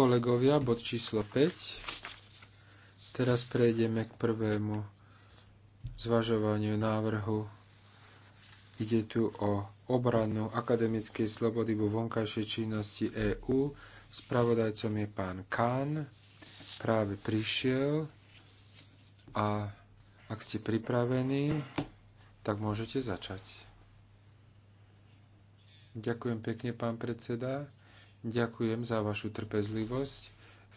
Kolegovia, bod číslo 5. Teraz prejdeme k prvému zvažovaniu návrhu. Ide tu o obranu akademickej slobody vo vonkajšej činnosti EÚ. Spravodajcom je pán Kán. Práve prišiel a ak ste pripravení, tak môžete začať. Ďakujem pekne, pán predseda. Ďakujem za vašu trpezlivosť.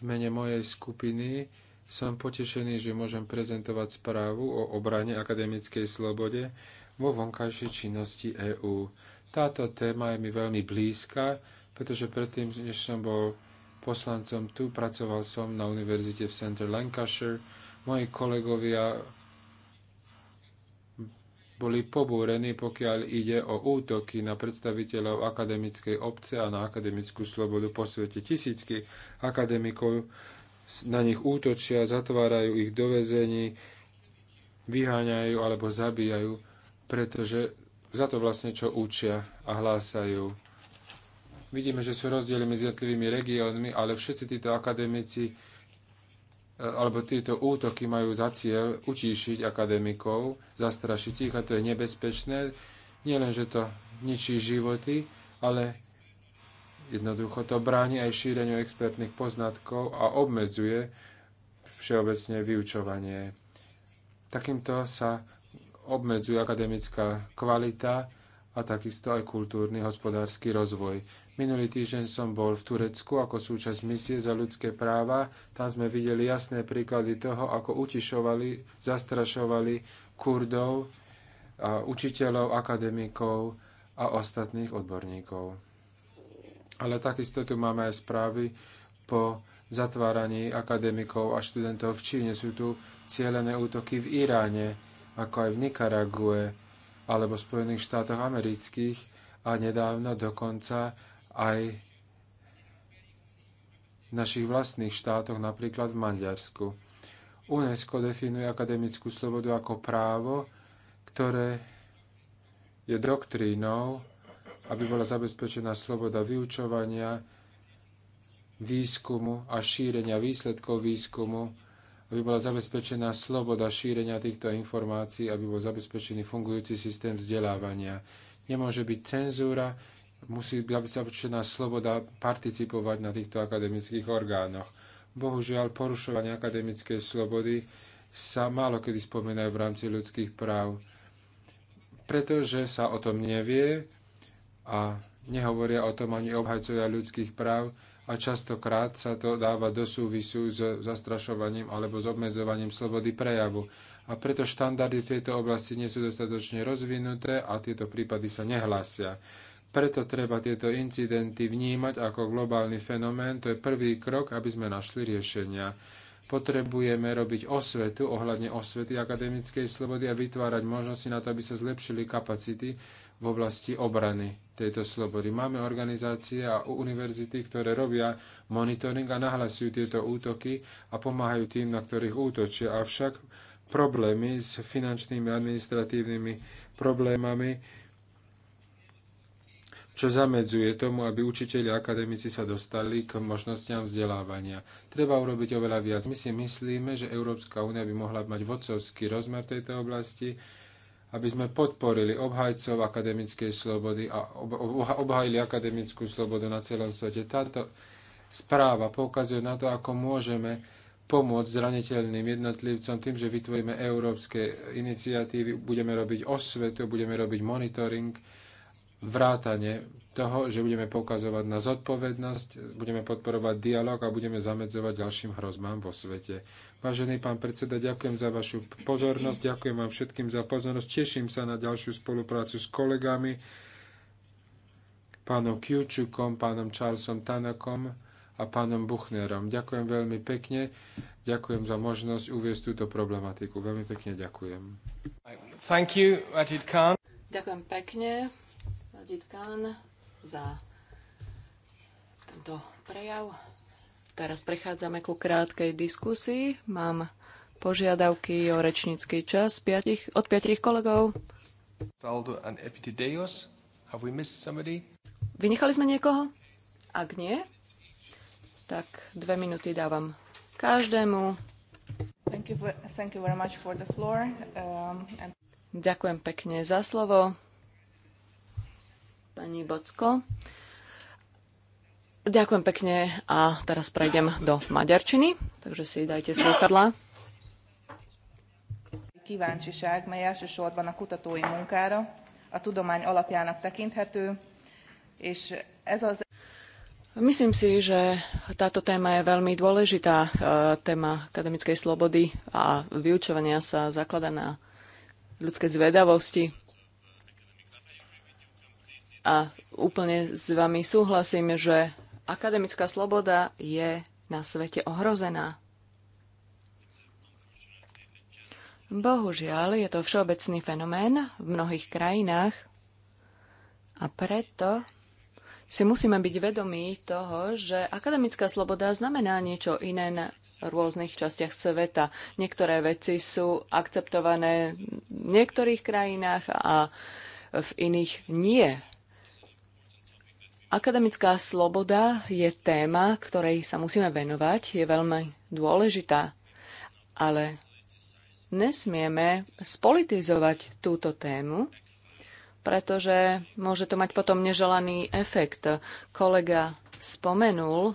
V mene mojej skupiny som potešený, že môžem prezentovať správu o obrane akademickej slobode vo vonkajšej činnosti EÚ. Táto téma je mi veľmi blízka, pretože predtým, než som bol poslancom tu, pracoval som na univerzite v Center Lancashire. Moji kolegovia boli pobúrení, pokiaľ ide o útoky na predstaviteľov akademickej obce a na akademickú slobodu po svete. Tisícky akademikov na nich útočia, zatvárajú ich do väzení, vyháňajú alebo zabíjajú, pretože za to vlastne, čo učia a hlásajú. Vidíme, že sú rozdiely medzi jednotlivými regiónmi, ale všetci títo akademici E, alebo tieto útoky majú za cieľ utíšiť akademikov, zastrašiť ich a to je nebezpečné. nie len že to ničí životy, ale jednoducho to bráni aj šíreniu expertných poznatkov a obmedzuje všeobecne vyučovanie. Takýmto sa obmedzuje akademická kvalita a takisto aj kultúrny hospodársky rozvoj. Minulý týždeň som bol v Turecku ako súčasť misie za ľudské práva. Tam sme videli jasné príklady toho, ako utišovali, zastrašovali Kurdov, a učiteľov, akademikov a ostatných odborníkov. Ale takisto tu máme aj správy po zatváraní akademikov a študentov v Číne. Sú tu cieľené útoky v Iráne, ako aj v Nikarague alebo v Spojených štátoch amerických a nedávno dokonca aj v našich vlastných štátoch, napríklad v Maďarsku. UNESCO definuje akademickú slobodu ako právo, ktoré je doktrínou, aby bola zabezpečená sloboda vyučovania, výskumu a šírenia výsledkov výskumu, aby bola zabezpečená sloboda šírenia týchto informácií, aby bol zabezpečený fungujúci systém vzdelávania. Nemôže byť cenzúra, musí byť zabezpečená sloboda participovať na týchto akademických orgánoch. Bohužiaľ, porušovanie akademickej slobody sa málo kedy spomínajú v rámci ľudských práv, pretože sa o tom nevie a nehovoria o tom ani obhajcovia ľudských práv a častokrát sa to dáva do súvisu s zastrašovaním alebo s obmedzovaním slobody prejavu. A preto štandardy v tejto oblasti nie sú dostatočne rozvinuté a tieto prípady sa nehlásia. Preto treba tieto incidenty vnímať ako globálny fenomén. To je prvý krok, aby sme našli riešenia. Potrebujeme robiť osvetu ohľadne osvety akademickej slobody a vytvárať možnosti na to, aby sa zlepšili kapacity v oblasti obrany tejto slobody. Máme organizácie a univerzity, ktoré robia monitoring a nahlasujú tieto útoky a pomáhajú tým, na ktorých útočia. Avšak problémy s finančnými administratívnymi problémami čo zamedzuje tomu, aby učiteľi a akademici sa dostali k možnostiam vzdelávania. Treba urobiť oveľa viac. My si myslíme, že Európska únia by mohla mať vodcovský rozmer v tejto oblasti, aby sme podporili obhajcov akademickej slobody a obhajili akademickú slobodu na celom svete. Táto správa poukazuje na to, ako môžeme pomôcť zraniteľným jednotlivcom tým, že vytvoríme európske iniciatívy, budeme robiť osvetu, budeme robiť monitoring, vrátane toho, že budeme poukazovať na zodpovednosť, budeme podporovať dialog a budeme zamedzovať ďalším hrozbám vo svete. Vážený pán predseda, ďakujem za vašu pozornosť, ďakujem vám všetkým za pozornosť, teším sa na ďalšiu spoluprácu s kolegami, pánom Kiučukom, pánom Charlesom Tanakom a pánom Buchnerom. Ďakujem veľmi pekne, ďakujem za možnosť uviezť túto problematiku. Veľmi pekne ďakujem. Thank you, Ďakujem pekne. Ditkán za tento prejav. Teraz prechádzame ku krátkej diskusii. Mám požiadavky o rečnícky čas piatich, od piatich kolegov. Saldo Epitideos. Have we missed somebody? Vynechali sme niekoho? Ak nie, tak dve minúty dávam každému. Thank you, thank you very much for the floor. Um, and... Ďakujem pekne za slovo pani Bocko. Ďakujem pekne a teraz prejdem do maďarčiny, takže si dajte slúchadlá. Kíváncsiság, mely elsősorban a kutatói munkára, a tudomány alapjának tekinthető, és ez az Myslím si, že táto téma je veľmi dôležitá. E, téma akademickej slobody a vyučovania sa zaklada na ľudskej zvedavosti. A úplne s vami súhlasím, že akademická sloboda je na svete ohrozená. Bohužiaľ, je to všeobecný fenomén v mnohých krajinách a preto si musíme byť vedomí toho, že akademická sloboda znamená niečo iné na rôznych častiach sveta. Niektoré veci sú akceptované v niektorých krajinách a v iných nie. Akademická sloboda je téma, ktorej sa musíme venovať, je veľmi dôležitá, ale nesmieme spolitizovať túto tému, pretože môže to mať potom neželaný efekt. Kolega spomenul e,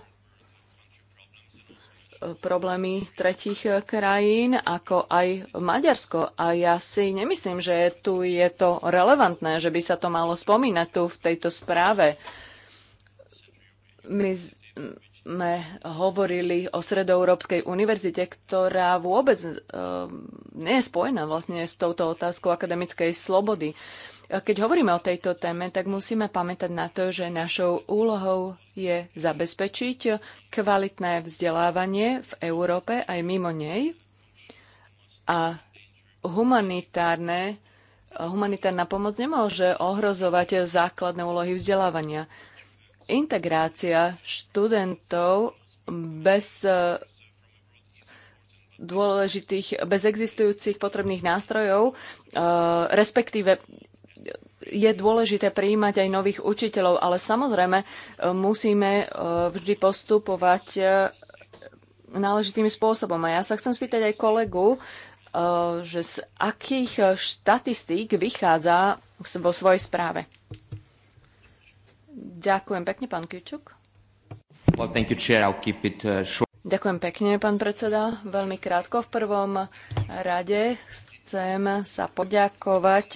problémy tretích krajín, ako aj Maďarsko. A ja si nemyslím, že tu je to relevantné, že by sa to malo spomínať tu v tejto správe. My sme hovorili o Sredoeurópskej univerzite, ktorá vôbec e, nie je spojená vlastne s touto otázkou akademickej slobody. Keď hovoríme o tejto téme, tak musíme pamätať na to, že našou úlohou je zabezpečiť kvalitné vzdelávanie v Európe aj mimo nej a humanitárne, humanitárna pomoc nemôže ohrozovať základné úlohy vzdelávania integrácia študentov bez e, dôležitých, bez existujúcich potrebných nástrojov, e, respektíve je dôležité prijímať aj nových učiteľov, ale samozrejme e, musíme vždy postupovať náležitým spôsobom. A ja sa chcem spýtať aj kolegu, že z akých štatistík vychádza vo svojej správe. Ďakujem pekne, pán Kyčuk. Well, thank you, chair. I'll keep it, uh, short. Ďakujem pekne, pán predseda. Veľmi krátko. V prvom rade chcem sa poďakovať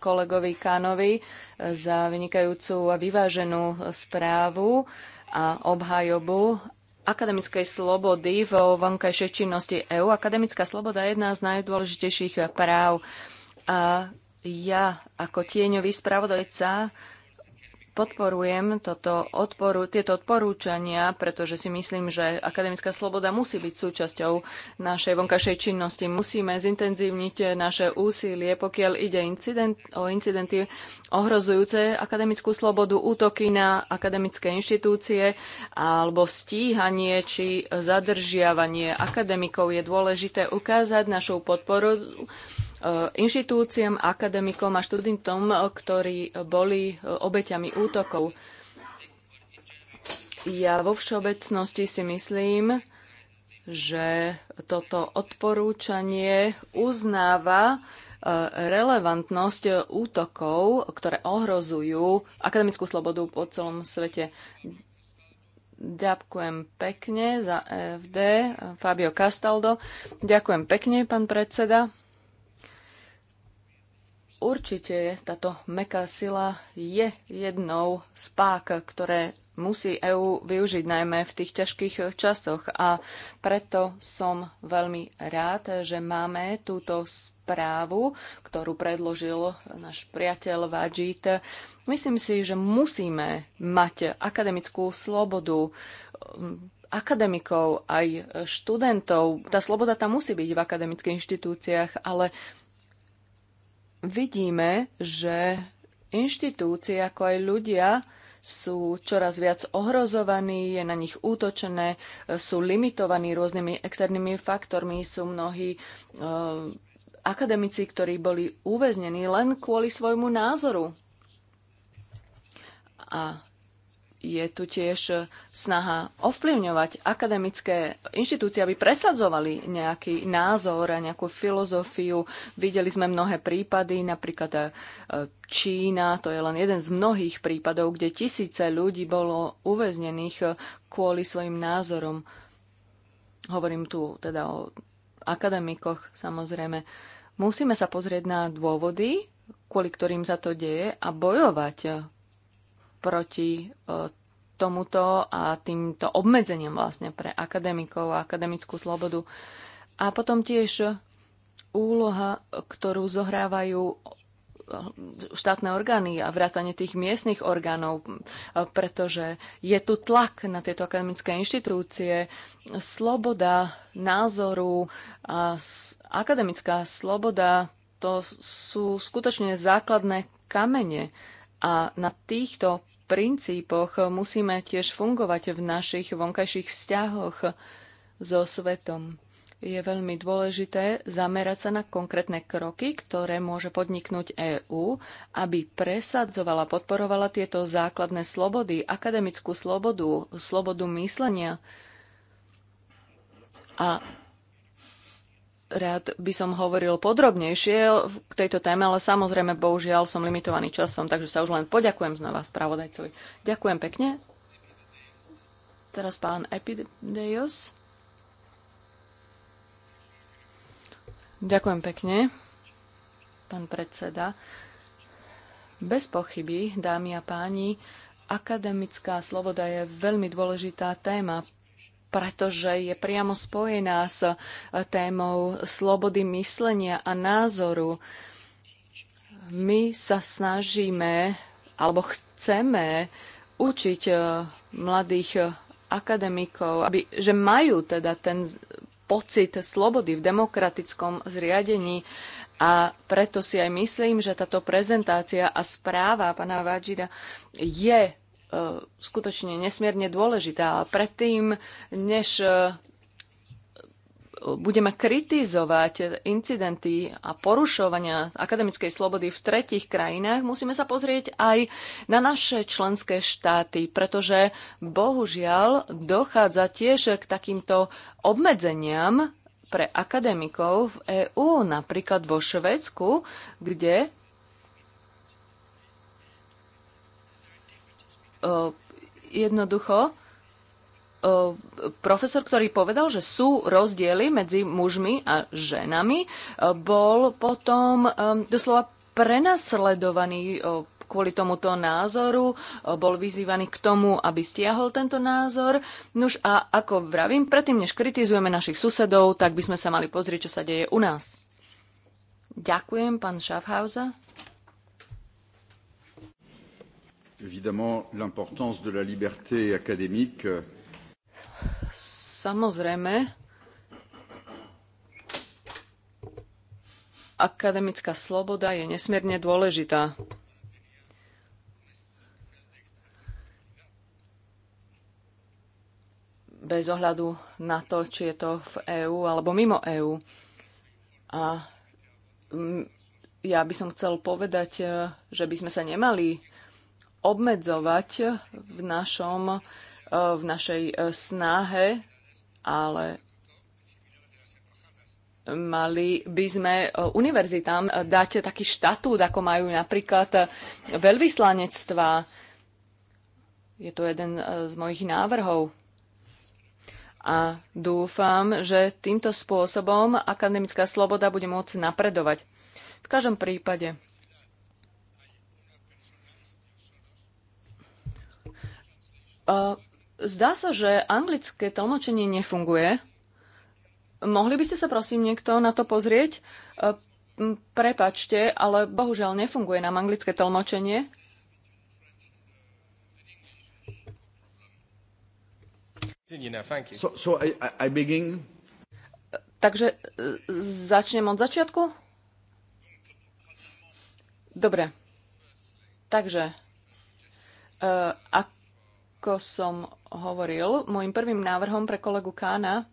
kolegovi Kánovi za vynikajúcu a vyváženú správu a obhajobu akademickej slobody vo vonkajšej činnosti EÚ. Akademická sloboda je jedna z najdôležitejších práv. A ja ako tieňový spravodajca podporujem toto odporu, tieto odporúčania, pretože si myslím, že akademická sloboda musí byť súčasťou našej vonkajšej činnosti. Musíme zintenzívniť naše úsilie, pokiaľ ide incident, o incidenty ohrozujúce akademickú slobodu, útoky na akademické inštitúcie alebo stíhanie či zadržiavanie akademikov. Je dôležité ukázať našu podporu E, inštitúciám, akademikom a študentom, e, ktorí boli e, obeťami útokov. Ja vo všeobecnosti si myslím, že toto odporúčanie uznáva relevantnosť útokov, ktoré ohrozujú akademickú slobodu po celom svete. Ďakujem pekne za FD, Fabio Castaldo. Ďakujem pekne, pán predseda. Určite táto meká sila je jednou z pák, ktoré musí EÚ využiť najmä v tých ťažkých časoch. A preto som veľmi rád, že máme túto správu, ktorú predložil náš priateľ Vajit. Myslím si, že musíme mať akademickú slobodu um, akademikov, aj študentov. Tá sloboda tam musí byť v akademických inštitúciách, ale vidíme, že inštitúcie ako aj ľudia sú čoraz viac ohrozovaní, je na nich útočené, e, sú limitovaní rôznymi externými faktormi, sú mnohí e, akademici, ktorí boli uväznení len kvôli svojmu názoru. A je tu tiež snaha ovplyvňovať akademické inštitúcie, aby presadzovali nejaký názor a nejakú filozofiu. Videli sme mnohé prípady, napríklad e, Čína, to je len jeden z mnohých prípadov, kde tisíce ľudí bolo uväznených kvôli svojim názorom. Hovorím tu teda o akademikoch samozrejme. Musíme sa pozrieť na dôvody, kvôli ktorým sa to deje a bojovať proti e, tomuto a týmto obmedzeniam vlastne pre akademikov a akademickú slobodu. A potom tiež úloha, ktorú zohrávajú e, štátne orgány a vrátanie tých miestnych orgánov, e, pretože je tu tlak na tieto akademické inštitúcie, sloboda názoru a akademická sloboda to sú skutočne základné kamene a na týchto princípoch musíme tiež fungovať v našich vonkajších vzťahoch so svetom. Je veľmi dôležité zamerať sa na konkrétne kroky, ktoré môže podniknúť EÚ, aby presadzovala, podporovala tieto základné slobody, akademickú slobodu, slobodu myslenia a rád by som hovoril podrobnejšie k tejto téme, ale samozrejme, bohužiaľ, som limitovaný časom, takže sa už len poďakujem znova spravodajcovi. Ďakujem pekne. Teraz pán Epideios. Ďakujem pekne, pán predseda. Bez pochyby, dámy a páni, akademická sloboda je veľmi dôležitá téma pretože je priamo spojená s e, témou slobody myslenia a názoru. My sa snažíme alebo chceme učiť e, mladých e, akademikov, aby, že majú teda ten pocit slobody v demokratickom zriadení a preto si aj myslím, že táto prezentácia a správa pana Vajida je E, skutočne nesmierne dôležitá. A predtým, než e, budeme kritizovať incidenty a porušovania akademickej slobody v tretich krajinách, musíme sa pozrieť aj na naše členské štáty, pretože bohužiaľ dochádza tiež k takýmto obmedzeniam pre akademikov v EÚ, napríklad vo Švedsku, kde Eh, jednoducho eh, profesor, ktorý povedal, že sú rozdiely medzi mužmi a ženami, eh, bol potom doslova prenasledovaný kvôli tomuto názoru, bol vyzývaný k tomu, aby stiahol tento názor. Nuž a ako vravím, predtým než kritizujeme našich susedov, tak by sme sa mali pozrieť, čo sa deje u nás. Ďakujem, pán Schaffhauser évidemment l'importance de la liberté académique. Samozrejme, akademická sloboda je nesmierne dôležitá. Bez ohľadu na to, či je to v EÚ alebo mimo EÚ. A mm, ja by som chcel povedať, že by sme sa nemali obmedzovať v, našom, e, v našej e, snahe, ale mali by sme e, univerzitám dať taký štatút, ako majú napríklad veľvyslanectvá. Je to jeden z mojich návrhov. A dúfam, že týmto spôsobom akademická sloboda bude môcť napredovať. V každom prípade Eh, zdá sa, že anglické tlmočenie nefunguje. Mohli by ste sa prosím niekto na to pozrieť? Eh, prepačte, ale bohužiaľ nefunguje nám anglické tlmočenie. So, so I, I begin. Eh, takže začnem od začiatku? Dobre. Takže, ak ako som hovoril, môjim prvým návrhom pre kolegu Kána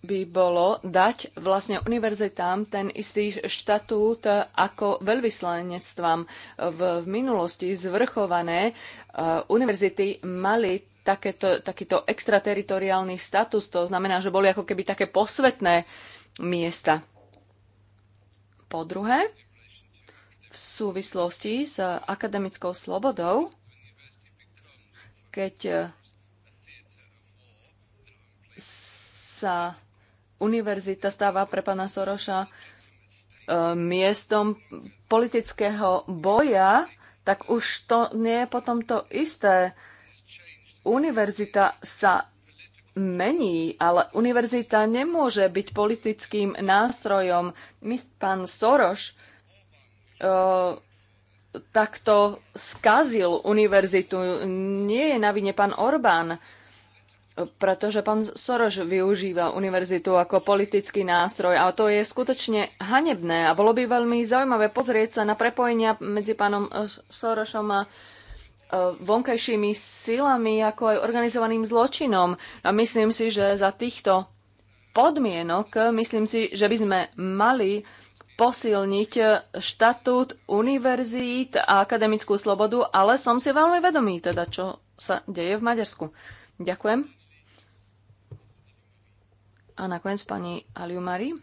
by bolo dať vlastne univerzitám ten istý štatút ako veľvyslanectvám. V, v minulosti zvrchované uh, univerzity mali takéto, takýto extrateritoriálny status, to znamená, že boli ako keby také posvetné miesta. Po druhé, v súvislosti s eh, akademickou slobodou, keď eh, sa univerzita stáva pre pána Soroša eh, miestom politického boja, tak už to nie je potom to isté. Univerzita sa mení, ale univerzita nemôže byť politickým nástrojom. My, pán Soroš E, takto skazil univerzitu. Nie je na vine pán Orbán, pretože pán Soroš využíva univerzitu ako politický nástroj a to je skutočne hanebné a bolo by veľmi zaujímavé pozrieť sa na prepojenia medzi pánom e, Sorošom a e, vonkajšími silami, ako aj organizovaným zločinom. A myslím si, že za týchto podmienok, myslím si, že by sme mali posilniť e, štatút univerzít a akademickú slobodu, ale som si veľmi vedomý, teda čo sa deje v Maďarsku. Ďakujem. A nakoniec pani Aliumari. E,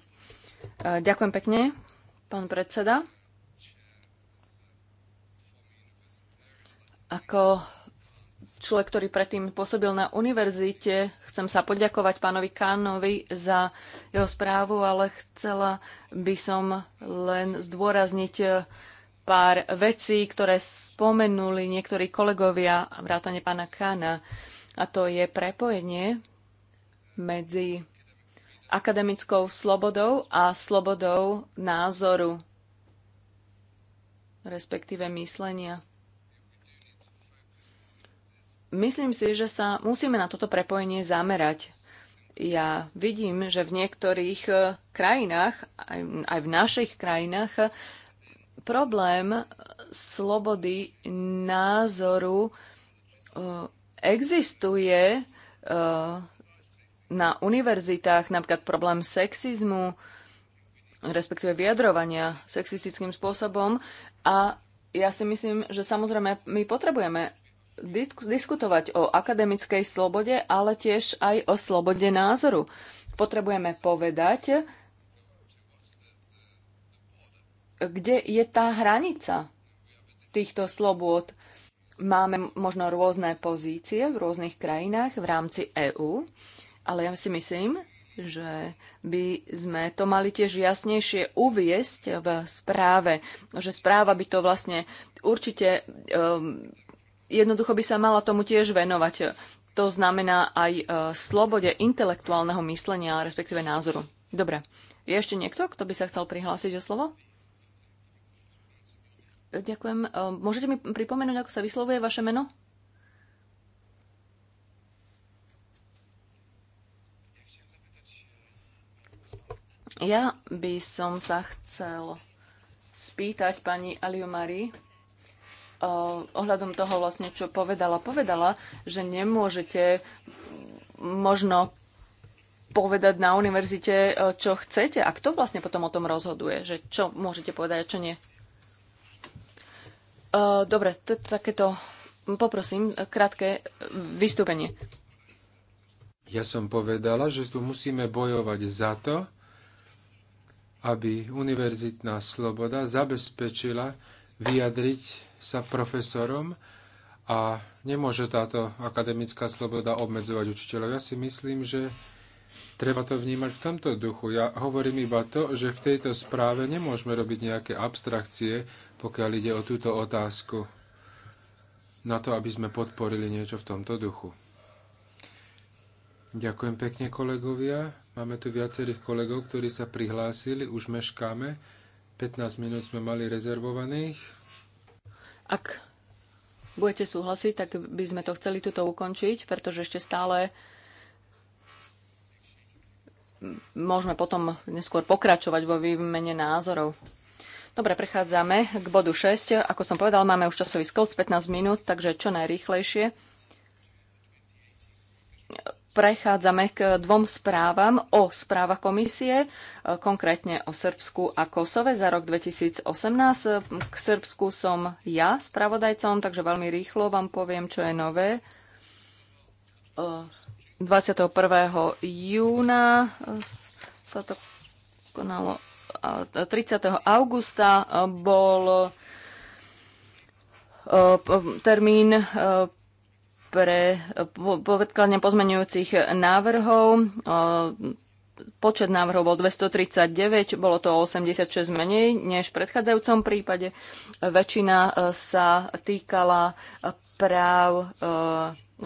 ďakujem pekne, pán predseda. Ako človek, ktorý predtým pôsobil na univerzite. Chcem sa poďakovať pánovi Kánovi za jeho správu, ale chcela by som len zdôrazniť pár vecí, ktoré spomenuli niektorí kolegovia, vrátane pána Kána. A to je prepojenie medzi akademickou slobodou a slobodou názoru, respektíve myslenia. Myslím si, že sa musíme na toto prepojenie zamerať. Ja vidím, že v niektorých eh, krajinách, aj, aj v našich krajinách, eh, problém slobody názoru eh, existuje na univerzitách, napríklad problém sexizmu, respektíve vyjadrovania sexistickým spôsobom a ja si myslím, že samozrejme my potrebujeme diskutovať o akademickej slobode, ale tiež aj o slobode názoru. Potrebujeme povedať, kde je tá hranica týchto slobôd. Máme možno rôzne pozície v rôznych krajinách v rámci EÚ, ale ja si myslím, že by sme to mali tiež jasnejšie uviesť v správe, že správa by to vlastne určite um, jednoducho by sa mala tomu tiež venovať. To znamená aj e, slobode intelektuálneho myslenia, respektíve názoru. Dobre. Je ešte niekto, kto by sa chcel prihlásiť o slovo? E, ďakujem. E, môžete mi pripomenúť, ako sa vyslovuje vaše meno? Ja by som sa chcel spýtať pani Aliomari, Eh, ohľadom toho vlastne, čo povedala. Povedala, že nemôžete možno povedať na univerzite, eh, čo chcete a kto vlastne potom o tom rozhoduje, že čo môžete povedať a čo nie. Eh, dobre, to je takéto, poprosím, krátke vystúpenie. Ja som povedala, že tu musíme bojovať za to, aby univerzitná sloboda zabezpečila vyjadriť sa profesorom a nemôže táto akademická sloboda obmedzovať učiteľov. Ja si myslím, že treba to vnímať v tomto duchu. Ja hovorím iba to, že v tejto správe nemôžeme robiť nejaké abstrakcie, pokiaľ ide o túto otázku, na to, aby sme podporili niečo v tomto duchu. Ďakujem pekne, kolegovia. Máme tu viacerých kolegov, ktorí sa prihlásili. Už meškáme. 15 minút sme mali rezervovaných. Ak budete súhlasiť, tak by sme to chceli tuto ukončiť, pretože ešte stále môžeme potom neskôr pokračovať vo výmene názorov. Dobre, prechádzame k bodu 6. Ako som povedal, máme už časový sklz 15 minút, takže čo najrýchlejšie prechádzame k dvom správam o správach komisie, e, konkrétne o Srbsku a Kosove za rok 2018. K Srbsku som ja spravodajcom, takže veľmi rýchlo vám poviem, čo je nové. 21. E, júna e, sa to konalo 30. augusta bol termín pre povedkladne pozmenujúcich návrhov. Počet návrhov bol 239, bolo to 86 menej než v predchádzajúcom prípade. Väčšina e, sa týkala e, práv e,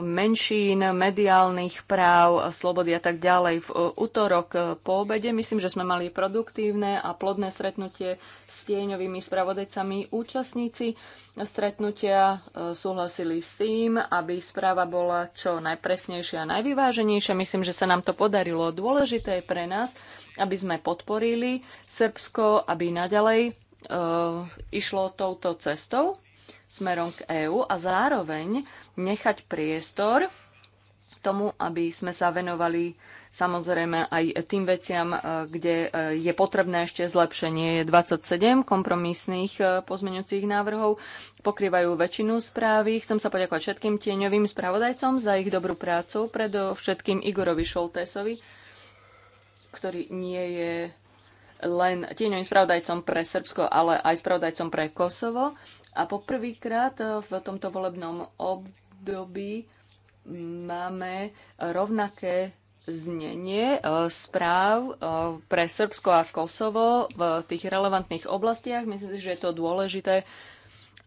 menšín, mediálnych práv, slobody a tak ďalej. V e, útorok e, po obede myslím, že sme mali produktívne a plodné stretnutie s tieňovými spravodajcami. Účastníci stretnutia e, súhlasili s tým, aby správa bola čo najpresnejšia a najvyváženejšia. Myslím, že sa nám to podarilo. Dôležité je pre nás, aby sme podporili Srbsko, aby naďalej išlo touto cestou smerom k EÚ a zároveň nechať priestor tomu, aby sme sa venovali samozrejme aj tým veciam, eh, kde eh, je potrebné ešte zlepšenie. Je 27 kompromisných eh, pozmeňujúcich návrhov, pokrývajú väčšinu správy. Chcem sa poďakovať všetkým tieňovým spravodajcom za ich dobrú prácu, predovšetkým Igorovi Šoltésovi, ktorý nie je len tieňovým spravodajcom pre Srbsko, ale aj spravodajcom pre Kosovo a poprvýkrát e, v tomto volebnom období máme rovnaké znenie e, správ e, pre Srbsko a Kosovo v tých relevantných oblastiach. Myslím si, že je to dôležité,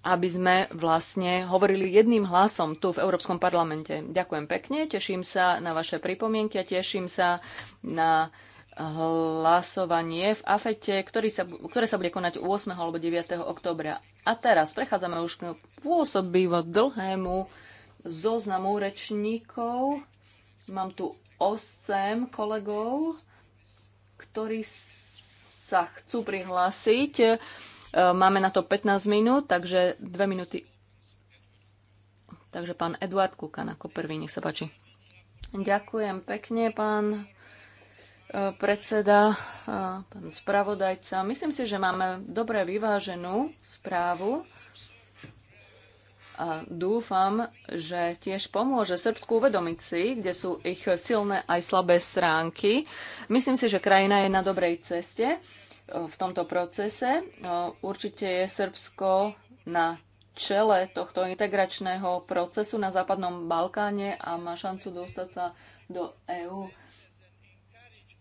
aby sme vlastne hovorili jedným hlasom tu v Európskom parlamente. Ďakujem pekne, teším sa na vaše pripomienky a teším sa na hlasovanie v AFETE, ktorý sa, ktoré sa bude konať 8. alebo 9. oktobra. A teraz prechádzame už k pôsobivo dlhému zoznamu rečníkov. Mám tu 8 kolegov, ktorí sa chcú prihlásiť. E, máme na to 15 minút, takže 2 minúty. Takže pán Eduard Kukan ako prvý, nech sa páči. Ďakujem pekne, pán predseda, pán spravodajca. Myslím si, že máme dobre vyváženú správu a dúfam, že tiež pomôže Srbsku uvedomiť si, kde sú ich silné aj slabé stránky. Myslím si, že krajina je na dobrej ceste e, v tomto procese. E, určite je Srbsko na čele tohto integračného procesu na Západnom Balkáne a má šancu dostať sa do EÚ. E,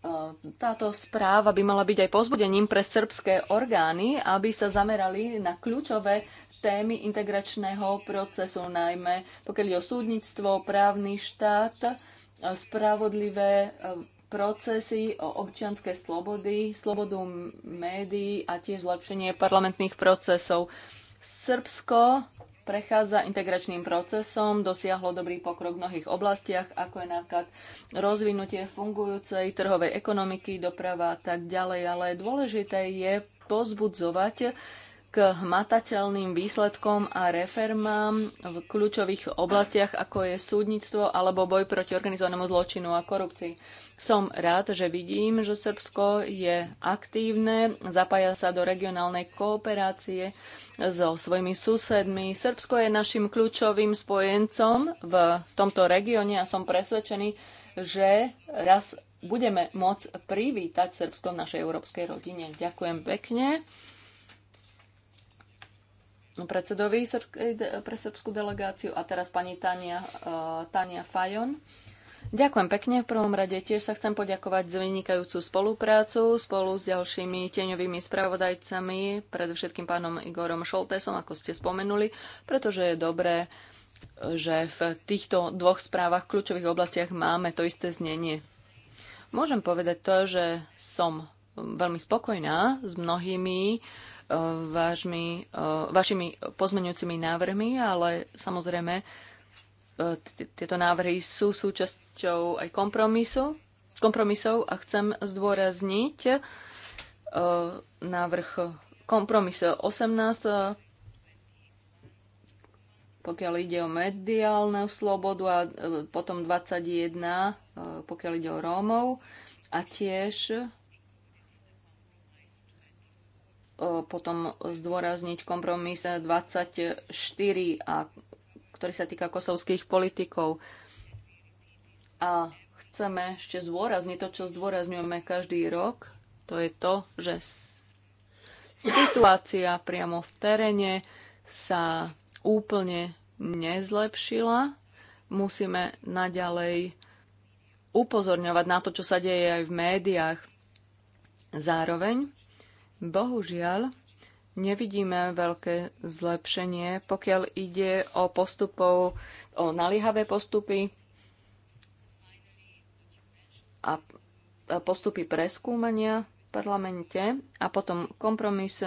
táto správa by mala byť aj pozbudením pre srbské orgány, aby sa zamerali na kľúčové témy integračného procesu, najmä pokiaľ je o súdnictvo, právny štát, e, spravodlivé e, procesy o občianske slobody, slobodu médií a tiež zlepšenie parlamentných procesov. Srbsko prechádza integračným procesom, dosiahlo dobrý pokrok v mnohých oblastiach, ako je napríklad rozvinutie fungujúcej trhovej ekonomiky, doprava a tak ďalej, ale dôležité je pozbudzovať k hmatateľným výsledkom a reformám v kľúčových oblastiach, ako je súdnictvo alebo boj proti organizovanému zločinu a korupcii. Som rád, že vidím, že Srbsko je aktívne, zapája sa do regionálnej kooperácie so svojimi susedmi. Srbsko je našim kľúčovým spojencom v tomto regióne a som presvedčený, že raz budeme môcť privítať Srbsko v našej európskej rodine. Ďakujem pekne predsedovi pre srbskú delegáciu a teraz pani Tania, eh, Tania Fajon. Ďakujem pekne. V prvom rade tiež sa chcem poďakovať za vynikajúcu spoluprácu spolu s ďalšími tieňovými spravodajcami, predovšetkým pánom Igorom Šoltesom, ako ste spomenuli, pretože je dobré, že v týchto dvoch správach v kľúčových oblastiach máme to isté znenie. Môžem povedať to, že som veľmi spokojná s mnohými e, e, vašimi pozmeňujúcimi návrhmi, ale samozrejme E, tieto návrhy sú súčasťou aj kompromisu, kompromisov a chcem zdôrazniť e, návrh kompromis 18, e, pokiaľ ide o mediálnu slobodu a potom 21, pokiaľ ide o Rómov a tiež potom zdôrazniť kompromis 24 a ktorý sa týka kosovských politikov. A chceme ešte zdôrazniť to, čo zdôrazňujeme každý rok, to je to, že situácia priamo v teréne sa úplne nezlepšila. Musíme naďalej upozorňovať na to, čo sa deje aj v médiách. Zároveň, bohužiaľ, nevidíme veľké zlepšenie, pokiaľ ide o postupov, o naliehavé postupy a postupy preskúmania v parlamente a potom kompromis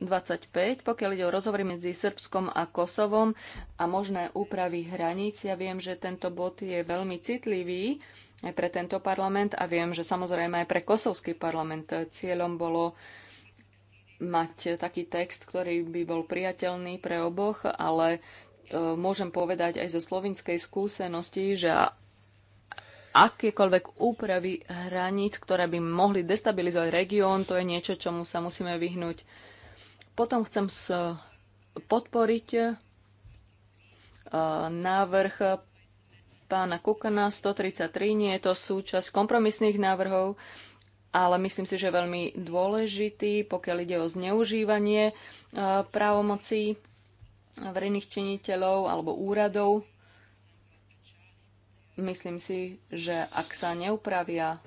25, pokiaľ ide o rozhovory medzi Srbskom a Kosovom a možné úpravy hraníc. Ja viem, že tento bod je veľmi citlivý aj pre tento parlament a viem, že samozrejme aj pre kosovský parlament cieľom bolo mať taký text, ktorý by bol priateľný pre oboch, ale e, môžem povedať aj zo slovinskej skúsenosti, že akékoľvek úpravy hraníc, ktoré by mohli destabilizovať región, to je niečo, čomu sa musíme vyhnúť. Potom chcem podporiť e, návrh pána Kukana 133. Nie je to súčasť kompromisných návrhov, ale myslím si, že je veľmi dôležitý, pokiaľ ide o zneužívanie e, právomocí verejných činiteľov alebo úradov. Myslím si, že ak sa neupravia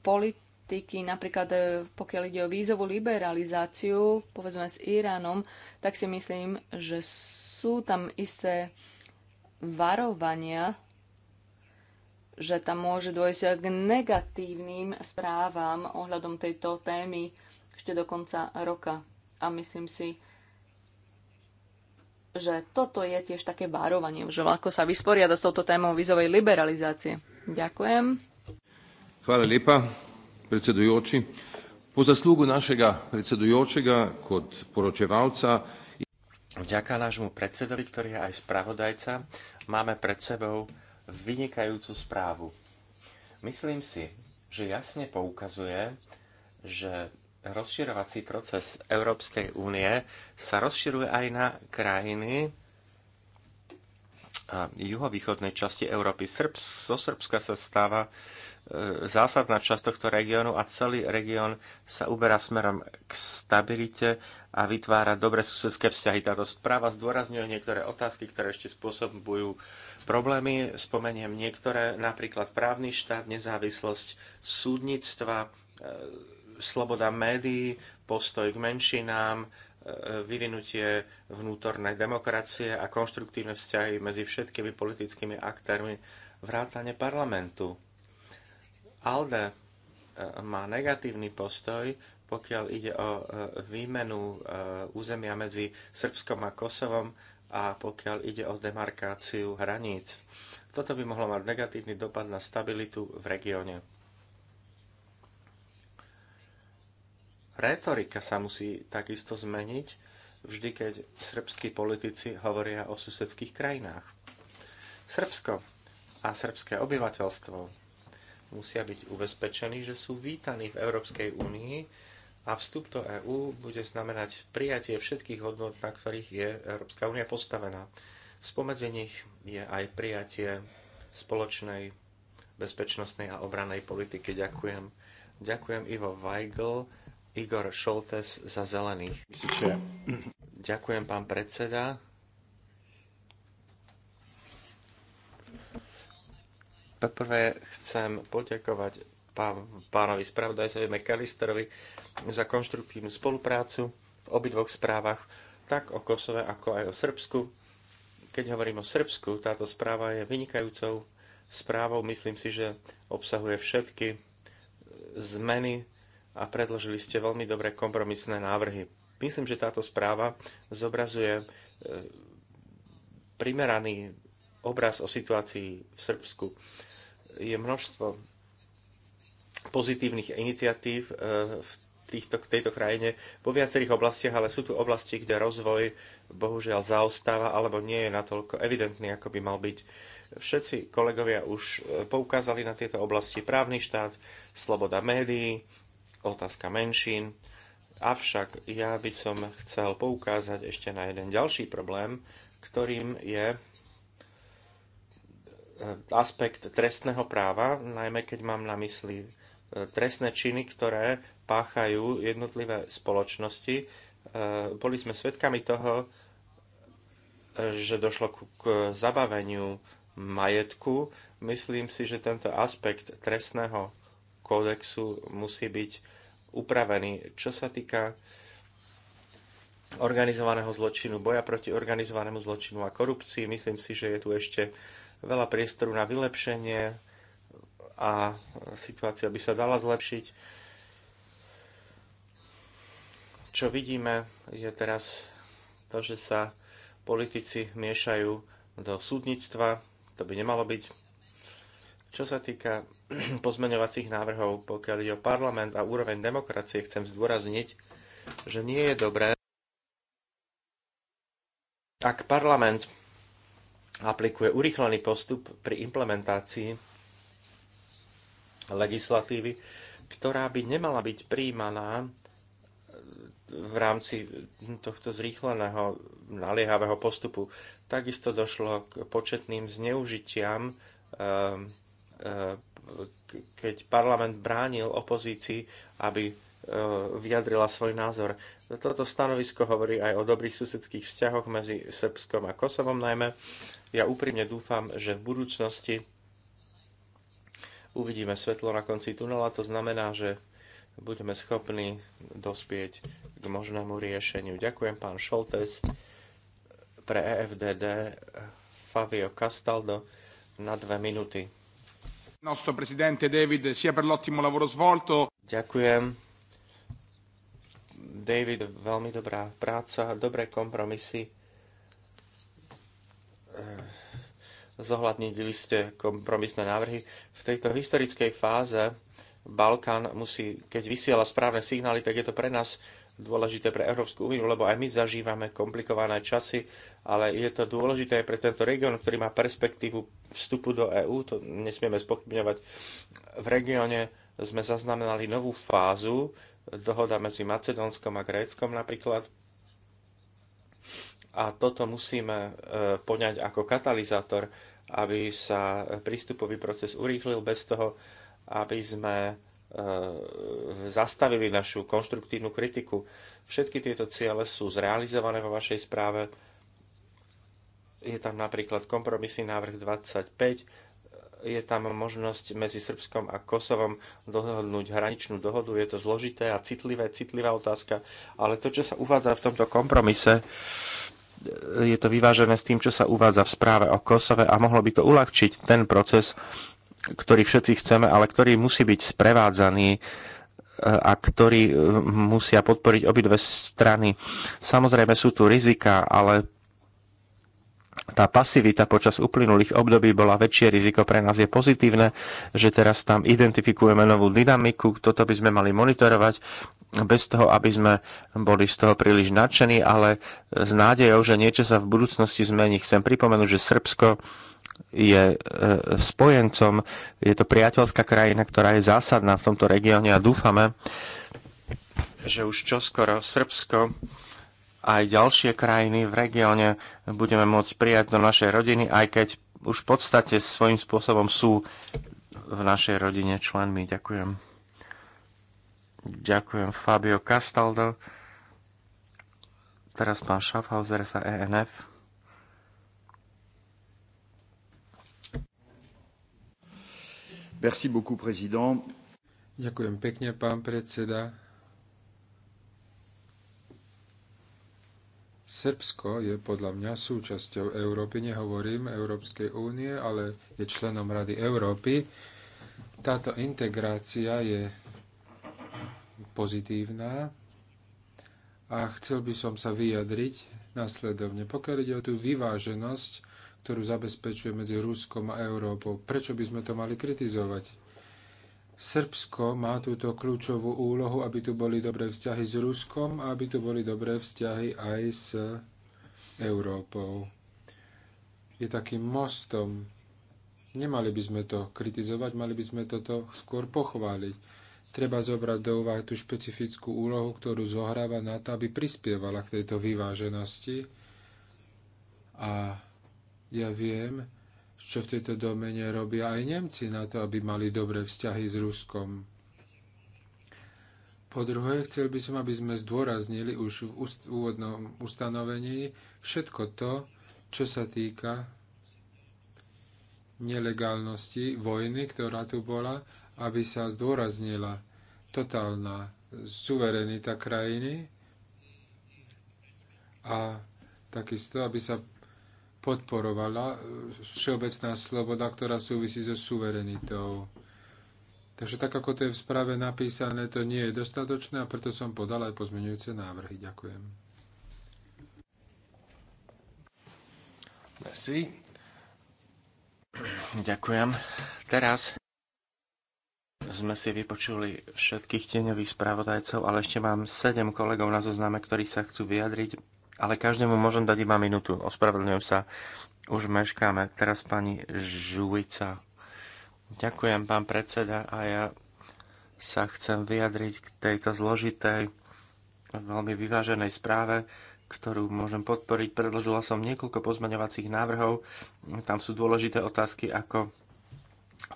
politiky, napríklad e, pokiaľ ide o vízovú liberalizáciu, povedzme s Iránom, tak si myslím, že sú tam isté varovania že tam môže dôjsť k negatívnym správam ohľadom tejto témy ešte do konca roka. A myslím si, že toto je tiež také várovanie, že ako sa vysporiada s touto témou vizovej liberalizácie. Ďakujem. Hvala lepa, predsedujúci. Po zaslúgu našega predsedujúčega kod poročevalca Vďaka nášmu predsedovi, ktorý je aj spravodajca, máme pred sebou vynikajúcu správu. Myslím si, že jasne poukazuje, že rozširovací proces Európskej únie sa rozširuje aj na krajiny juhovýchodnej časti Európy. Srbs, zo Srbska sa stáva e, zásadná časť tohto regiónu a celý región sa uberá smerom k stabilite a vytvára dobre susedské vzťahy. Táto správa zdôrazňuje niektoré otázky, ktoré ešte spôsobujú problémy. Spomeniem niektoré, napríklad právny štát, nezávislosť súdnictva, e, sloboda médií, postoj k menšinám, e, vyvinutie vnútornej demokracie a konštruktívne vzťahy medzi všetkými politickými aktérmi vrátane parlamentu. ALDE e, má negatívny postoj, pokiaľ ide o výmenu územia medzi Srbskom a Kosovom, a pokiaľ ide o demarkáciu hraníc. Toto by mohlo mať negatívny dopad na stabilitu v regióne. Rétorika sa musí takisto zmeniť, vždy keď srbskí politici hovoria o susedských krajinách. Srbsko a srbské obyvateľstvo musia byť ubezpečení, že sú vítaní v Európskej únii a vstup do EÚ bude znamenať prijatie všetkých hodnot, na ktorých je Európska únia postavená. Spomedzi nich je aj prijatie spoločnej bezpečnostnej a obranej politiky. Ďakujem. Ďakujem Ivo Weigl, Igor Šoltes za zelených. Čiže. Ďakujem, pán predseda. Poprvé chcem poďakovať pánovi spravodajcovi McAllisterovi za konštruktívnu spoluprácu v obidvoch správach, tak o Kosove, ako aj o Srbsku. Keď hovorím o Srbsku, táto správa je vynikajúcou správou. Myslím si, že obsahuje všetky zmeny a predložili ste veľmi dobré kompromisné návrhy. Myslím, že táto správa zobrazuje e, primeraný obraz o situácii v Srbsku. Je množstvo pozitívnych iniciatív e, v týchto, tejto krajine vo viacerých oblastiach, ale sú tu oblasti, kde rozvoj bohužiaľ zaostáva alebo nie je natoľko evidentný, ako by mal byť. Všetci kolegovia už e, poukázali na tieto oblasti právny štát, sloboda médií, otázka menšín. Avšak ja by som chcel poukázať ešte na jeden ďalší problém, ktorým je e, aspekt trestného práva, najmä keď mám na mysli trestné činy, ktoré páchajú jednotlivé spoločnosti. E, boli sme svedkami toho, že došlo k zabaveniu majetku. Myslím si, že tento aspekt trestného kódexu musí byť upravený. Čo sa týka organizovaného zločinu, boja proti organizovanému zločinu a korupcii, myslím si, že je tu ešte veľa priestoru na vylepšenie a situácia by sa dala zlepšiť. Čo vidíme je teraz to, že sa politici miešajú do súdnictva, to by nemalo byť. Čo sa týka pozmeňovacích návrhov, pokiaľ ide o parlament a úroveň demokracie, chcem zdôrazniť, že nie je dobré, ak parlament aplikuje urýchlený postup pri implementácii legislatívy, ktorá by nemala byť príjmaná e, v rámci tohto zrýchleného naliehavého postupu. Takisto došlo k početným zneužitiam, e, e, keď parlament bránil opozícii, aby vyjadrila svoj názor. Toto stanovisko hovorí aj o dobrých susedských vzťahoch medzi Srbskom a Kosovom najmä. Ja úprimne dúfam, že v budúcnosti uvidíme svetlo na konci tunela. To znamená, že budeme schopní dospieť k možnému riešeniu. Ďakujem pán Šoltes pre EFDD Fabio Castaldo na dve minúty. Nostro presidente David, sia per l'ottimo lavoro svolto. Ďakujem. David, veľmi dobrá práca, dobré kompromisy zohľadniť ste kompromisné návrhy. V tejto historickej fáze Balkán musí, keď vysiela správne signály, tak je to pre nás dôležité pre Európsku úniu, lebo aj my zažívame komplikované časy, ale je to dôležité aj pre tento región, ktorý má perspektívu vstupu do EÚ, to nesmieme spochybňovať. V regióne sme zaznamenali novú fázu, dohoda medzi Macedónskom a Gréckom napríklad, a toto musíme e, poňať ako katalizátor, aby sa prístupový proces urýchlil bez toho, aby sme e, zastavili našu konštruktívnu kritiku. Všetky tieto ciele sú zrealizované vo vašej správe. Je tam napríklad kompromisný návrh 25, je tam možnosť medzi Srbskom a Kosovom dohodnúť hraničnú dohodu. Je to zložité a citlivé, citlivá otázka, ale to, čo sa uvádza v tomto kompromise, je to vyvážené s tým, čo sa uvádza v správe o Kosove a mohlo by to uľahčiť ten proces, ktorý všetci chceme, ale ktorý musí byť sprevádzaný e, a ktorý e, musia podporiť obidve strany. Samozrejme sú tu rizika, ale tá pasivita počas uplynulých období bola väčšie riziko pre nás je pozitívne, že teraz tam identifikujeme novú dynamiku, toto by sme mali monitorovať bez toho, aby sme boli z toho príliš nadšení, ale s nádejou, že niečo sa v budúcnosti zmení. Chcem pripomenúť, že Srbsko je e, spojencom, je to priateľská krajina, ktorá je zásadná v tomto regióne a dúfame, že už čoskoro Srbsko aj ďalšie krajiny v regióne budeme môcť prijať do našej rodiny, aj keď už v podstate svojím spôsobom sú v našej rodine členmi. Ďakujem. Ďakujem Fabio Castaldo. Teraz pán Schaffhauser sa ENF. Merci beaucoup, président. Ďakujem pekne, pán predseda. Srbsko je podľa mňa súčasťou Európy, nehovorím Európskej únie, ale je členom Rady Európy. Táto integrácia je pozitívna a chcel by som sa vyjadriť nasledovne. Pokiaľ ide o tú vyváženosť, ktorú zabezpečuje medzi Ruskom a Európou, prečo by sme to mali kritizovať? Srbsko má túto kľúčovú úlohu, aby tu boli dobré vzťahy s Ruskom a aby tu boli dobré vzťahy aj s Európou. Je takým mostom. Nemali by sme to kritizovať, mali by sme toto skôr pochváliť. Treba zobrať do úvahy tú špecifickú úlohu, ktorú zohráva na to, aby prispievala k tejto vyváženosti. A ja viem, čo v tejto domene robia aj Nemci na to, aby mali dobré vzťahy s Ruskom. Po druhé, chcel by som, aby sme zdôraznili už v úvodnom ustanovení všetko to, čo sa týka nelegálnosti vojny, ktorá tu bola, aby sa zdôraznila totálna suverenita krajiny a takisto, aby sa podporovala e, všeobecná sloboda, ktorá súvisí so suverenitou. Takže tak, ako to je v správe napísané, to nie je dostatočné a preto som podal aj pozmeňujúce návrhy. Ďakujem. Merci. Ďakujem. Teraz sme si vypočuli všetkých tieňových spravodajcov, ale ešte mám sedem kolegov na zozname, ktorí sa chcú vyjadriť ale každému môžem dať iba minútu. Ospravedlňujem sa, už meškáme. Teraz pani Žujica. Ďakujem, pán predseda, a ja sa chcem vyjadriť k tejto zložitej, veľmi vyváženej správe, ktorú môžem podporiť. Predložila som niekoľko pozmaňovacích návrhov. Tam sú dôležité otázky ako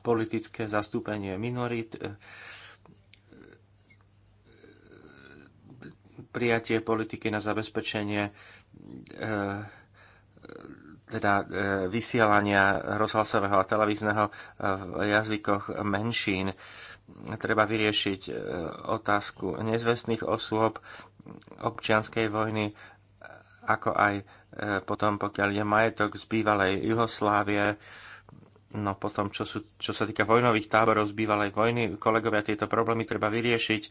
politické zastúpenie minorít, prijatie politiky na zabezpečenie e, teda e, vysielania rozhlasového a televízneho e, v jazykoch menšín. Treba vyriešiť otázku nezvestných osôb, občianskej vojny, ako aj potom, pokiaľ je majetok z bývalej Juhoslávie, no potom, čo, sú, čo sa týka vojnových táborov z bývalej vojny, kolegovia, tieto problémy treba vyriešiť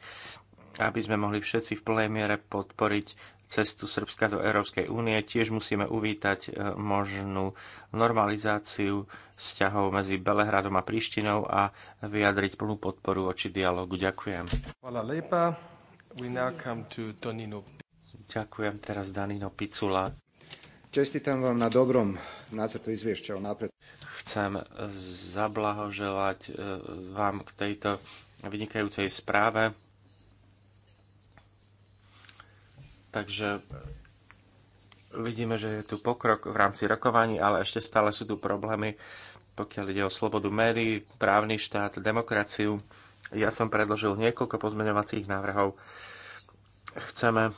aby sme mohli všetci v plnej miere podporiť cestu Srbska do Európskej únie. Tiež musíme uvítať e, možnú normalizáciu vzťahov medzi Belehradom a Prištinou a vyjadriť plnú podporu oči dialogu. Ďakujem. Ďakujem teraz Danino Picula. Čestitám vám na dobrom nácrtu izviešťa o napred. Chcem zablahoželať e, vám k tejto vynikajúcej správe Takže vidíme, že je tu pokrok v rámci rokovaní, ale ešte stále sú tu problémy, pokiaľ ide o slobodu médií, právny štát, demokraciu. Ja som predložil niekoľko pozmeňovacích návrhov. Chceme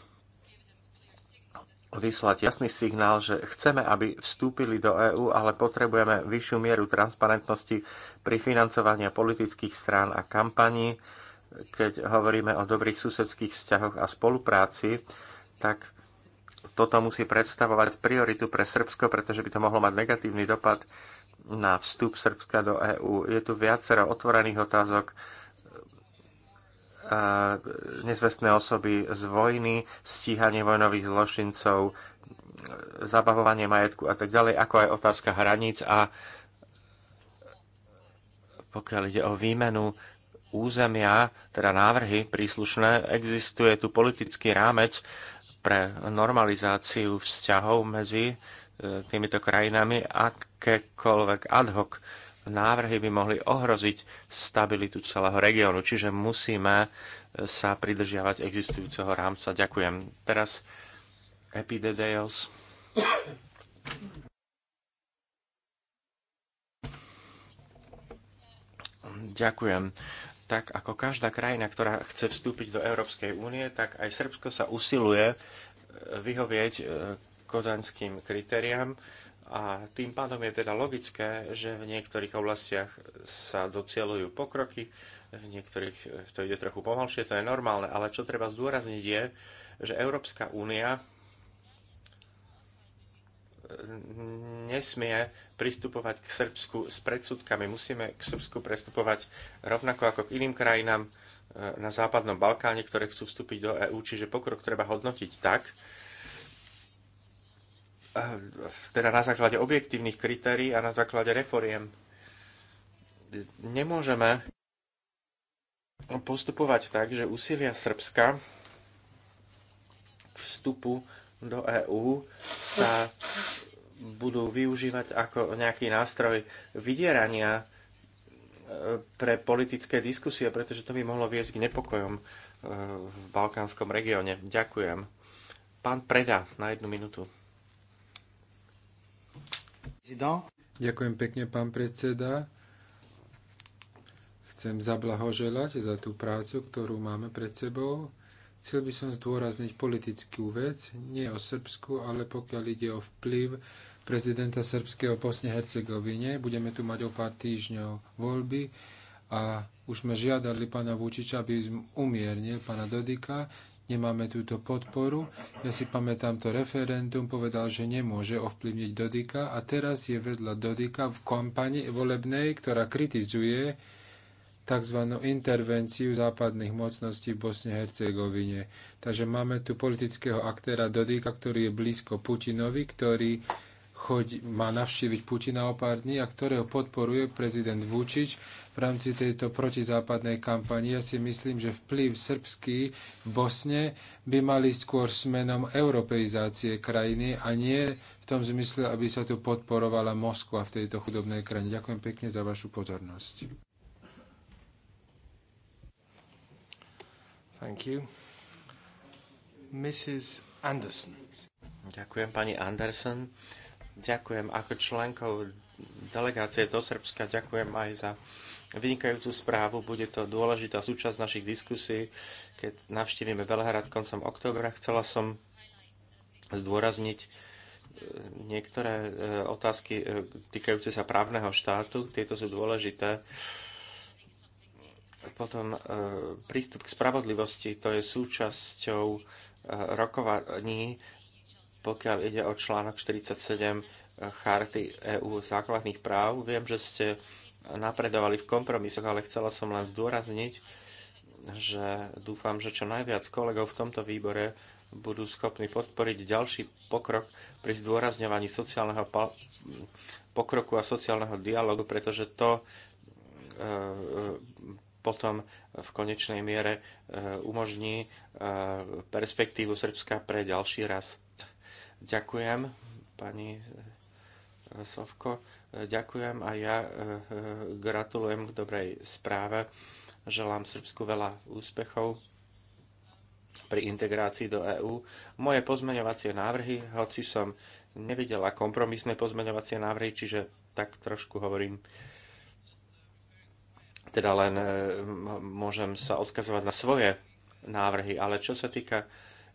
vyslať jasný signál, že chceme, aby vstúpili do EÚ, ale potrebujeme vyššiu mieru transparentnosti pri financovaní politických strán a kampaní, keď hovoríme o dobrých susedských vzťahoch a spolupráci tak toto musí predstavovať prioritu pre Srbsko, pretože by to mohlo mať negatívny dopad na vstup Srbska do EÚ. Je tu viacero otvorených otázok, nezvestné osoby z vojny, stíhanie vojnových zločincov, zabavovanie majetku a tak ďalej, ako aj otázka hraníc a pokiaľ ide o výmenu územia, teda návrhy príslušné, existuje tu politický rámec, pre normalizáciu vzťahov medzi e, týmito krajinami, akékoľvek ad hoc návrhy by mohli ohroziť stabilitu celého regiónu. Čiže musíme e, sa pridržiavať existujúceho rámca. Ďakujem. Teraz Epidedeos. Ďakujem tak ako každá krajina, ktorá chce vstúpiť do Európskej únie, tak aj Srbsko sa usiluje e, vyhovieť e, kodanským kritériám a tým pádom je teda logické, že v niektorých oblastiach sa docielujú pokroky, v niektorých e, to ide trochu pomalšie, to je normálne, ale čo treba zdôrazniť je, že Európska únia nesmie pristupovať k Srbsku s predsudkami. Musíme k Srbsku pristupovať rovnako ako k iným krajinám e, na západnom Balkáne, ktoré chcú vstúpiť do EÚ, čiže pokrok treba hodnotiť tak, e, teda na základe objektívnych kritérií a na základe reforiem. Nemôžeme postupovať tak, že úsilia Srbska k vstupu do EÚ sa budú využívať ako nejaký nástroj vydierania e, pre politické diskusie, pretože to by mohlo viesť k nepokojom e, v balkánskom regióne. Ďakujem. Pán Preda, na jednu minútu. Ďakujem pekne, pán predseda. Chcem zablahoželať za tú prácu, ktorú máme pred sebou. Chcel by som zdôrazniť politickú vec, nie o Srbsku, ale pokiaľ ide o vplyv prezidenta srbského Bosne Hercegovine. Budeme tu mať o pár týždňov voľby a už sme žiadali pána Vučiča, aby umiernil pána Dodika. Nemáme túto podporu. Ja si pamätám to referendum, povedal, že nemôže ovplyvniť Dodika a teraz je vedľa Dodika v kampani volebnej, ktorá kritizuje tzv. intervenciu západných mocností v Bosne-Hercegovine. Takže máme tu politického aktéra Dodika, ktorý je blízko Putinovi, ktorý chodí, má navštíviť Putina o pár dní a ktorého podporuje prezident Vučić v rámci tejto protizápadnej kampani. Ja si myslím, že vplyv srbský v Bosne by mali skôr smenom europeizácie krajiny a nie v tom zmysle, aby sa tu podporovala Moskva v tejto chudobnej krajine. Ďakujem pekne za vašu pozornosť. Thank you. Mrs. Anderson. Ďakujem pani Anderson. Ďakujem ako členkou delegácie do Srbska. Ďakujem aj za vynikajúcu správu. Bude to dôležitá súčasť našich diskusí, keď navštívime Belhrad koncom októbra. Chcela som zdôrazniť e, niektoré e, otázky e, týkajúce sa právneho štátu. Tieto sú dôležité potom e, prístup k spravodlivosti, to je súčasťou e, rokovaní, pokiaľ ide o článok 47 e, Charty EÚ základných práv. Viem, že ste napredovali v kompromisoch, ale chcela som len zdôrazniť, že dúfam, že čo najviac kolegov v tomto výbore budú schopní podporiť ďalší pokrok pri zdôrazňovaní sociálneho pokroku a sociálneho dialogu, pretože to potom v konečnej miere e, umožní e, perspektívu Srbska pre ďalší raz. Ďakujem, pani Sovko. Ďakujem a ja e, gratulujem k dobrej správe. Želám Srbsku veľa úspechov pri integrácii do EÚ. Moje pozmeňovacie návrhy, hoci som nevidela kompromisné pozmeňovacie návrhy, čiže tak trošku hovorím teda len e, môžem sa odkazovať na svoje návrhy, ale čo sa týka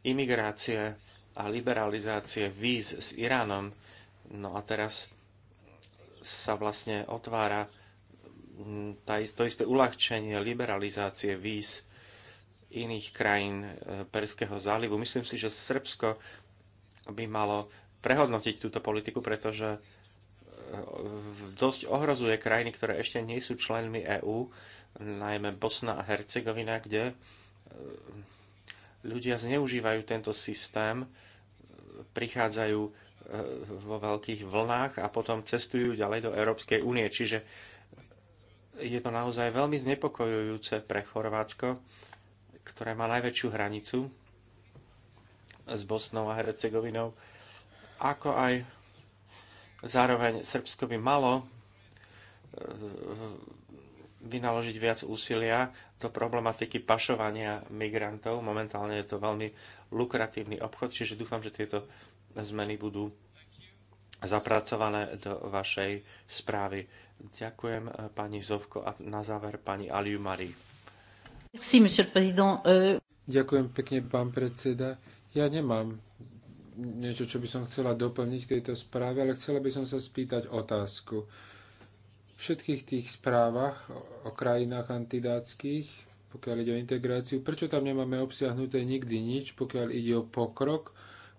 imigrácie a liberalizácie víz s Iránom, no a teraz sa vlastne otvára to isté uľahčenie liberalizácie víz iných krajín e, Perského zálivu. Myslím si, že Srbsko by malo prehodnotiť túto politiku, pretože dosť ohrozuje krajiny, ktoré ešte nie sú členmi EÚ, najmä Bosna a Hercegovina, kde e, ľudia zneužívajú tento systém, prichádzajú e, vo veľkých vlnách a potom cestujú ďalej do Európskej únie. Čiže je to naozaj veľmi znepokojujúce pre Chorvátsko, ktoré má najväčšiu hranicu s Bosnou a Hercegovinou, ako aj Zároveň Srbsko by malo e, vynaložiť viac úsilia do problematiky pašovania migrantov. Momentálne je to veľmi lukratívny obchod, čiže dúfam, že tieto zmeny budú zapracované do vašej správy. Ďakujem e, pani Zovko a na záver pani Aliu Marie. E, Ďakujem pekne, pán predseda. Ja nemám niečo, čo by som chcela doplniť k tejto správe, ale chcela by som sa spýtať otázku. V všetkých tých správach o krajinách antidátskych, pokiaľ ide o integráciu, prečo tam nemáme obsiahnuté nikdy nič, pokiaľ ide o pokrok,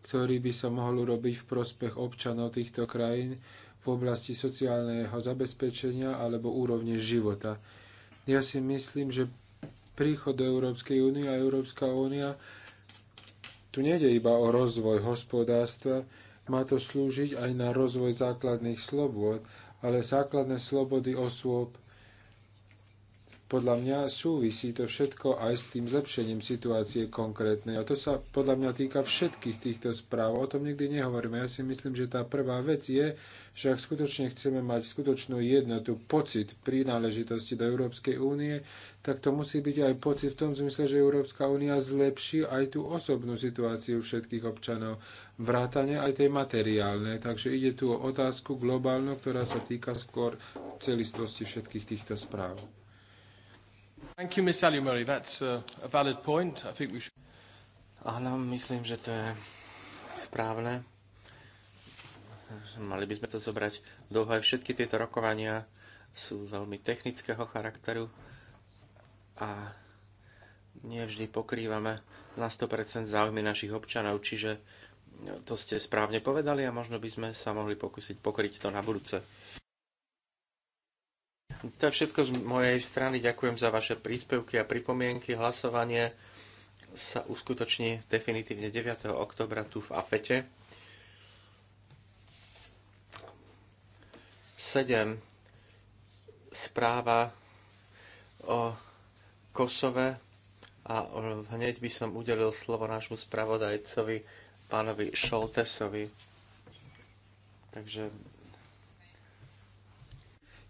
ktorý by sa mohol urobiť v prospech občanov týchto krajín v oblasti sociálneho zabezpečenia alebo úrovne života. Ja si myslím, že príchod do Európskej únie a Európska únia tu nejde iba o rozvoj hospodárstva, má to slúžiť aj na rozvoj základných slobôd, ale základné slobody osôb podľa mňa súvisí to všetko aj s tým zlepšením situácie konkrétnej. A to sa podľa mňa týka všetkých týchto správ. O tom nikdy nehovoríme. Ja si myslím, že tá prvá vec je, že ak skutočne chceme mať skutočnú jednotu, pocit prínáležitosti do Európskej únie, tak to musí byť aj pocit v tom zmysle, že Európska únia zlepší aj tú osobnú situáciu všetkých občanov, vrátane aj tej materiálnej. Takže ide tu o otázku globálnu, ktorá sa týka skôr celistvosti všetkých týchto správ. Thank you, Miss That's a, valid point. I think we should... Áno, myslím, že to je správne. Mali by sme to zobrať dlho aj všetky tieto rokovania sú veľmi technického charakteru a nevždy pokrývame na 100% záujmy našich občanov, čiže to ste správne povedali a možno by sme sa mohli pokúsiť pokryť to na budúce. To je všetko z mojej strany. Ďakujem za vaše príspevky a pripomienky. Hlasovanie sa uskutoční definitívne 9. oktobra tu v AFETE. 7. Správa o Kosove a hneď by som udelil slovo nášmu spravodajcovi, pánovi Šoltesovi. Takže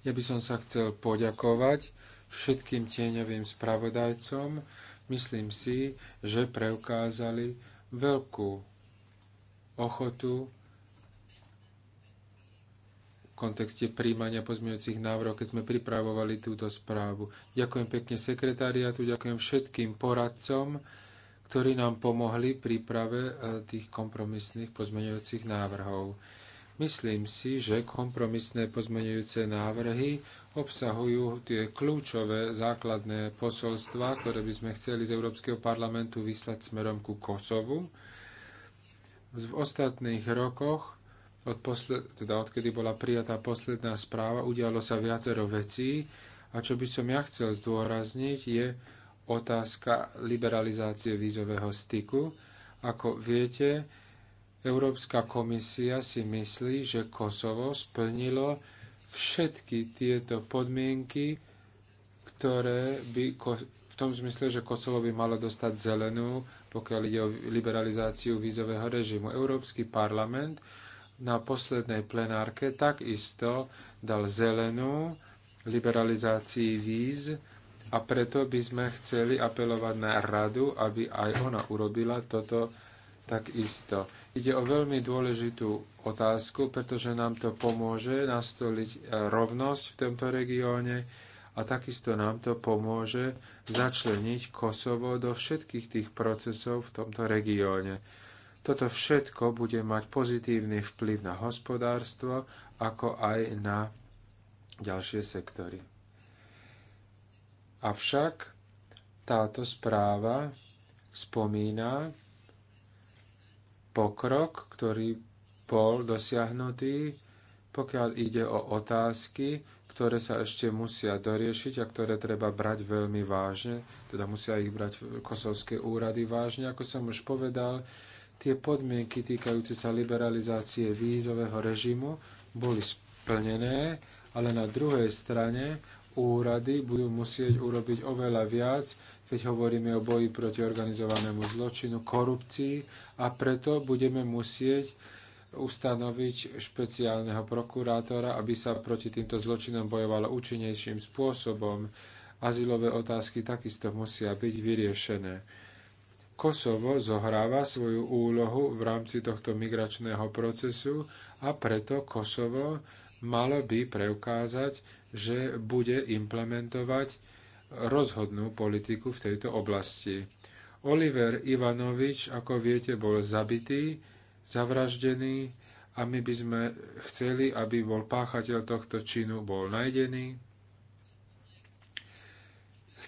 ja by som sa chcel poďakovať všetkým tieňovým spravodajcom. Myslím si, že preukázali veľkú ochotu v kontexte príjmania pozmeňujúcich návrhov, keď sme pripravovali túto správu. Ďakujem pekne sekretariatu, ďakujem všetkým poradcom, ktorí nám pomohli v príprave eh, tých kompromisných pozmeňujúcich návrhov. Myslím si, že kompromisné pozmeňujúce návrhy obsahujú tie kľúčové základné posolstva, ktoré by sme chceli z Európskeho parlamentu vyslať smerom ku Kosovu. V ostatných rokoch, od posled, teda odkedy bola prijatá posledná správa, udialo sa viacero vecí a čo by som ja chcel zdôrazniť je otázka liberalizácie vízového styku. Ako viete, Európska komisia si myslí, že Kosovo splnilo všetky tieto podmienky, ktoré by v tom zmysle, že Kosovo by malo dostať zelenú, pokiaľ ide o liberalizáciu vízového režimu. Európsky parlament na poslednej plenárke takisto dal zelenú liberalizácii víz a preto by sme chceli apelovať na radu, aby aj ona urobila toto takisto. Ide o veľmi dôležitú otázku, pretože nám to pomôže nastoliť e, rovnosť v tomto regióne a takisto nám to pomôže začleniť Kosovo do všetkých tých procesov v tomto regióne. Toto všetko bude mať pozitívny vplyv na hospodárstvo, ako aj na ďalšie sektory. Avšak táto správa spomína pokrok, ktorý bol dosiahnutý, pokiaľ ide o otázky, ktoré sa ešte musia doriešiť a ktoré treba brať veľmi vážne, teda musia ich brať kosovské úrady vážne. Ako som už povedal, tie podmienky týkajúce sa liberalizácie vízového režimu boli splnené, ale na druhej strane úrady budú musieť urobiť oveľa viac, keď hovoríme o boji proti organizovanému zločinu, korupcii a preto budeme musieť ustanoviť špeciálneho prokurátora, aby sa proti týmto zločinom bojovalo účinnejším spôsobom. Azylové otázky takisto musia byť vyriešené. Kosovo zohráva svoju úlohu v rámci tohto migračného procesu a preto Kosovo malo by preukázať, že bude implementovať rozhodnú politiku v tejto oblasti. Oliver Ivanovič, ako viete, bol zabitý, zavraždený a my by sme chceli, aby bol páchateľ tohto činu bol najdený.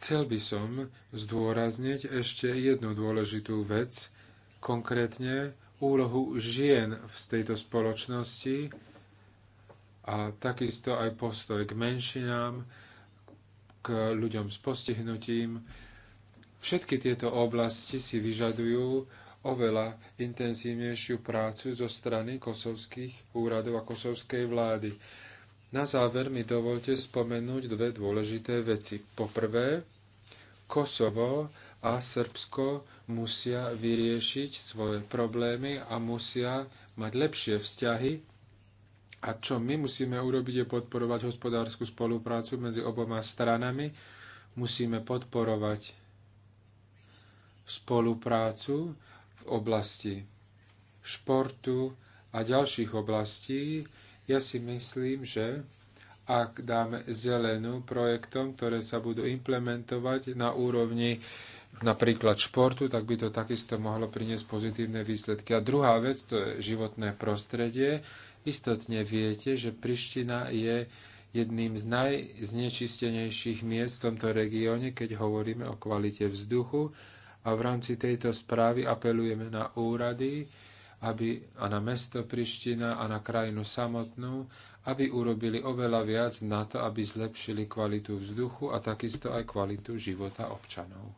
Chcel by som zdôrazniť ešte jednu dôležitú vec, konkrétne úlohu žien v tejto spoločnosti, a takisto aj postoj k menšinám, k ľuďom s postihnutím. Všetky tieto oblasti si vyžadujú oveľa intenzívnejšiu prácu zo strany kosovských úradov a kosovskej vlády. Na záver mi dovolte spomenúť dve dôležité veci. Poprvé, Kosovo a Srbsko musia vyriešiť svoje problémy a musia mať lepšie vzťahy a čo my musíme urobiť, je podporovať hospodárskú spoluprácu medzi oboma stranami. Musíme podporovať spoluprácu v oblasti športu a ďalších oblastí. Ja si myslím, že ak dáme zelenú projektom, ktoré sa budú implementovať na úrovni napríklad športu, tak by to takisto mohlo priniesť pozitívne výsledky. A druhá vec, to je životné prostredie Istotne viete, že Priština je jedným z najznečistenejších miest v tomto regióne, keď hovoríme o kvalite vzduchu a v rámci tejto správy apelujeme na úrady aby, a na mesto Priština a na krajinu samotnú, aby urobili oveľa viac na to, aby zlepšili kvalitu vzduchu a takisto aj kvalitu života občanov.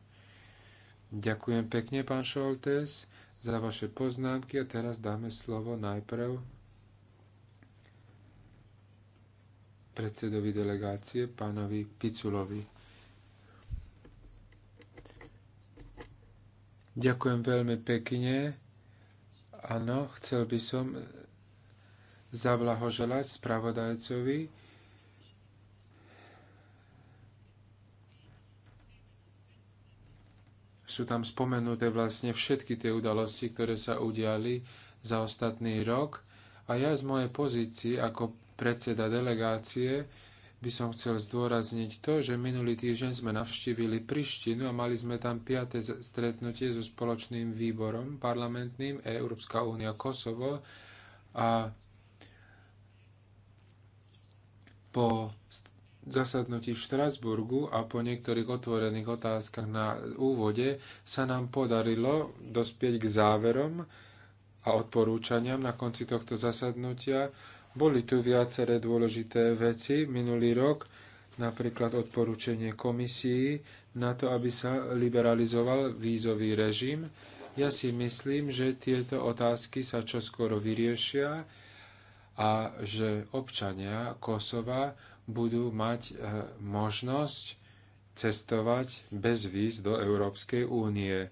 Ďakujem pekne, pán Šoltes, za vaše poznámky a teraz dáme slovo najprv predsedovi delegácie, pánovi Piculovi. Ďakujem veľmi pekne. Áno, chcel by som zablahoželať spravodajcovi. Sú tam spomenuté vlastne všetky tie udalosti, ktoré sa udiali za ostatný rok. A ja z mojej pozície ako predseda delegácie, by som chcel zdôrazniť to, že minulý týždeň sme navštívili Prištinu a mali sme tam piaté stretnutie so spoločným výborom parlamentným e, Európska únia Kosovo a po zasadnutí v Štrasburgu a po niektorých otvorených otázkach na úvode sa nám podarilo dospieť k záverom a odporúčaniam na konci tohto zasadnutia, boli tu viaceré dôležité veci minulý rok, napríklad odporúčenie komisii na to, aby sa liberalizoval vízový režim. Ja si myslím, že tieto otázky sa čoskoro vyriešia a že občania Kosova budú mať eh, možnosť cestovať bez víz do Európskej únie.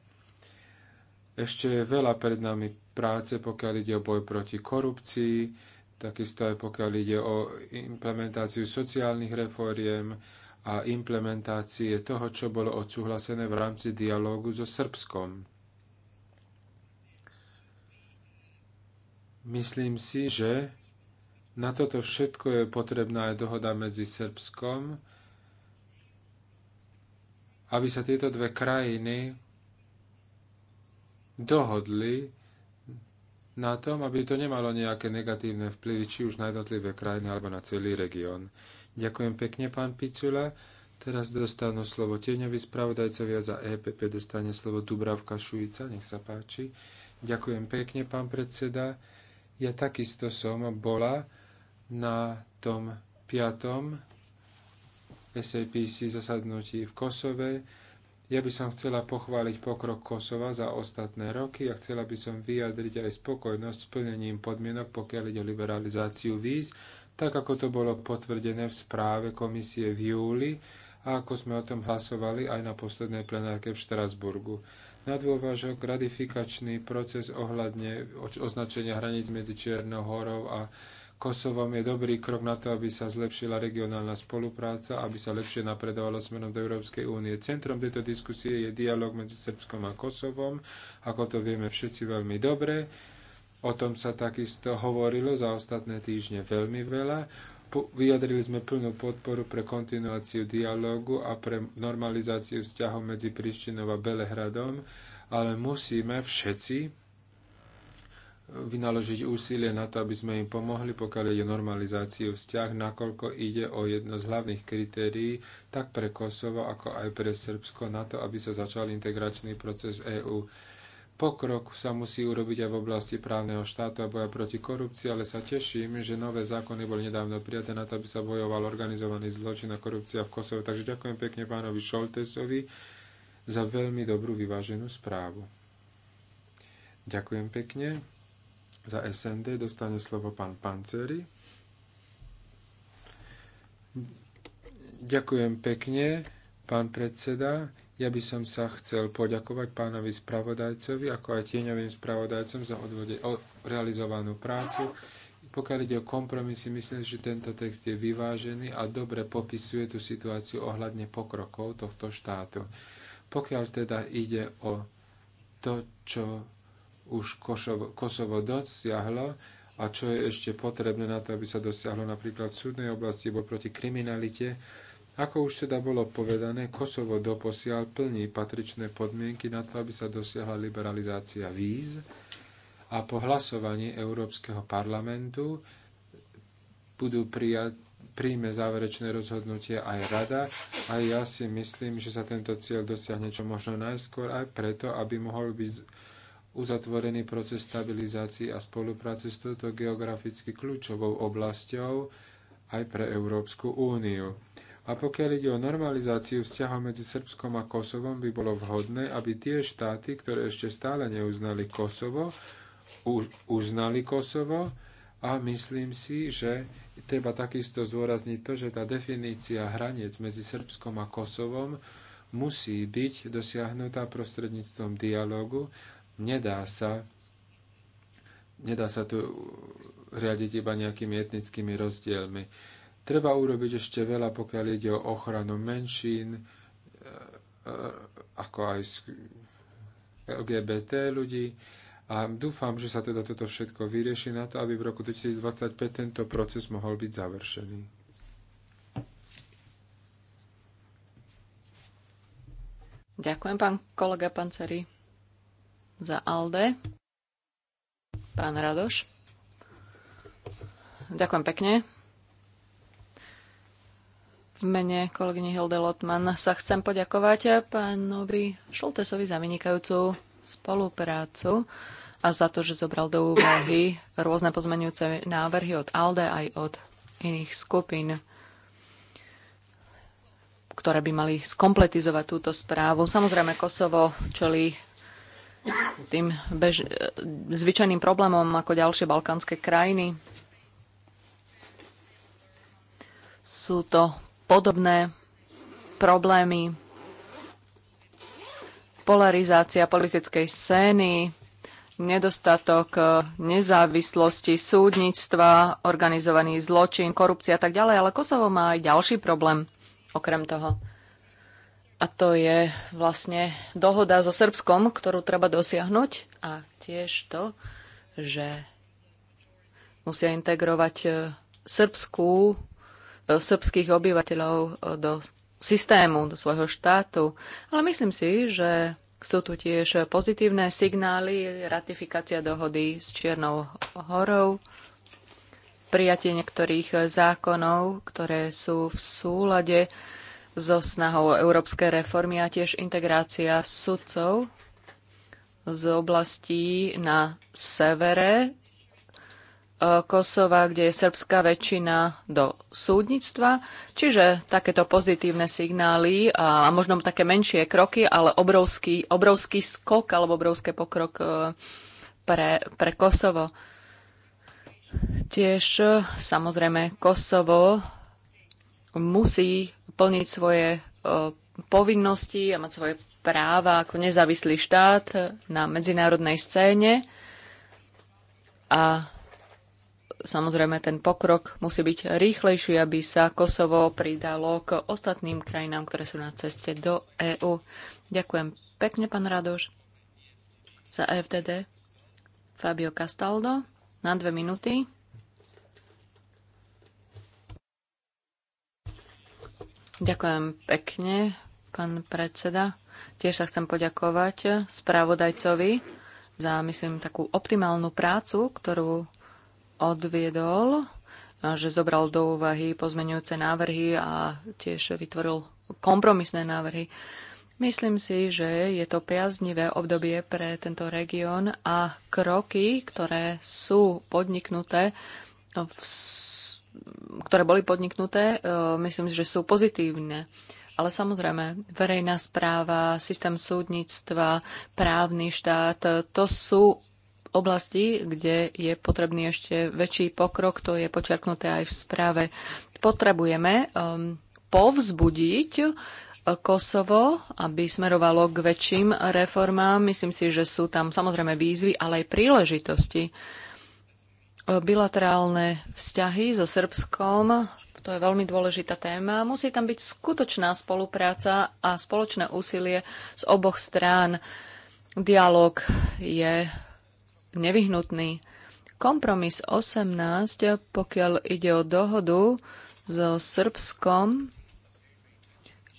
Ešte je veľa pred nami práce, pokiaľ ide o boj proti korupcii, takisto aj pokiaľ ide o implementáciu sociálnych reforiem a implementácie toho, čo bolo odsúhlasené v rámci dialógu so Srbskom. Myslím si, že na toto všetko je potrebná aj dohoda medzi Srbskom, aby sa tieto dve krajiny dohodli na tom, aby to nemalo nejaké negatívne vplyvy či už na jednotlivé krajiny alebo na celý región. Ďakujem pekne, pán Picula. Teraz dostanú slovo tieňový spravodajcovia za EPP, dostane slovo Dubravka Šujica, nech sa páči. Ďakujem pekne, pán predseda. Ja takisto som bola na tom piatom SAPC zasadnutí v Kosove ja by som chcela pochváliť pokrok Kosova za ostatné roky a chcela by som vyjadriť aj spokojnosť s plnením podmienok, pokiaľ ide o liberalizáciu víz, tak ako to bolo potvrdené v správe komisie v júli a ako sme o tom hlasovali aj na poslednej plenárke v Štrasburgu. Na dôvažok ratifikačný proces ohľadne označenia hraníc medzi Čiernou horou a Kosovom je dobrý krok na to, aby sa zlepšila regionálna spolupráca, aby sa lepšie napredovalo smerom do Európskej únie. Centrom tejto diskusie je dialog medzi Srbskom a Kosovom, ako to vieme všetci veľmi dobre. O tom sa takisto hovorilo za ostatné týždne veľmi veľa. Vyjadrili sme plnú podporu pre kontinuáciu dialogu a pre normalizáciu vzťahov medzi Prištinou a Belehradom, ale musíme všetci vynaložiť úsilie na to, aby sme im pomohli, pokiaľ ide o normalizáciu vzťah, nakoľko ide o jedno z hlavných kritérií, tak pre Kosovo, ako aj pre Srbsko, na to, aby sa začal integračný proces EÚ. Pokrok sa musí urobiť aj v oblasti právneho štátu a boja proti korupcii, ale sa teším, že nové zákony boli nedávno prijaté na to, aby sa bojoval organizovaný zločin a korupcia v Kosove. Takže ďakujem pekne pánovi Šoltesovi za veľmi dobrú vyváženú správu. Ďakujem pekne. Za SND dostane slovo pán Panceri. Ďakujem pekne, pán predseda. Ja by som sa chcel poďakovať pánovi spravodajcovi, ako aj tieňovým spravodajcom za odvode, o, realizovanú prácu. Pokiaľ ide o kompromisy, myslím, že tento text je vyvážený a dobre popisuje tú situáciu ohľadne pokrokov tohto štátu. Pokiaľ teda ide o to, čo už Kosovo, dosiahlo a čo je ešte potrebné na to, aby sa dosiahlo napríklad v súdnej oblasti boj proti kriminalite. Ako už teda bolo povedané, Kosovo doposiaľ plní patričné podmienky na to, aby sa dosiahla liberalizácia víz a po hlasovaní Európskeho parlamentu budú prijať príjme záverečné rozhodnutie aj rada a ja si myslím, že sa tento cieľ dosiahne čo možno najskôr aj preto, aby mohol byť uzatvorený proces stabilizácie a spolupráce s touto geograficky kľúčovou oblasťou aj pre Európsku úniu. A pokiaľ ide o normalizáciu vzťahov medzi Srbskom a Kosovom, by bolo vhodné, aby tie štáty, ktoré ešte stále neuznali Kosovo, uznali Kosovo a myslím si, že treba takisto zdôrazniť to, že tá definícia hraniec medzi Srbskom a Kosovom musí byť dosiahnutá prostredníctvom dialogu Nedá sa, nedá sa tu riadiť iba nejakými etnickými rozdielmi. Treba urobiť ešte veľa, pokiaľ ide o ochranu menšín, e, e, ako aj LGBT ľudí. A dúfam, že sa teda toto všetko vyrieši na to, aby v roku 2025 tento proces mohol byť završený. Ďakujem, pán kolega Pancari za ALDE. Pán Radoš. Ďakujem pekne. V mene kolegyne Hilde Lotman sa chcem poďakovať pánovi Šoltesovi za vynikajúcu spoluprácu a za to, že zobral do úvahy rôzne pozmenujúce návrhy od ALDE aj od iných skupín ktoré by mali skompletizovať túto správu. Samozrejme, Kosovo čelí tým bež- zvyčajným problémom ako ďalšie balkánske krajiny. Sú to podobné problémy, polarizácia politickej scény, nedostatok e, nezávislosti súdnictva, organizovaný zločin, korupcia a tak ďalej. Ale Kosovo má aj ďalší problém okrem toho. A to je vlastne dohoda so Srbskom, ktorú treba dosiahnuť a tiež to, že musia integrovať e, srbskú, e, srbských obyvateľov e, do systému, do svojho štátu. Ale myslím si, že sú tu tiež pozitívne signály, ratifikácia dohody s Čiernou horou, prijatie niektorých zákonov, ktoré sú v súlade so snahou európske reformy a tiež integrácia sudcov z oblastí na severe e, Kosova, kde je srbská väčšina do súdnictva. Čiže takéto pozitívne signály a možno také menšie kroky, ale obrovský, obrovský skok alebo obrovský pokrok e, pre, pre Kosovo. Tiež samozrejme Kosovo musí plniť svoje e, povinnosti a mať svoje práva ako nezávislý štát na medzinárodnej scéne. A samozrejme ten pokrok musí byť rýchlejší, aby sa Kosovo pridalo k ostatným krajinám, ktoré sú na ceste do EÚ. Ďakujem pekne, pán Radoš, za e FDD. Fabio Castaldo na dve minúty. Ďakujem pekne, pán predseda. Tiež sa chcem poďakovať správodajcovi za, myslím, takú optimálnu prácu, ktorú odviedol, že zobral do úvahy pozmeňujúce návrhy a tiež vytvoril kompromisné návrhy. Myslím si, že je to priaznivé obdobie pre tento región a kroky, ktoré sú podniknuté v ktoré boli podniknuté, e, myslím, že sú pozitívne. Ale samozrejme, verejná správa, systém súdnictva, právny štát, to sú oblasti, kde je potrebný ešte väčší pokrok, to je počiarknuté aj v správe. Potrebujeme um, povzbudiť e, Kosovo, aby smerovalo k väčším reformám. Myslím si, že sú tam samozrejme výzvy, ale aj príležitosti. Uh, bilaterálne vzťahy so Srbskom, to je veľmi dôležitá téma. Musí tam byť skutočná spolupráca a spoločné úsilie z oboch strán. Dialóg je nevyhnutný. Kompromis 18, pokiaľ ide o dohodu so Srbskom,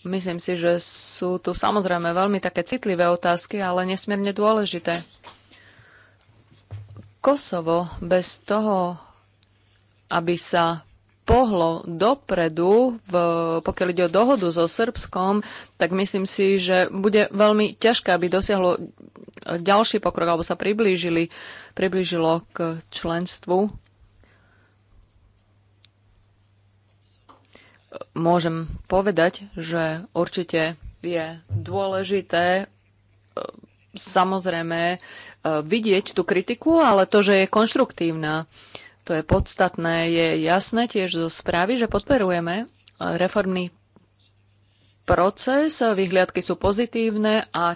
myslím si, že sú tu samozrejme veľmi také citlivé otázky, ale nesmierne dôležité. Kosovo bez toho, aby sa pohlo dopredu, v, pokiaľ ide o dohodu so Srbskom, tak myslím si, že bude veľmi ťažké, aby dosiahlo ďalší pokrok, alebo sa priblížili, priblížilo k členstvu. Môžem povedať, že určite je dôležité samozrejme e, vidieť tú kritiku, ale to, že je konštruktívna, to je podstatné. Je jasné tiež zo správy, že podporujeme e, reformný proces, vyhliadky sú pozitívne a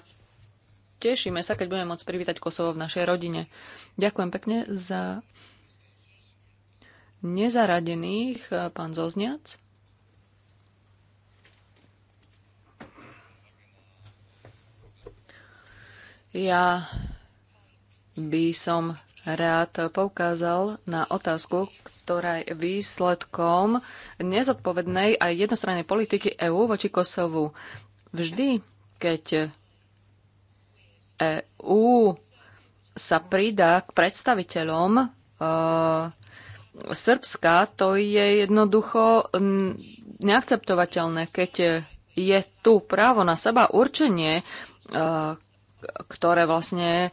tešíme sa, keď budeme môcť privítať Kosovo v našej rodine. Ďakujem pekne za nezaradených, e, pán Zozniac. Ja by som rád poukázal na otázku, ktorá je výsledkom nezodpovednej a jednostrannej politiky EÚ voči Kosovu. Vždy, keď EÚ sa pridá k predstaviteľom uh, Srbska, to je jednoducho neakceptovateľné, keď je tu právo na seba určenie uh, ktoré vlastne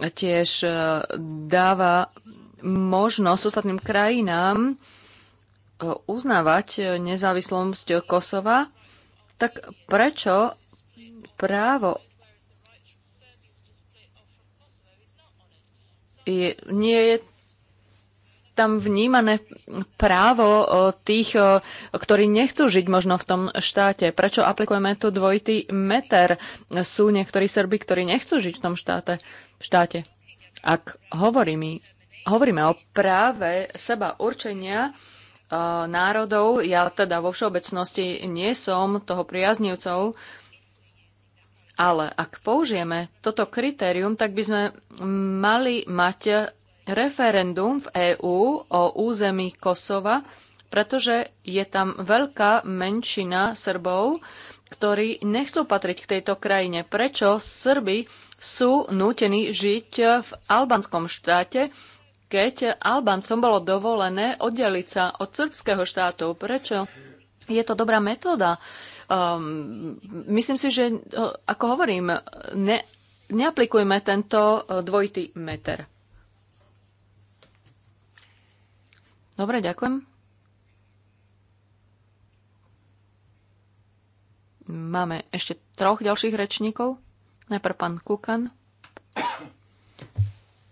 tiež e, dáva možnosť ostatným krajinám e, uznávať e, nezávislosť Kosova, tak prečo právo je, nie je tam vnímané právo tých, ktorí nechcú žiť možno v tom štáte? Prečo aplikujeme tu dvojitý meter? Sú niektorí Srbi, ktorí nechcú žiť v tom štáte, štáte. Ak hovoríme, hovoríme o práve seba určenia, národov. Ja teda vo všeobecnosti nie som toho priaznivcov, ale ak použijeme toto kritérium, tak by sme mali mať referendum v EÚ o území Kosova, pretože je tam veľká menšina Srbov, ktorí nechcú patriť k tejto krajine. Prečo Srby sú nútení žiť v albánskom štáte, keď Albáncom bolo dovolené oddeliť sa od srbského štátu? Prečo? Je to dobrá metóda. Um, myslím si, že, uh, ako hovorím, ne, neaplikujme tento uh, dvojitý meter. Dobre, ďakujem. Máme ešte troch ďalších rečníkov. Najprv pán Kukan,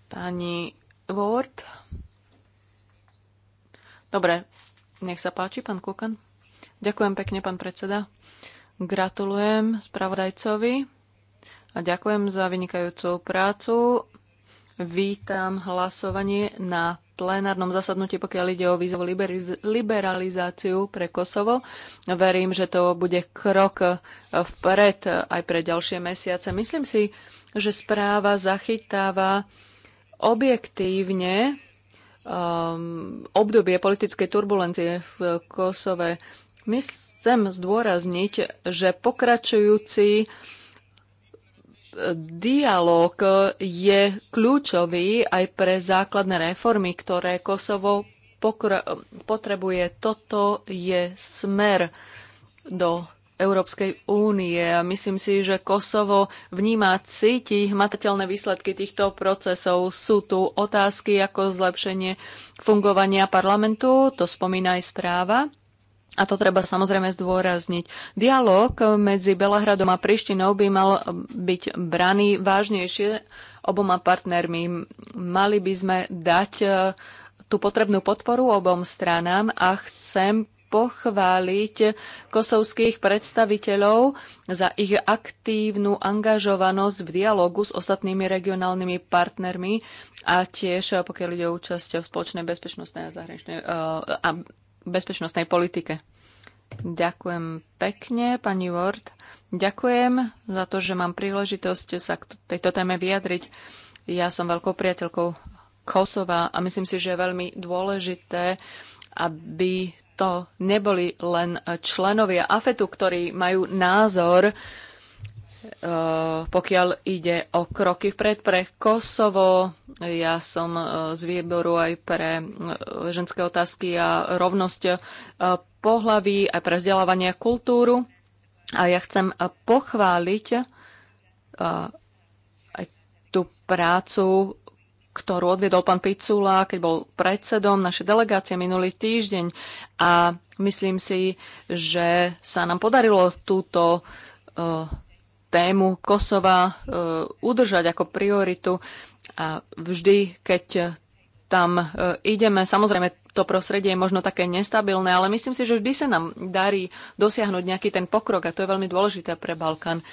pani Ward. Dobre, nech sa páči, pán Kukan. Ďakujem pekne, pán predseda. Gratulujem spravodajcovi a ďakujem za vynikajúcu prácu. Vítam hlasovanie na plénárnom zasadnutí, pokiaľ ide o výzvu liberalizáciu pre Kosovo. Verím, že to bude krok eh, vpred aj pre ďalšie mesiace. Myslím si, že správa zachytáva objektívne um, obdobie politickej turbulencie v Kosove. My chcem zdôrazniť, že pokračujúci uh, dialog je kľúčový aj pre základné reformy, ktoré Kosovo potrebuje. Toto je smer do Európskej únie a myslím si, že Kosovo vníma, cíti hmatateľné výsledky týchto procesov. Sú tu otázky ako zlepšenie fungovania parlamentu, to spomína aj správa a to treba samozrejme zdôrazniť. Dialóg medzi Belahradom a Prištinou by mal byť braný vážnejšie oboma partnermi. Mali by sme dať e, tú potrebnú podporu obom stranám a chcem pochváliť kosovských predstaviteľov za ich aktívnu angažovanosť v dialogu s ostatnými regionálnymi partnermi a tiež e, pokiaľ ide o účasť v spoločnej bezpečnostnej a zahraničnej uh, a bezpečnostnej politike. Ďakujem pekne, pani Ward. Ďakujem za to, že mám príležitosť sa k tejto téme vyjadriť. Ja som veľkou priateľkou Kosova a myslím si, že je veľmi dôležité, aby to neboli len členovia AFETu, ktorí majú názor, Eh, pokiaľ ide o kroky vpred pre Kosovo. Ja som eh, z výboru aj pre eh, ženské otázky a rovnosť pohlaví, aj pre vzdelávanie a kultúru. A ja chcem pochváliť aj tú prácu, ktorú odviedol pán Picula, keď bol predsedom našej delegácie minulý týždeň. A myslím si, že sa nám podarilo túto tému Kosova e, udržať ako prioritu a vždy, keď tam e, ideme, samozrejme to prostredie je možno také nestabilné, ale myslím si, že vždy sa nám darí dosiahnuť nejaký ten pokrok a to je veľmi dôležité pre Balkán. E,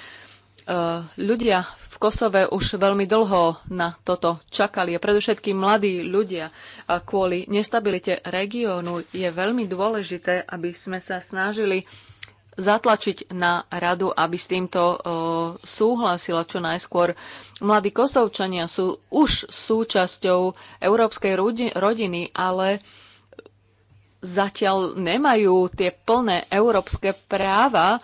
ľudia v Kosove už veľmi dlho na toto čakali a predovšetkým mladí ľudia kvôli nestabilite regiónu je veľmi dôležité, aby sme sa snažili zatlačiť na radu, aby s týmto e, súhlasila čo najskôr. Mladí kosovčania sú už súčasťou európskej rodiny, ale zatiaľ nemajú tie plné európske práva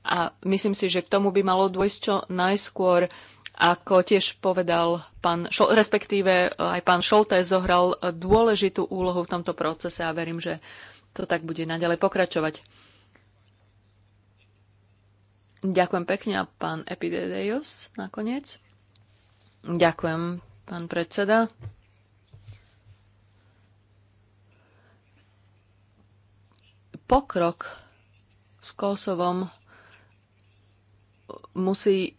a myslím si, že k tomu by malo dôjsť čo najskôr. Ako tiež povedal pán, respektíve e, aj pán Šolté zohral dôležitú úlohu v tomto procese a verím, že to tak bude naďalej pokračovať. Ďakujem pekne a pán Epidedeios nakoniec. Ďakujem, pán predseda. Pokrok s Kosovom musí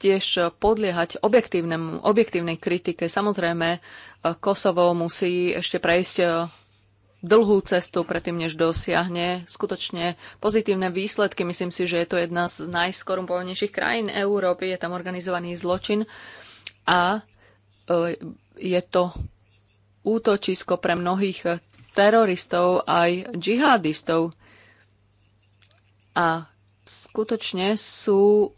tiež podliehať objektívnej kritike. Samozrejme, Kosovo musí ešte prejsť dlhú cestu predtým, než dosiahne skutočne pozitívne výsledky. Myslím si, že je to jedna z najskorumpovanejších krajín Európy, je tam organizovaný zločin a e, je to útočisko pre mnohých teroristov aj džihadistov. A skutočne sú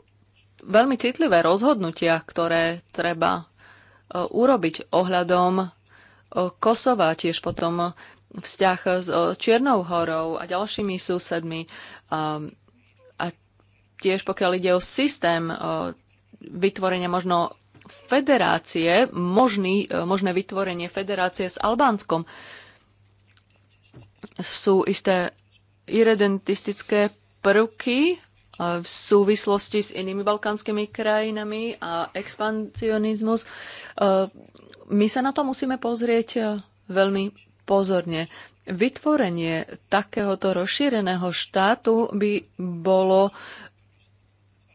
veľmi citlivé rozhodnutia, ktoré treba e, urobiť ohľadom e, Kosova, tiež potom vzťah eh, s Čiernou horou a ďalšími susedmi. Um, a tiež pokiaľ ide o systém vytvorenia možno federácie, možný, eh, možné vytvorenie federácie s Albánskom, sú isté iredentistické prvky eh, v súvislosti s inými balkánskymi krajinami a expansionizmus. My sa na to musíme pozrieť veľmi pozorne. Vytvorenie takéhoto rozšíreného štátu by bolo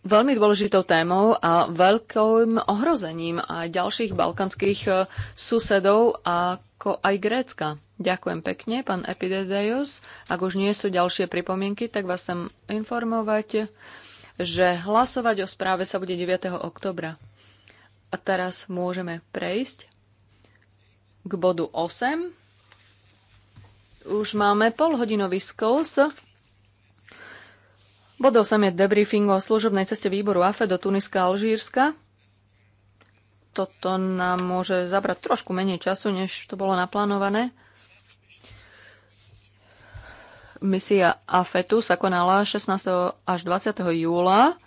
veľmi dôležitou témou a veľkým ohrozením aj ďalších balkanských eh, susedov ako aj Grécka. Ďakujem pekne, pán Epidedeus. Ak už nie sú ďalšie pripomienky, tak vás sem informovať, že hlasovať o správe sa bude 9. oktobra. A teraz môžeme prejsť k bodu 8 už máme polhodinový skos. Bodol sa je debriefing o služobnej ceste výboru AFE do Tuniska a Alžírska. Toto nám môže zabrať trošku menej času, než to bolo naplánované. Misia AFETu sa konala 16. až 20. júla.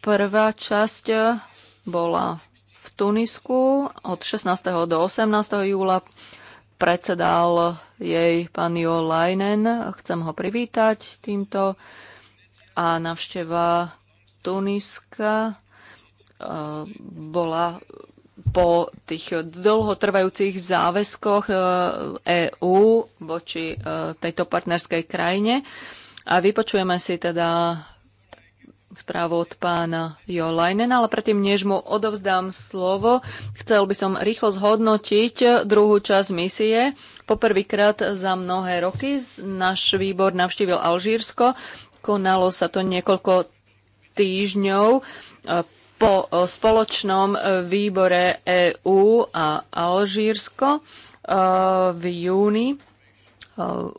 Prvá časť bola v Tunisku od 16. do 18. júla predsedal jej pán Jo Leinen. Chcem ho privítať týmto. A navšteva Tuniska eh, bola po tých dlhotrvajúcich záväzkoch EÚ eh, e voči eh, tejto partnerskej krajine. A vypočujeme si teda správu od pána Jolajnena, ale predtým, než mu odovzdám slovo, chcel by som rýchlo zhodnotiť druhú časť misie. Poprvýkrát za mnohé roky náš výbor navštívil Alžírsko. Konalo sa to niekoľko týždňov e, po e, spoločnom výbore EÚ a Alžírsko e, v júni.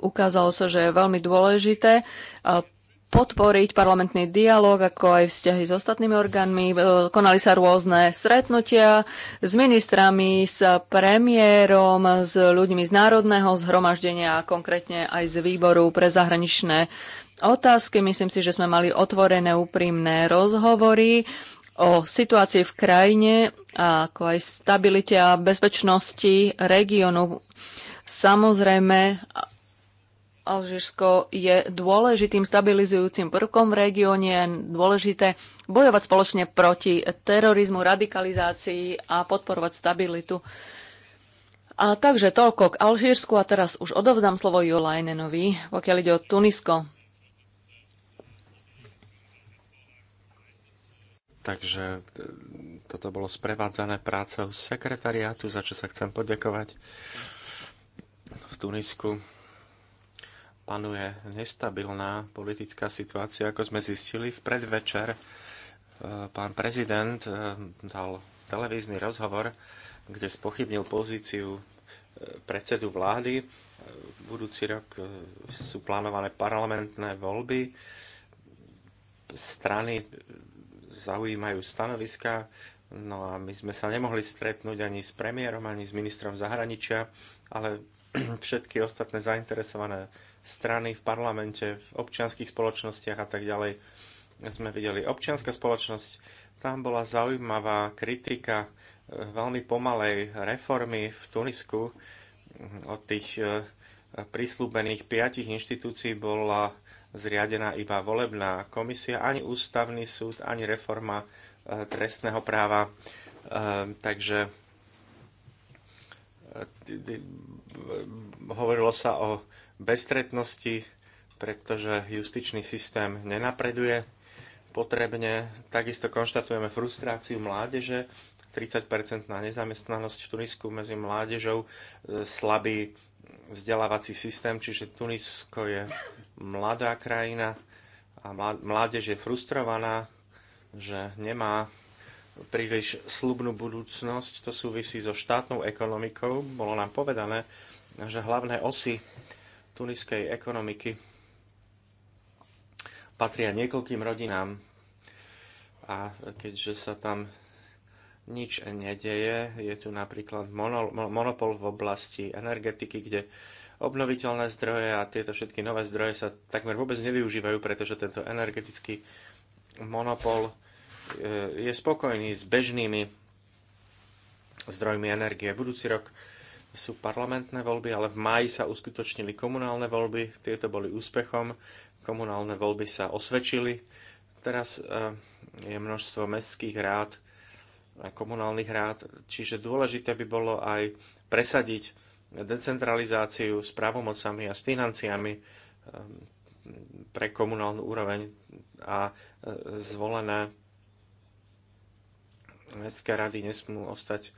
Ukázalo sa, že je veľmi dôležité podporiť parlamentný dialog, ako aj vzťahy s ostatnými orgánmi. E, konali sa rôzne stretnutia s ministrami, s premiérom, s ľuďmi z Národného zhromaždenia a konkrétne aj z výboru pre zahraničné otázky. Myslím si, že sme mali otvorené, úprimné rozhovory o situácii v krajine, ako aj stabilite a bezpečnosti regiónu. Samozrejme, Alžírsko je dôležitým stabilizujúcim prvkom v regióne, je dôležité bojovať spoločne proti terorizmu, radikalizácii a podporovať stabilitu. A takže toľko k Alžírsku a teraz už odovzdám slovo Julajnenovi, pokiaľ ide o Tunisko. Takže e, toto bolo sprevádzané prácou sekretariátu, za čo sa chcem poďakovať v Tunisku panuje nestabilná politická situácia, ako sme zistili. V predvečer e, pán prezident e, dal televízny rozhovor, kde spochybnil pozíciu e, predsedu vlády. Budúci rok sú plánované parlamentné voľby. Strany zaujímajú stanoviska, no a my sme sa nemohli stretnúť ani s premiérom, ani s ministrom zahraničia, ale všetky ostatné zainteresované strany v parlamente, v občianských spoločnostiach a tak ďalej sme videli. Občianská spoločnosť, tam bola zaujímavá kritika e, veľmi pomalej reformy v Tunisku. Od tých e, prislúbených piatich inštitúcií bola zriadená iba volebná komisia, ani ústavný súd, ani reforma e, trestného práva. Takže hovorilo sa o bezstretnosti, pretože justičný systém nenapreduje potrebne. Takisto konštatujeme frustráciu mládeže, 30 na nezamestnanosť v Tunisku medzi mládežou, e, slabý vzdelávací systém, čiže Tunisko je mladá krajina a mládež je frustrovaná, že nemá príliš slubnú budúcnosť. To súvisí so štátnou ekonomikou. Bolo nám povedané, že hlavné osy tuniskej ekonomiky patria niekoľkým rodinám a keďže sa tam nič nedeje, je tu napríklad monopol v oblasti energetiky, kde obnoviteľné zdroje a tieto všetky nové zdroje sa takmer vôbec nevyužívajú, pretože tento energetický monopol e, je spokojný s bežnými zdrojmi energie. Budúci rok sú parlamentné voľby, ale v máji sa uskutočnili komunálne voľby, tieto boli úspechom, komunálne voľby sa osvedčili. Teraz eh, je množstvo mestských rád a komunálnych rád, čiže dôležité by bolo aj presadiť decentralizáciu s právomocami a s financiami eh, pre komunálnu úroveň a eh, zvolené mestské rady nesmú ostať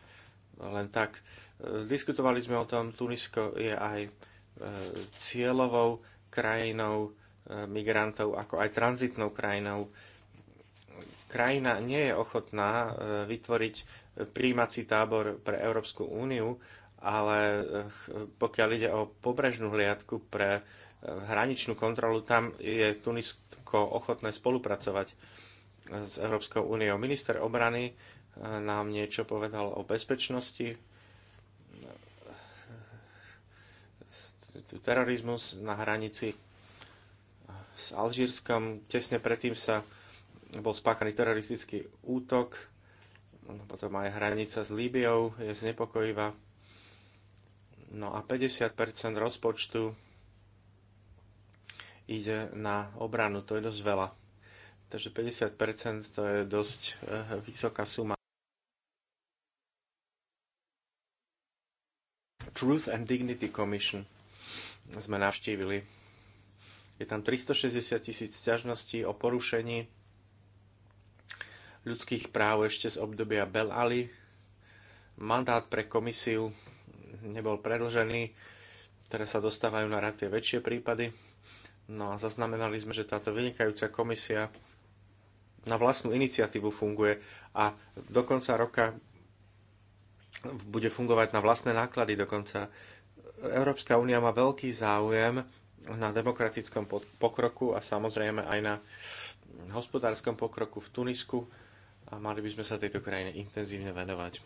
len tak Diskutovali sme o tom, Tunisko je aj e, cieľovou krajinou e, migrantov, ako aj tranzitnou krajinou. Krajina nie je ochotná e, vytvoriť príjmací tábor pre Európsku úniu, ale pokiaľ ide o pobrežnú hliadku pre hraničnú kontrolu, tam je Tunisko ochotné spolupracovať s Európskou úniou. Minister obrany nám niečo povedal o bezpečnosti tu terorizmus na hranici s Alžírskom. Tesne predtým sa bol spáchaný teroristický útok, no, potom aj hranica s Líbiou je znepokojivá. No a 50% rozpočtu ide na obranu, to je dosť veľa. Takže 50% to je dosť eh, vysoká suma. Truth and Dignity Commission – sme navštívili. Je tam 360 tisíc sťažností o porušení ľudských práv ešte z obdobia Bel Ali. Mandát pre komisiu nebol predlžený, teraz sa dostávajú na rad tie väčšie prípady. No a zaznamenali sme, že táto vynikajúca komisia na vlastnú iniciatívu funguje a do konca roka bude fungovať na vlastné náklady, dokonca Európska únia má veľký záujem na demokratickom pokroku a samozrejme aj na hospodárskom pokroku v Tunisku a mali by sme sa tejto krajine intenzívne venovať.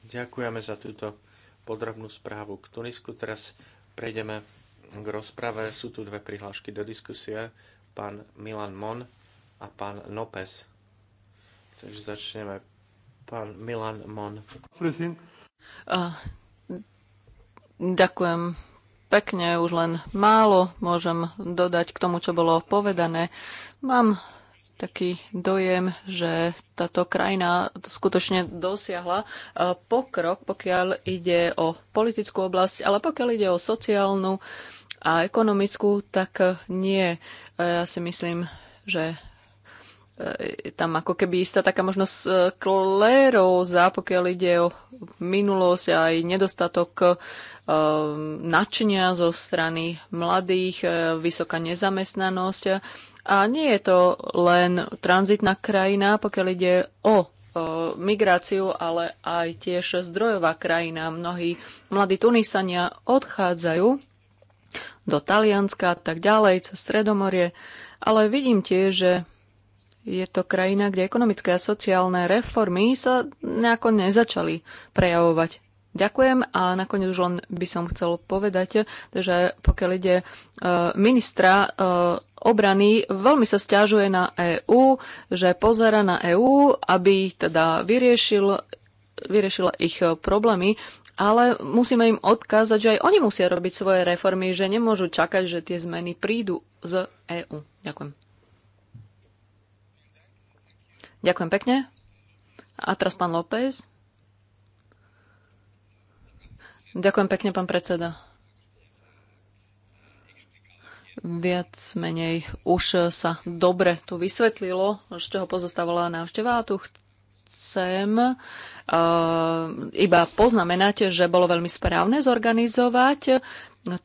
Ďakujeme za túto podrobnú správu k Tunisku. Teraz prejdeme k rozprave. Sú tu dve prihlášky do diskusie. Pán Milan Mon a pán Nopes. Takže začneme pán Milan Mon. Uh, ďakujem pekne, už len málo môžem dodať k tomu, čo bolo povedané. Mám taký dojem, že táto krajina skutočne dosiahla pokrok, pokiaľ ide o politickú oblasť, ale pokiaľ ide o sociálnu a ekonomickú, tak nie. Ja si myslím, že E, tam ako keby istá taká možnosť e, kléroza, pokiaľ ide o minulosť a aj nedostatok e, nadšenia zo strany mladých, vysoká nezamestnanosť. A nie je to len tranzitná krajina, pokiaľ ide o migráciu, ale aj tiež zdrojová krajina. Mnohí mladí Tunisania odchádzajú do Talianska a tak ďalej, cez Stredomorie, ale vidím tiež, že je to krajina, kde ekonomické a sociálne reformy sa nejako nezačali prejavovať. Ďakujem a nakoniec už len by som chcel povedať, že pokiaľ ide e, ministra e, obrany, veľmi sa stiažuje na EÚ, že pozera na EÚ, aby teda vyriešil, vyriešila ich problémy, ale musíme im odkázať, že aj oni musia robiť svoje reformy, že nemôžu čakať, že tie zmeny prídu z EÚ. Ďakujem. Ďakujem pekne. A teraz pán López. Ďakujem pekne, pán predseda. Viac menej už sa dobre tu vysvetlilo, z čoho pozostávala návšteva a tu chcem uh, iba poznamenať, že bolo veľmi správne zorganizovať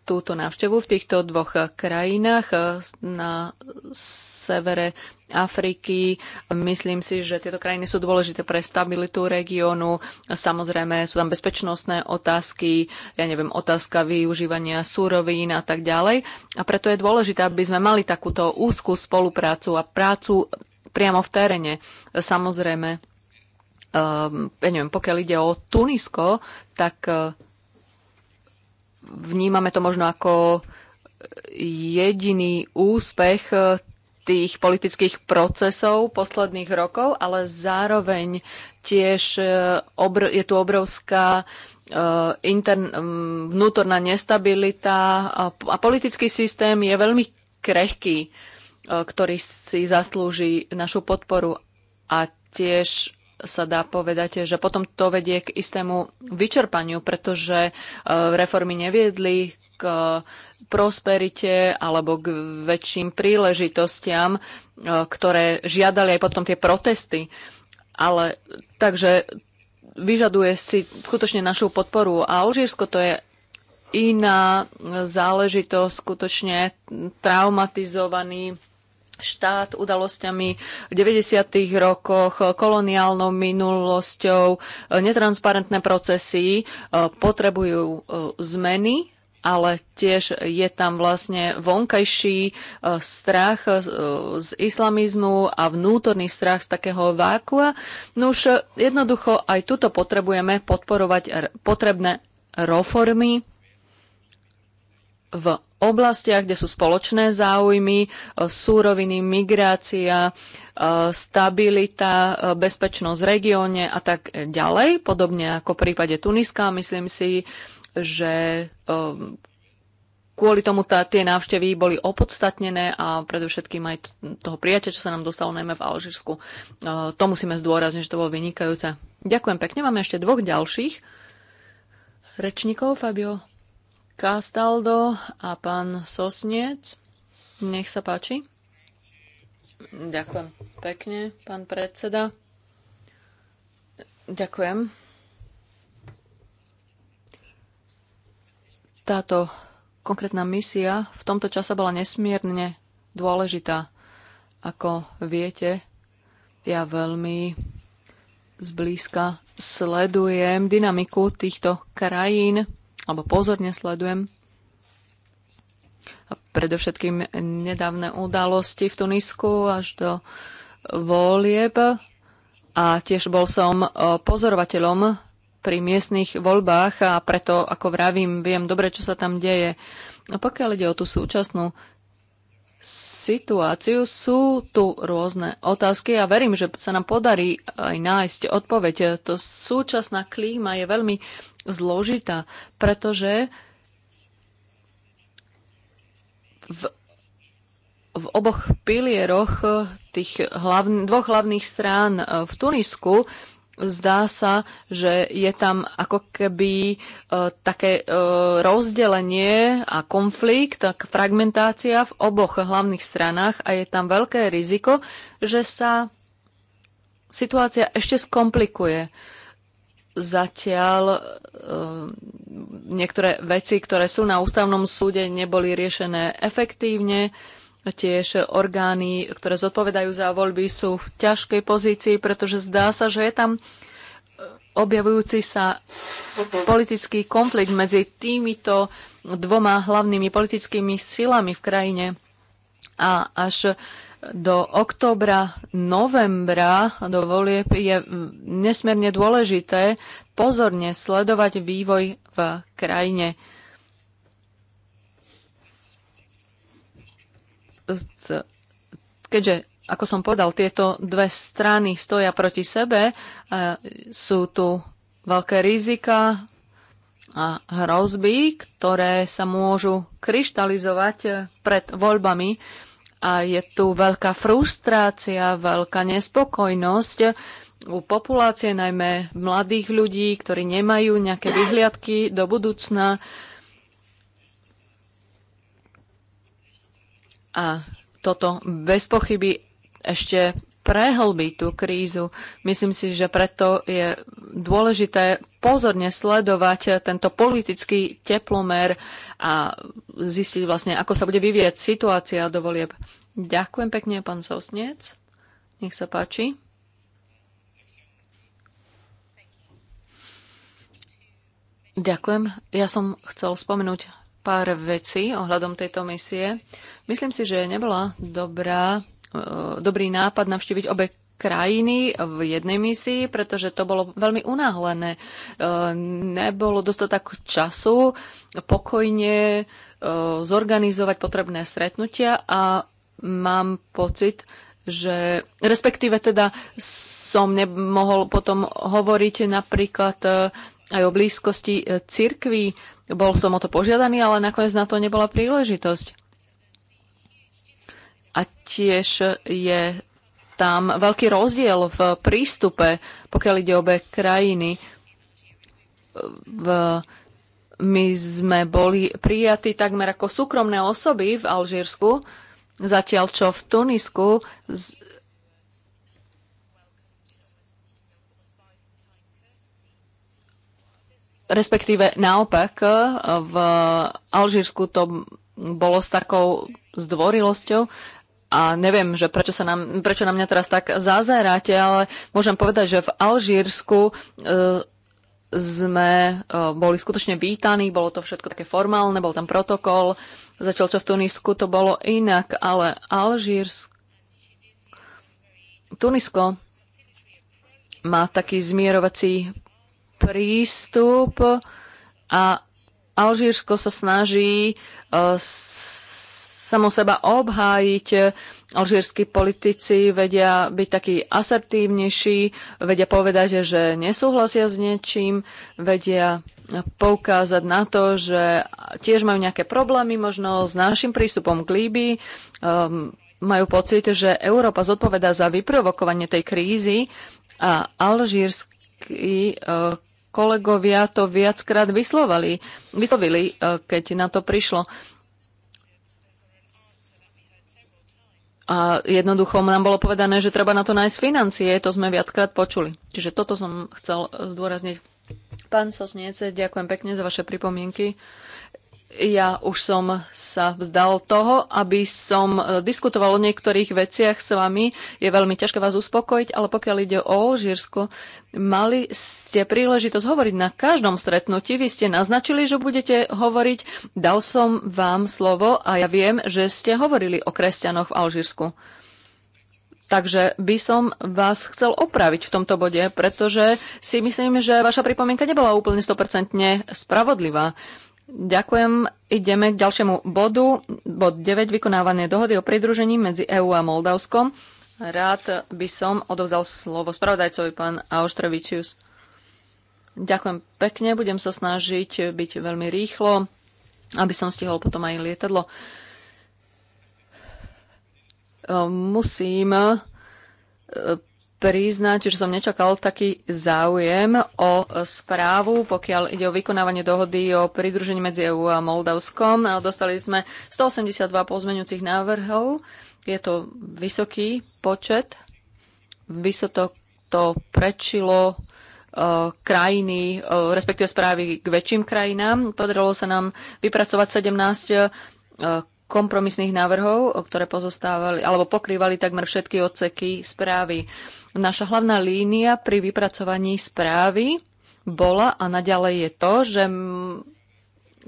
túto návštevu v týchto dvoch krajinách eh, na severe Afriky. Myslím si, že tieto krajiny sú dôležité pre stabilitu regiónu. Samozrejme sú tam bezpečnostné otázky, ja neviem, otázka využívania súrovín a tak ďalej. A preto je dôležité, aby sme mali takúto úzkú spoluprácu a prácu priamo v teréne. Samozrejme, Ehm, ja neviem, pokiaľ ide o Tunisko, tak e, vnímame to možno ako jediný úspech e, tých politických procesov posledných rokov, ale zároveň tiež e, je tu obrovská vnútorná nestabilita a politický systém je veľmi krehký, ktorý si zaslúži našu podporu a tiež sa dá povedať, že potom to vedie k istému vyčerpaniu, pretože e, reformy neviedli k e, prosperite alebo k väčším príležitostiam, e, ktoré žiadali aj potom tie protesty. Ale takže vyžaduje si skutočne našu podporu. A Alžírsko to je iná záležitosť, skutočne traumatizovaný štát udalosťami v 90. rokoch, koloniálnou minulosťou, netransparentné procesy e, potrebujú e, zmeny, ale tiež je tam vlastne vonkajší e, strach z islamizmu a vnútorný strach z takého vákua. No už jednoducho aj tuto potrebujeme podporovať potrebné reformy v oblastiach, kde sú spoločné záujmy, e, súroviny, migrácia, e, stabilita, e, bezpečnosť v regióne a tak ďalej. Podobne ako v prípade Tuniska, myslím si, že kvôli tomu tá, tie návštevy boli opodstatnené a predovšetkým aj toho prijatia, čo sa nám dostalo najmä v Alžírsku. To musíme zdôrazniť, že to bolo vynikajúce. Ďakujem pekne. Máme ešte dvoch ďalších rečníkov. Fabio Kastaldo a pán Sosniec. Nech sa páči. Ďakujem pekne, pán predseda. Ďakujem. Táto konkrétna misia v tomto čase bola nesmierne dôležitá. Ako viete, ja veľmi zblízka sledujem dynamiku týchto krajín, alebo pozorne sledujem a predovšetkým nedávne udalosti v Tunisku až do volieb a tiež bol som e, pozorovateľom pri miestnych voľbách a preto, ako vravím, viem dobre, čo sa tam deje. A pokiaľ ide o tú súčasnú situáciu, sú tu rôzne otázky a verím, že sa nám podarí aj nájsť odpoveď. To súčasná klíma je veľmi zložitá, pretože v, v oboch pilieroch eh, tých hlavn, dvoch hlavných strán eh, v Tunisku zdá sa, že je tam ako keby e, také e, rozdelenie a konflikt, tak fragmentácia v oboch hlavných stranách a je tam veľké riziko, že sa situácia ešte skomplikuje. E, zatiaľ e, niektoré veci, ktoré sú na ústavnom súde, neboli riešené efektívne. Tiež orgány, ktoré zodpovedajú za voľby, sú v ťažkej pozícii, pretože zdá sa, že je tam e, objavujúci sa politický konflikt medzi týmito dvoma hlavnými politickými silami v krajine. A až do októbra, novembra do volieb je nesmierne dôležité pozorne sledovať vývoj v krajine. Keďže, ako som povedal, tieto dve strany stoja proti sebe, e, sú tu veľké rizika a hrozby, ktoré sa môžu kryštalizovať pred voľbami a je tu veľká frustrácia, veľká nespokojnosť u populácie, najmä mladých ľudí, ktorí nemajú nejaké vyhliadky do budúcna. A toto bez pochyby ešte prehlbiť tú krízu. Myslím si, že preto je dôležité pozorne sledovať tento politický teplomer a zistiť vlastne, ako sa bude vyvieť situácia do volieb. Ďakujem pekne, pán Sosnec. Nech sa páči. Ďakujem. Ja som chcel spomenúť pár vecí ohľadom tejto misie. Myslím si, že nebola dobrá E, dobrý nápad navštíviť obe krajiny v jednej misii, pretože to bolo veľmi unáhlené. E, nebolo dostatok času pokojne e, zorganizovať potrebné stretnutia a mám pocit, že respektíve teda som nemohol potom hovoriť napríklad aj o blízkosti cirkvi, Bol som o to požiadaný, ale nakoniec na to nebola príležitosť. A tiež je tam veľký rozdiel v prístupe, pokiaľ ide obe krajiny. V, my sme boli prijatí takmer ako súkromné osoby v Alžírsku, zatiaľ čo v Tunisku z, respektíve naopak, v Alžírsku to bolo s takou zdvorilosťou, a neviem, že prečo, sa nám, prečo na mňa teraz tak zazeráte, ale môžem povedať, že v Alžírsku e, sme e, boli skutočne vítaní, bolo to všetko také formálne, bol tam protokol, začal čo v Tunisku to bolo inak, ale Alžírsko, Tunisko má taký zmierovací prístup a Alžírsko sa snaží e, s, Samo seba obhájiť. Alžírsky politici vedia byť takí asertívnejší, vedia povedať, že nesúhlasia s niečím, vedia poukázať na to, že tiež majú nejaké problémy možno s našim prístupom k Líbii. Um, majú pocit, že Európa zodpovedá za vyprovokovanie tej krízy a alžírsky uh, ehm, kolegovia to viackrát vyslovali, vyslovili, ehm, keď na to prišlo. A jednoducho nám bolo povedané, že treba na to nájsť financie, to sme viackrát počuli. Čiže toto som chcel zdôrazniť. Pán Sosniece, ďakujem pekne za vaše pripomienky ja už som sa vzdal toho, aby som e, diskutoval o niektorých veciach s vami. Je veľmi ťažké vás uspokojiť, ale pokiaľ ide o Alžírsko, mali ste príležitosť hovoriť na každom stretnutí. Vy ste naznačili, že budete hovoriť. Dal som vám slovo a ja viem, že ste hovorili o kresťanoch v Alžírsku. Takže by som vás chcel opraviť v tomto bode, pretože si myslím, že vaša pripomienka nebola úplne 100% spravodlivá. Ďakujem. Ideme k ďalšiemu bodu. Bod 9. Vykonávanie dohody o pridružení medzi EÚ a Moldavskom. Rád by som odovzdal slovo spravodajcovi pán Austrovičius. Ďakujem pekne. Budem sa snažiť byť veľmi rýchlo, aby som stihol potom aj lietadlo. Musím priznať, že som nečakal taký záujem o správu, pokiaľ ide o vykonávanie dohody o pridružení medzi EU a Moldavskom. Dostali sme 182 pozmeňujúcich návrhov. Je to vysoký počet. Vysoto to prečilo e, krajiny, e, respektíve správy k väčším krajinám. Podarilo sa nám vypracovať 17 e, kompromisných návrhov, ktoré pozostávali alebo pokrývali takmer všetky odseky správy. Naša hlavná línia pri vypracovaní správy bola a naďalej je to, že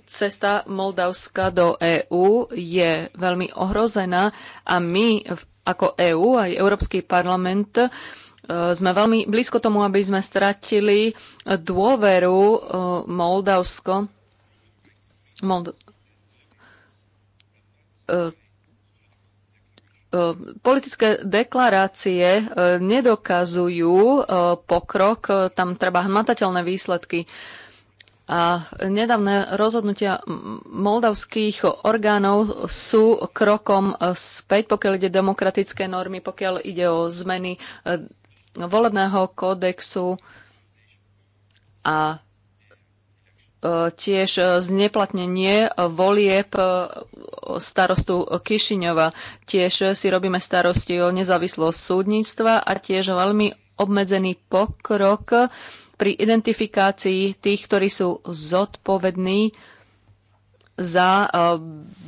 cesta Moldavska do EÚ je veľmi ohrozená a my ako EÚ aj Európsky parlament e, sme veľmi blízko tomu, aby sme stratili dôveru e, Moldavsko. Mold- e, E, politické deklarácie e, nedokazujú e, pokrok, tam treba hmatateľné výsledky. A nedávne rozhodnutia moldavských orgánov sú krokom späť, pokiaľ ide demokratické normy, pokiaľ ide o zmeny volebného kódexu a E, tiež e, zneplatnenie volieb e, starostu Kišiňova. Tiež si robíme starosti o nezávislosť súdnictva a tiež veľmi obmedzený pokrok pri identifikácii tých, ktorí sú zodpovední za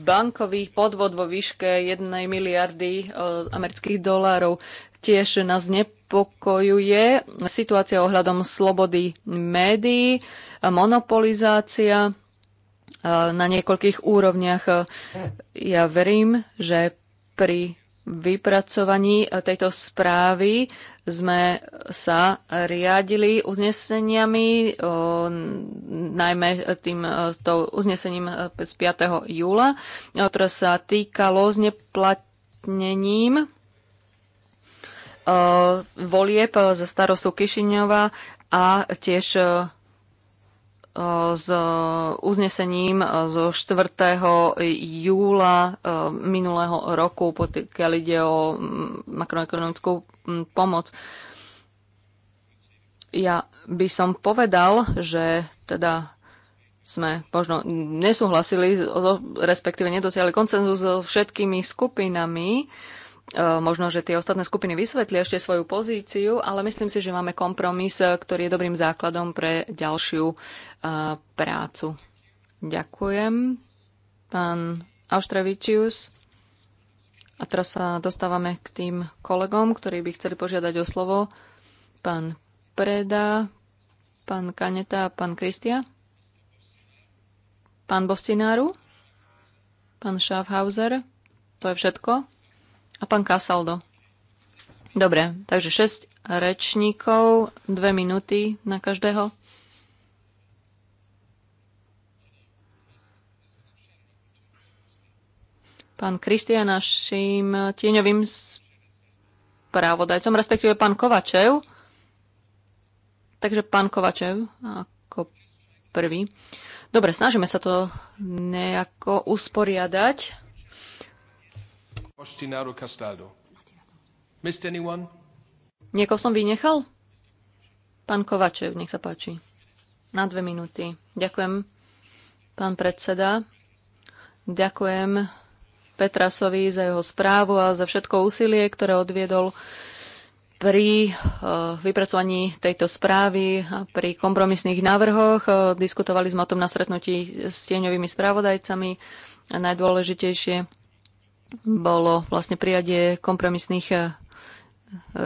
bankový podvod vo výške 1 miliardy amerických dolárov. Tiež nás zneplatnenie znepokojuje situácia ohľadom slobody médií, monopolizácia e, na niekoľkých úrovniach. Ja verím, že pri vypracovaní tejto správy sme sa riadili uzneseniami, najmä tým e, to uznesením z 5. júla, e, ktoré sa týkalo zneplatnením Eh, volieb eh, za starostu Kišiňova a tiež eh, s uznesením zo 4. júla minulého roku, pokiaľ ide o mm, makroekonomickú mm, pomoc. Ja by som povedal, že teda sme možno nesúhlasili, respektíve nedosiahli koncenzus so všetkými skupinami, E, možno, že tie ostatné skupiny vysvetlia ešte svoju pozíciu, ale myslím si, že máme kompromis, e, ktorý je dobrým základom pre ďalšiu e, prácu. Ďakujem, pán Auštrevičius. A teraz sa dostávame k tým kolegom, ktorí by chceli požiadať o slovo. Pán Preda, pán Kaneta pán Kristia. Pán Bostináru, pán Schaffhauser, to je všetko a pán Kasaldo. Dobre, takže 6 rečníkov, 2 minúty na každého. Pán Kristian, našim tieňovým správodajcom, respektíve pán Kovačev. Takže pán Kovačev ako prvý. Dobre, snažíme sa to nejako usporiadať. Boštinaru Castaldo. Missed anyone? som vynechal? Pán Kovačev, nech sa páči. Na dve minúty. Ďakujem, pán predseda. Ďakujem Petrasovi za jeho správu a za všetko úsilie, ktoré odviedol pri eh, vypracovaní tejto správy a pri kompromisných návrhoch. Eh, diskutovali sme o tom na stretnutí s tieňovými správodajcami. A najdôležitejšie bolo vlastne prijatie kompromisných e,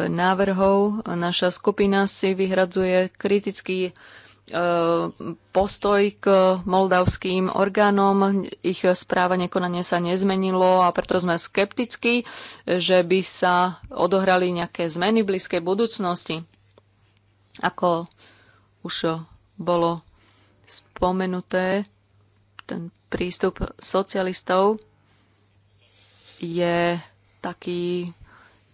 návrhov. Naša skupina si vyhradzuje kritický e, postoj k moldavským orgánom. Ich správanie konanie sa nezmenilo a preto sme skeptickí, že by sa odohrali nejaké zmeny v blízkej budúcnosti. Ako už bolo spomenuté, ten prístup socialistov je taký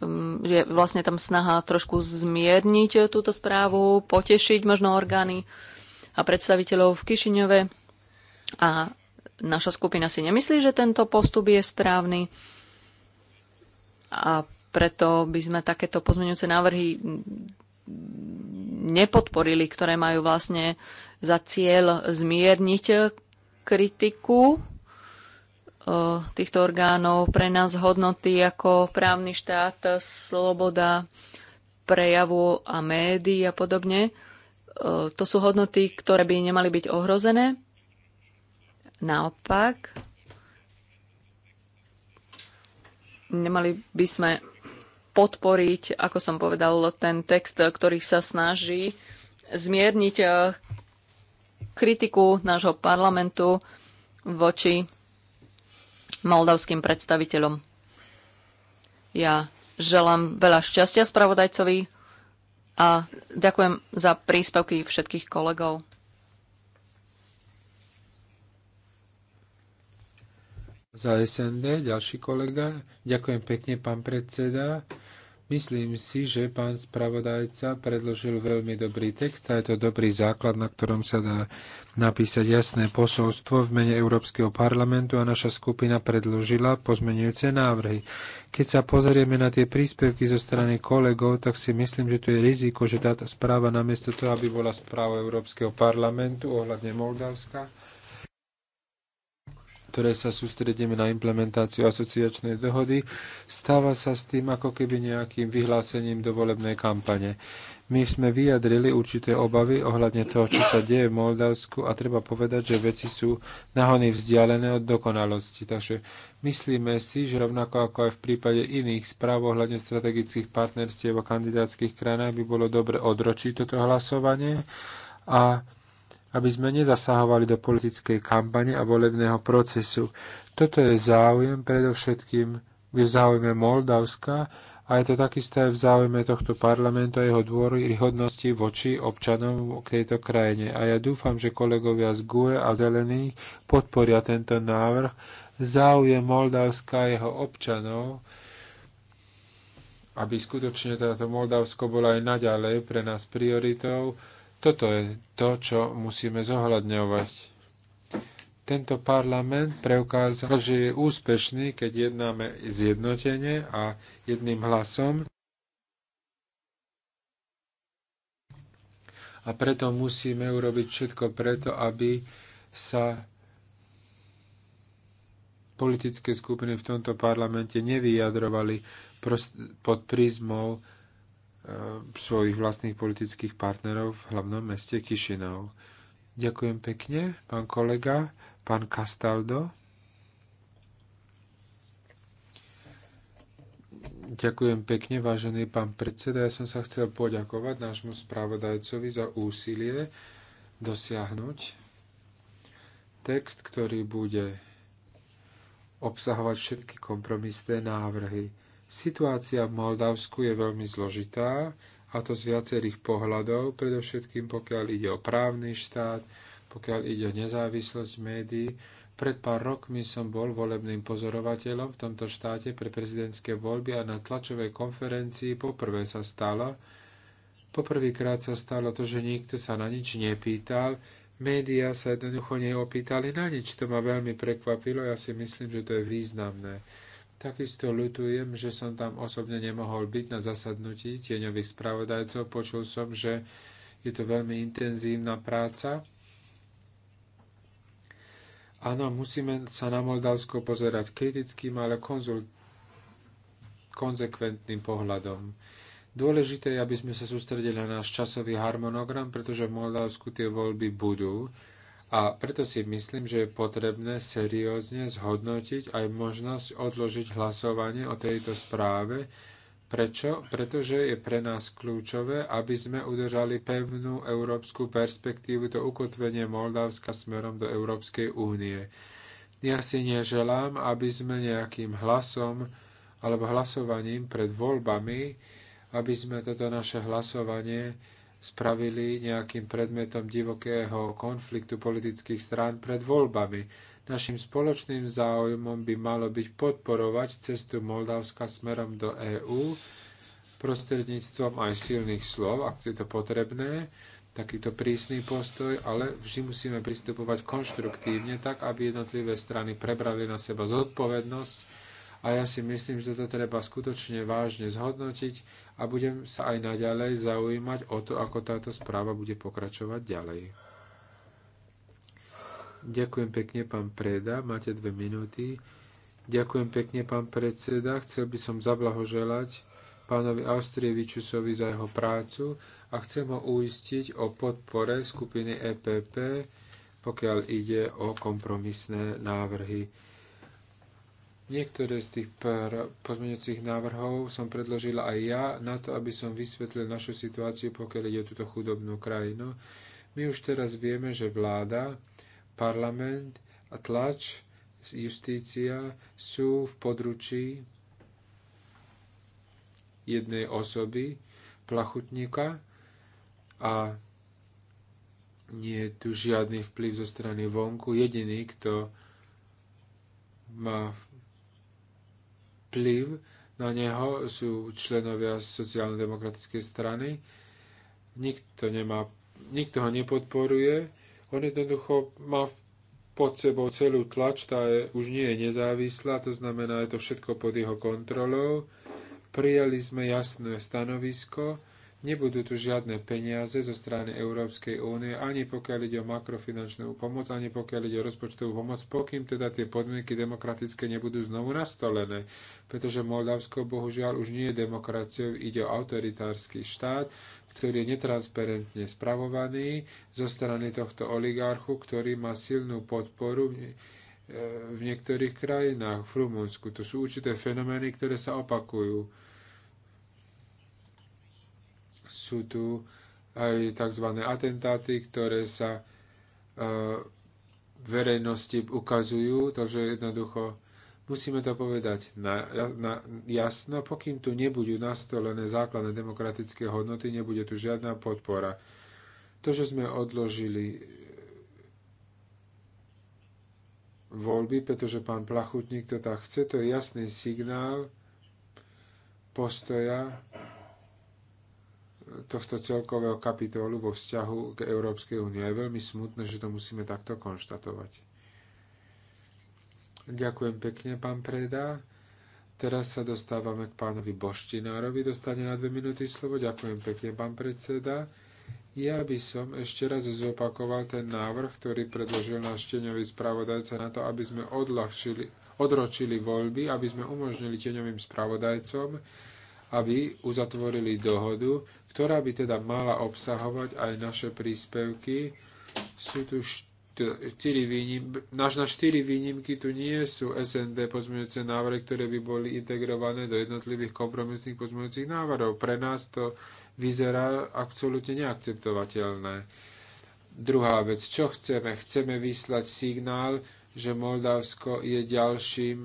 um, že vlastne tam snaha trošku zmierniť túto správu, potešiť možno orgány a predstaviteľov v Kišiňove. A naša skupina si nemyslí, že tento postup je správny a preto by sme takéto pozmeňujúce návrhy nepodporili, ktoré majú vlastne za cieľ zmierniť kritiku E, týchto orgánov. Pre nás hodnoty ako právny štát, sloboda prejavu a médií a podobne, e, to sú hodnoty, ktoré by nemali byť ohrozené. Naopak, nemali by sme podporiť, ako som povedal, ten text, ktorý sa snaží zmierniť e, kritiku nášho parlamentu voči moldavským predstaviteľom. Ja želám veľa šťastia spravodajcovi a ďakujem za príspevky všetkých kolegov. Za SND ďalší kolega. Ďakujem pekne, pán predseda. Myslím si, že pán spravodajca predložil veľmi dobrý text a je to dobrý základ, na ktorom sa dá napísať jasné posolstvo v mene Európskeho parlamentu a naša skupina predložila pozmenujúce návrhy. Keď sa pozrieme na tie príspevky zo strany kolegov, tak si myslím, že to je riziko, že táto správa namiesto toho, aby bola správa Európskeho parlamentu ohľadne Moldavska, ktoré sa sústredíme na implementáciu asociačnej dohody, stáva sa s tým ako keby nejakým vyhlásením do volebnej kampane. My sme vyjadrili určité obavy ohľadne toho, čo sa deje v Moldavsku a treba povedať, že veci sú nahony vzdialené od dokonalosti. Takže myslíme si, že rovnako ako aj v prípade iných správ ohľadne strategických partnerstiev a kandidátskych krajinách by bolo dobre odročiť toto hlasovanie a aby sme nezasahovali do politickej kampane a volebného procesu. Toto je záujem predovšetkým je v záujme Moldavska a je to takisto aj v záujme tohto parlamentu a jeho dôryhodnosti voči občanom k tejto krajine. A ja dúfam, že kolegovia z GUE a Zelených podporia tento návrh. Záujem Moldavska a jeho občanov aby skutočne táto Moldavsko bola aj naďalej pre nás prioritou toto je to, čo musíme zohľadňovať. Tento parlament preukázal, že je úspešný, keď jednáme zjednotene a jedným hlasom. A preto musíme urobiť všetko preto, aby sa politické skupiny v tomto parlamente nevyjadrovali pod prízmou E, svojich vlastných politických partnerov v hlavnom meste Kišinov. Ďakujem pekne, pán kolega, pán Castaldo. Ďakujem pekne, vážený pán predseda. Ja som sa chcel poďakovať nášmu správodajcovi za úsilie dosiahnuť text, ktorý bude obsahovať všetky kompromisné návrhy. Situácia v Moldavsku je veľmi zložitá, a to z viacerých pohľadov, predovšetkým pokiaľ ide o právny štát, pokiaľ ide o nezávislosť médií. Pred pár rokmi som bol volebným pozorovateľom v tomto štáte pre prezidentské voľby a na tlačovej konferencii poprvé sa stalo, poprvýkrát sa stalo to, že nikto sa na nič nepýtal, médiá sa jednoducho neopýtali na nič. To ma veľmi prekvapilo, ja si myslím, že to je významné. Takisto ľutujem, že som tam osobne nemohol byť na zasadnutí tieňových spravodajcov. Počul som, že je to veľmi intenzívna práca. Áno, musíme sa na Moldavsko pozerať kritickým, ale konzult... konzekventným pohľadom. Dôležité je, aby sme sa sústredili na náš časový harmonogram, pretože v Moldavsku tie voľby budú. A preto si myslím, že je potrebné seriózne zhodnotiť aj možnosť odložiť hlasovanie o tejto správe. Prečo? Pretože je pre nás kľúčové, aby sme udržali pevnú európsku perspektívu, to ukotvenie Moldavska smerom do Európskej únie. Ja si neželám, aby sme nejakým hlasom alebo hlasovaním pred voľbami, aby sme toto naše hlasovanie spravili nejakým predmetom divokého konfliktu politických strán pred voľbami. Našim spoločným záujmom by malo byť podporovať cestu Moldavska smerom do EÚ prostredníctvom aj silných slov, ak je to potrebné, takýto prísny postoj, ale vždy musíme pristupovať konštruktívne, tak aby jednotlivé strany prebrali na seba zodpovednosť a ja si myslím, že to treba skutočne vážne zhodnotiť a budem sa aj naďalej zaujímať o to, ako táto správa bude pokračovať ďalej. Ďakujem pekne, pán Preda. Máte dve minúty. Ďakujem pekne, pán predseda. Chcel by som zablahoželať pánovi Austrievičusovi za jeho prácu a chcem ho uistiť o podpore skupiny EPP, pokiaľ ide o kompromisné návrhy. Niektoré z tých pozmeňujúcich návrhov som predložila aj ja na to, aby som vysvetlil našu situáciu, pokiaľ ide o túto chudobnú krajinu. My už teraz vieme, že vláda, parlament a tlač, justícia sú v područí jednej osoby, plachutníka a nie je tu žiadny vplyv zo strany vonku. Jediný, kto má vplyv na neho sú členovia sociálno-demokratickej strany. Nikto, nemá, nikto ho nepodporuje. On jednoducho má pod sebou celú tlač, tá je, už nie je nezávislá, to znamená, je to všetko pod jeho kontrolou. Prijali sme jasné stanovisko, Nebudú tu žiadne peniaze zo strany Európskej únie, ani pokiaľ ide o makrofinančnú pomoc, ani pokiaľ ide o rozpočtovú pomoc, pokým teda tie podmienky demokratické nebudú znovu nastolené. Pretože Moldavsko bohužiaľ už nie je demokraciou, ide o autoritársky štát, ktorý je netransparentne spravovaný zo strany tohto oligarchu, ktorý má silnú podporu v e, niektorých krajinách, v Rumunsku. To sú určité fenomény, ktoré sa opakujú sú tu aj tzv. atentáty, ktoré sa e, verejnosti ukazujú, takže jednoducho musíme to povedať na, na, jasno, pokým tu nebudú nastolené základné demokratické hodnoty, nebude tu žiadna podpora. To, že sme odložili e, voľby, pretože pán Plachutník to tak chce, to je jasný signál postoja tohto celkového kapitolu vo vzťahu k Európskej únie. Je veľmi smutné, že to musíme takto konštatovať. Ďakujem pekne, pán Preda. Teraz sa dostávame k pánovi Boštinárovi. Dostane na dve minúty slovo. Ďakujem pekne, pán predseda. Ja by som ešte raz zopakoval ten návrh, ktorý predložil náš teňový spravodajca na to, aby sme odľahčili, odročili voľby, aby sme umožnili teňovým spravodajcom, aby uzatvorili dohodu ktorá by teda mala obsahovať aj naše príspevky. Sú tu štyri výnimky, náš na štyri výnimky tu nie sú SND pozmeňujúce návrhy, ktoré by boli integrované do jednotlivých kompromisných pozmeňujúcich návrhov. Pre nás to vyzerá absolútne neakceptovateľné. Druhá vec, čo chceme? Chceme vyslať signál, že Moldavsko je ďalším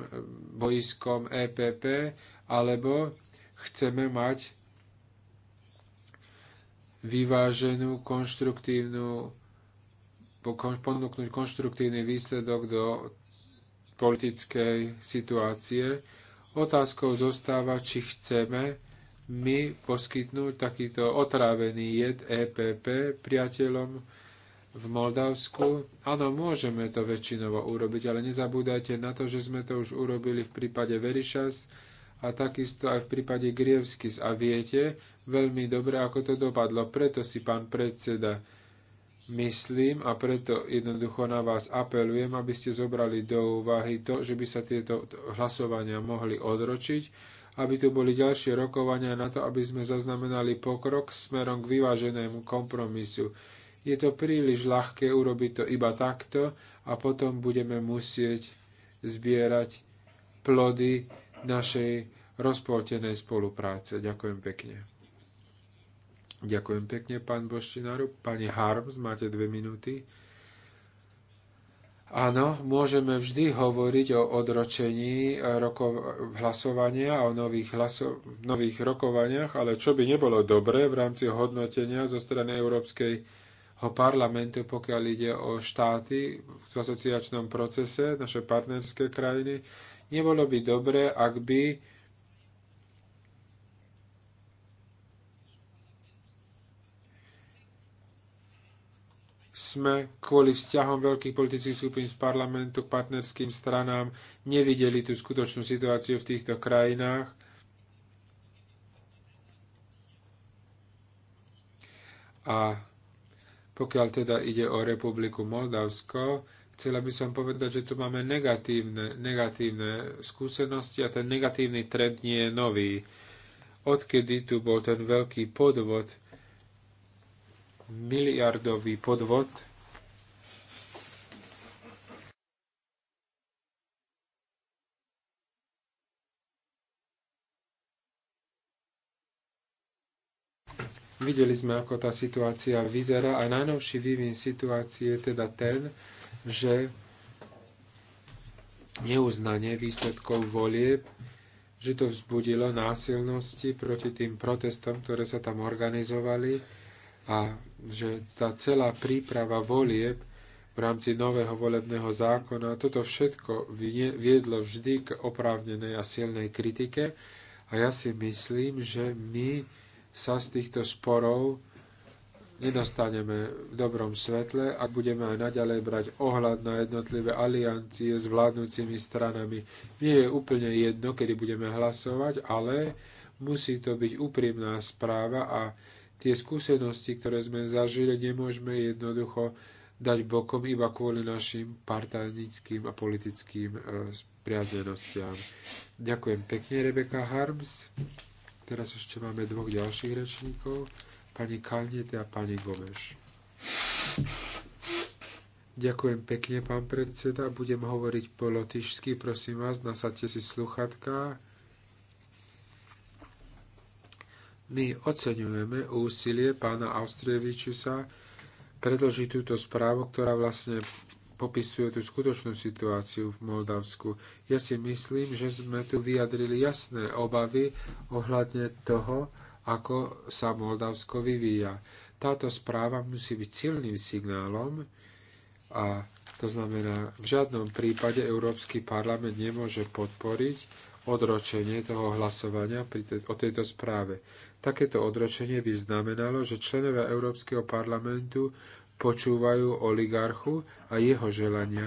bojskom EPP, alebo chceme mať vyváženú, konštruktívnu, ponúknuť konštruktívny výsledok do politickej situácie. Otázkou zostáva, či chceme my poskytnúť takýto otrávený jed EPP priateľom v Moldavsku. Áno, môžeme to väčšinovo urobiť, ale nezabúdajte na to, že sme to už urobili v prípade Verišas a takisto aj v prípade Grievskis. A viete, veľmi dobre, ako to dopadlo. Preto si pán predseda myslím a preto jednoducho na vás apelujem, aby ste zobrali do úvahy to, že by sa tieto hlasovania mohli odročiť, aby tu boli ďalšie rokovania na to, aby sme zaznamenali pokrok smerom k vyváženému kompromisu. Je to príliš ľahké urobiť to iba takto a potom budeme musieť zbierať plody našej rozpoltenej spolupráce. Ďakujem pekne. Ďakujem pekne, pán Boštinaru. Pani Harms, máte dve minúty. Áno, môžeme vždy hovoriť o odročení eh, rokov, hlasovania a o nových, hlaso, nových rokovaniach, ale čo by nebolo dobré v rámci hodnotenia zo strany Európskeho parlamentu, pokiaľ ide o štáty v asociačnom procese, naše partnerské krajiny, nebolo by dobré, ak by sme kvôli vzťahom veľkých politických skupín z parlamentu k partnerským stranám nevideli tú skutočnú situáciu v týchto krajinách. A pokiaľ teda ide o Republiku Moldavsko, chcela by som povedať, že tu máme negatívne, negatívne skúsenosti a ten negatívny trend nie je nový. Odkedy tu bol ten veľký podvod miliardový podvod Videli sme, ako tá situácia vyzerá a najnovší vývin situácie je teda ten, že neuznanie výsledkov volieb, že to vzbudilo násilnosti proti tým protestom, ktoré sa tam organizovali a že tá celá príprava volieb v rámci nového volebného zákona, toto všetko viedlo vždy k oprávnenej a silnej kritike a ja si myslím, že my sa z týchto sporov nedostaneme v dobrom svetle, ak budeme aj naďalej brať ohľad na jednotlivé aliancie s vládnúcimi stranami. Nie je úplne jedno, kedy budeme hlasovať, ale musí to byť úprimná správa a tie skúsenosti, ktoré sme zažili, nemôžeme jednoducho dať bokom iba kvôli našim partánickým a politickým e, priazenostiam. Ďakujem pekne, Rebeka Harms. Teraz ešte máme dvoch ďalších rečníkov, pani Kalniete a pani Gomeš. Ďakujem pekne, pán predseda. Budem hovoriť po lotišsky, Prosím vás, nasadte si sluchatka. My oceňujeme úsilie pána Austrievičusa predložiť túto správu, ktorá vlastne popisuje tú skutočnú situáciu v Moldavsku. Ja si myslím, že sme tu vyjadrili jasné obavy ohľadne toho, ako sa Moldavsko vyvíja. Táto správa musí byť silným signálom a to znamená, v žiadnom prípade Európsky parlament nemôže podporiť odročenie toho hlasovania pri te- o tejto správe. Takéto odročenie by znamenalo, že členovia Európskeho parlamentu počúvajú oligarchu a jeho želania.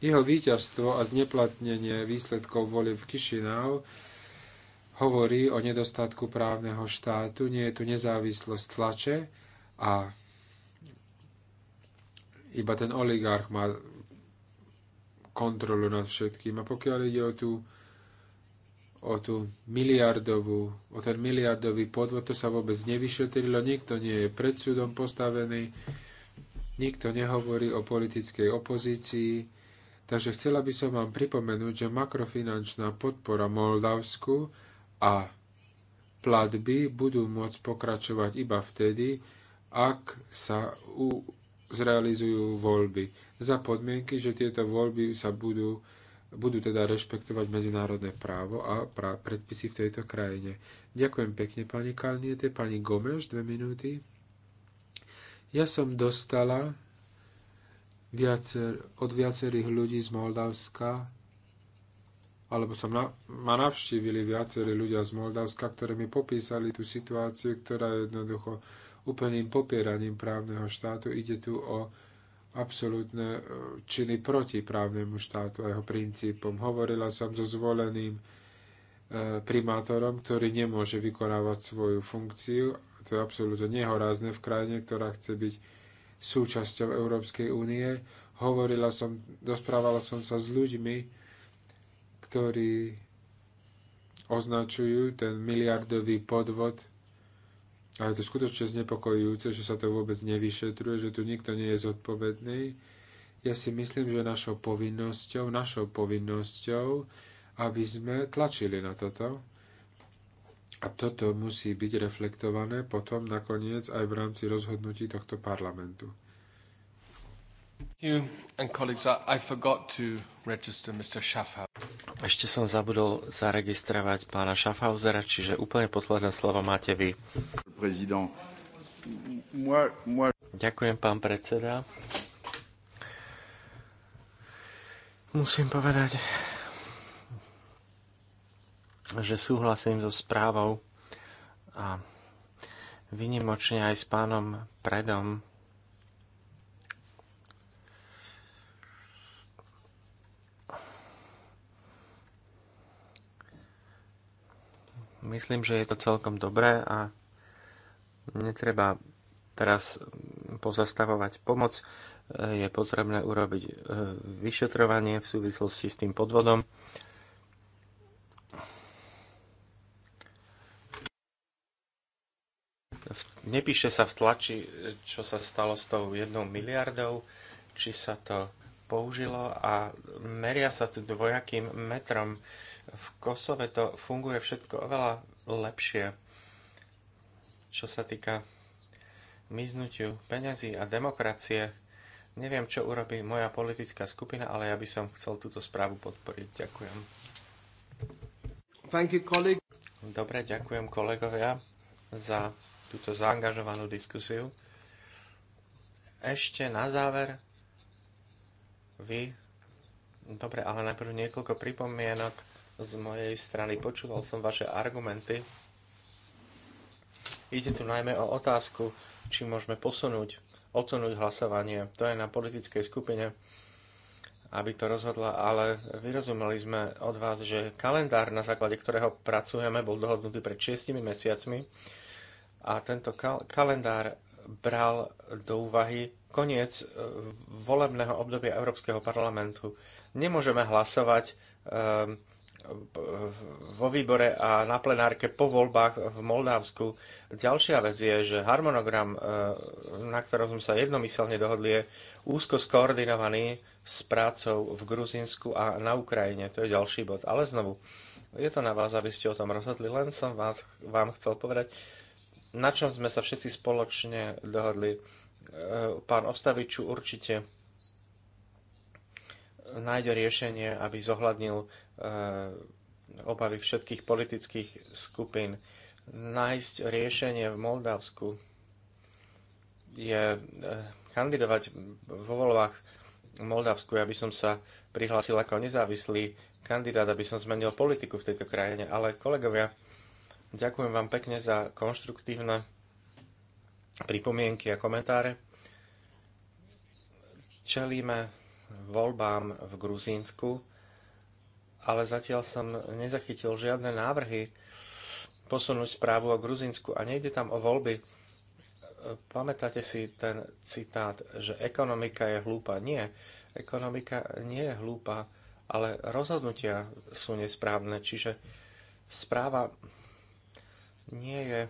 Jeho víťazstvo a zneplatnenie výsledkov volieb v Kišináv hovorí o nedostatku právneho štátu, nie je tu nezávislosť tlače a iba ten oligarch má kontrolu nad všetkým. A pokiaľ ide o tú, o tú miliardovú, o ten miliardový podvod, to sa vôbec nevyšetrilo, nikto nie je pred súdom postavený, nikto nehovorí o politickej opozícii, Takže chcela by som vám pripomenúť, že makrofinančná podpora Moldavsku a platby budú môcť pokračovať iba vtedy, ak sa u zrealizujú voľby. Za podmienky, že tieto voľby sa budú, budú teda rešpektovať medzinárodné právo a pra, predpisy v tejto krajine. Ďakujem pekne, pani Kalniete. Pani Gomeš, dve minúty. Ja som dostala viacer, od viacerých ľudí z Moldavska, alebo som na, ma navštívili viacerí ľudia z Moldavska, ktorí mi popísali tú situáciu, ktorá je jednoducho úplným popieraním právneho štátu. Ide tu o absolútne e, činy proti právnemu štátu a jeho princípom. Hovorila som so zvoleným e, primátorom, ktorý nemôže vykonávať svoju funkciu. To je absolútne nehorázne v krajine, ktorá chce byť súčasťou Európskej únie. Hovorila som, dosprávala som sa s ľuďmi, ktorí označujú ten miliardový podvod ale je to skutočne znepokojujúce, že sa to vôbec nevyšetruje, že tu nikto nie je zodpovedný. Ja si myslím, že našou povinnosťou, našou povinnosťou, aby sme tlačili na toto. A toto musí byť reflektované potom nakoniec aj v rámci rozhodnutí tohto parlamentu. Ešte som zabudol zaregistrovať pána Schaffhausera, čiže úplne posledné slovo máte vy. Ďakujem, pán predseda. Musím povedať, že súhlasím so správou a vynimočne aj s pánom Predom Myslím, že je to celkom dobré a netreba teraz pozastavovať pomoc. Je potrebné urobiť e, vyšetrovanie v súvislosti s tým podvodom. Nepíše sa v tlači, čo sa stalo s tou jednou miliardou, či sa to použilo a meria sa tu dvojakým metrom v Kosove to funguje všetko oveľa lepšie, čo sa týka miznutiu peňazí a demokracie. Neviem, čo urobí moja politická skupina, ale ja by som chcel túto správu podporiť. Ďakujem. Thank you, colleague. Dobre, ďakujem kolegovia za túto zaangažovanú diskusiu. Ešte na záver vy. Dobre, ale najprv niekoľko pripomienok z mojej strany. Počúval som vaše argumenty. Ide tu najmä o otázku, či môžeme posunúť, odsunúť hlasovanie. To je na politickej skupine, aby to rozhodla, ale vyrozumeli sme od vás, že kalendár, na základe ktorého pracujeme, bol dohodnutý pred 6 mesiacmi a tento kal- kalendár bral do úvahy koniec e, volebného obdobia Európskeho parlamentu. Nemôžeme hlasovať um, vo výbore a na plenárke po voľbách v Moldávsku. Ďalšia vec je, že harmonogram, e, na ktorom sme sa jednomyselne dohodli, je úzko skoordinovaný s prácou v Gruzinsku a na Ukrajine. To je ďalší bod. Ale znovu, je to na vás, aby ste o tom rozhodli. Len som vás, vám chcel povedať, na čom sme sa všetci spoločne dohodli. E, pán Ostaviču určite nájde riešenie, aby zohľadnil Eh, obavy všetkých politických skupín. Nájsť riešenie v Moldavsku je eh, kandidovať vo voľbách v Moldavsku. aby som sa prihlásil ako nezávislý kandidát, aby som zmenil politiku v tejto krajine. Ale kolegovia, ďakujem vám pekne za konštruktívne pripomienky a komentáre. Čelíme voľbám v Gruzínsku ale zatiaľ som nezachytil žiadne návrhy posunúť správu o Gruzinsku a nejde tam o voľby. Pamätáte si ten citát, že ekonomika je hlúpa? Nie, ekonomika nie je hlúpa, ale rozhodnutia sú nesprávne, čiže správa nie je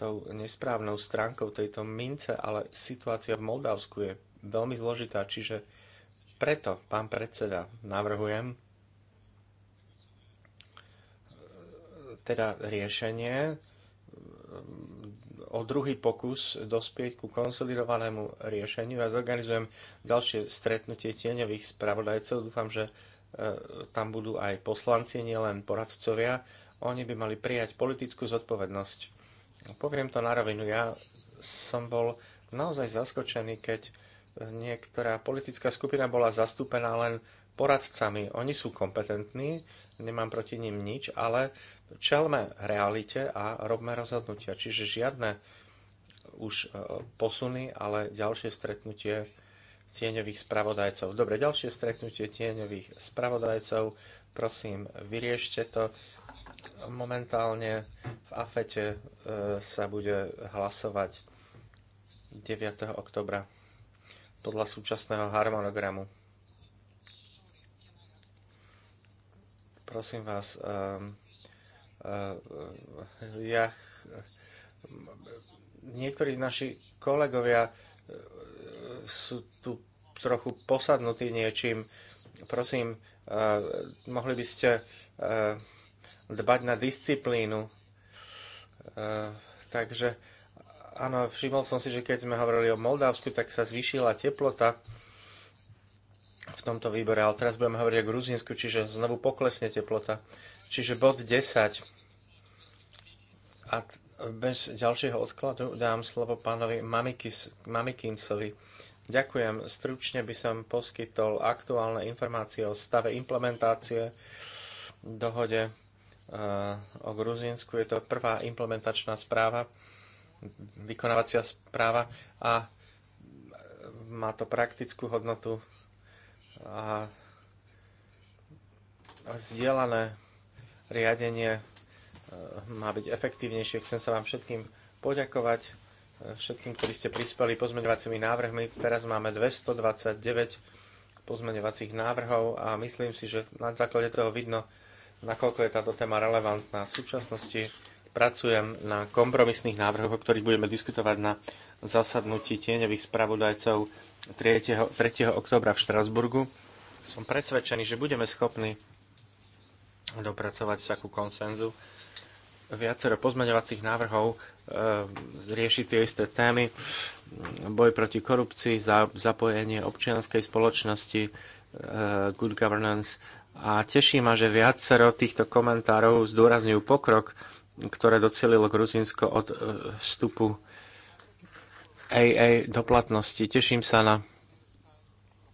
tou nesprávnou stránkou tejto mince, ale situácia v Moldavsku je veľmi zložitá, čiže preto, pán predseda, navrhujem, teda riešenie o druhý pokus dospieť ku konsolidovanému riešeniu. Ja zorganizujem ďalšie stretnutie tieňových spravodajcov. Dúfam, že e, tam budú aj poslanci, nielen poradcovia. Oni by mali prijať politickú zodpovednosť. Poviem to na rovinu. Ja som bol naozaj zaskočený, keď niektorá politická skupina bola zastúpená len poradcami. Oni sú kompetentní, nemám proti ním nič, ale čelme realite a robme rozhodnutia. Čiže žiadne už e, posuny, ale ďalšie stretnutie tieňových spravodajcov. Dobre, ďalšie stretnutie tieňových spravodajcov. Prosím, vyriešte to. Momentálne v AFETE e, sa bude hlasovať 9. oktobra podľa súčasného harmonogramu. Prosím vás, um, E, ja, niektorí naši kolegovia e, sú tu trochu posadnutí niečím. Prosím, e, mohli by ste dbať na disciplínu. Takže áno, všimol som si, že keď sme hovorili o Moldavsku, tak sa zvýšila teplota v tomto výbere, ale teraz budeme hovoriť o Gruzínsku, čiže znovu poklesne teplota. Uh, Čiže bod 10. A bez ďalšieho odkladu dám slovo pánovi Mamikinsovi. Ďakujem. Stručne by som poskytol aktuálne informácie o stave implementácie dohode eh, o Gruzínsku. Je to prvá implementačná správa, vykonávacia správa a má to praktickú hodnotu a zdieľané riadenie e, má byť efektívnejšie. Chcem sa vám všetkým poďakovať, e, všetkým, ktorí ste prispeli pozmeňovacími návrhmi. Teraz máme 229 pozmeňovacích návrhov a myslím si, že na základe toho vidno, nakoľko je táto téma relevantná. V súčasnosti pracujem na kompromisných návrhoch, o ktorých budeme diskutovať na zasadnutí tieňových spravodajcov 3. 3. oktobra v Štrasburgu. Som presvedčený, že budeme schopní dopracovať sa ku konsenzu. Viacero pozmeňovacích návrhov e, rieši tie isté témy. Boj proti korupcii, zapojenie občianskej spoločnosti, e, good governance. A teší ma, že viacero týchto komentárov zdôrazňujú pokrok, ktoré docelilo Gruzinsko od e, vstupu AA do platnosti. Teším sa na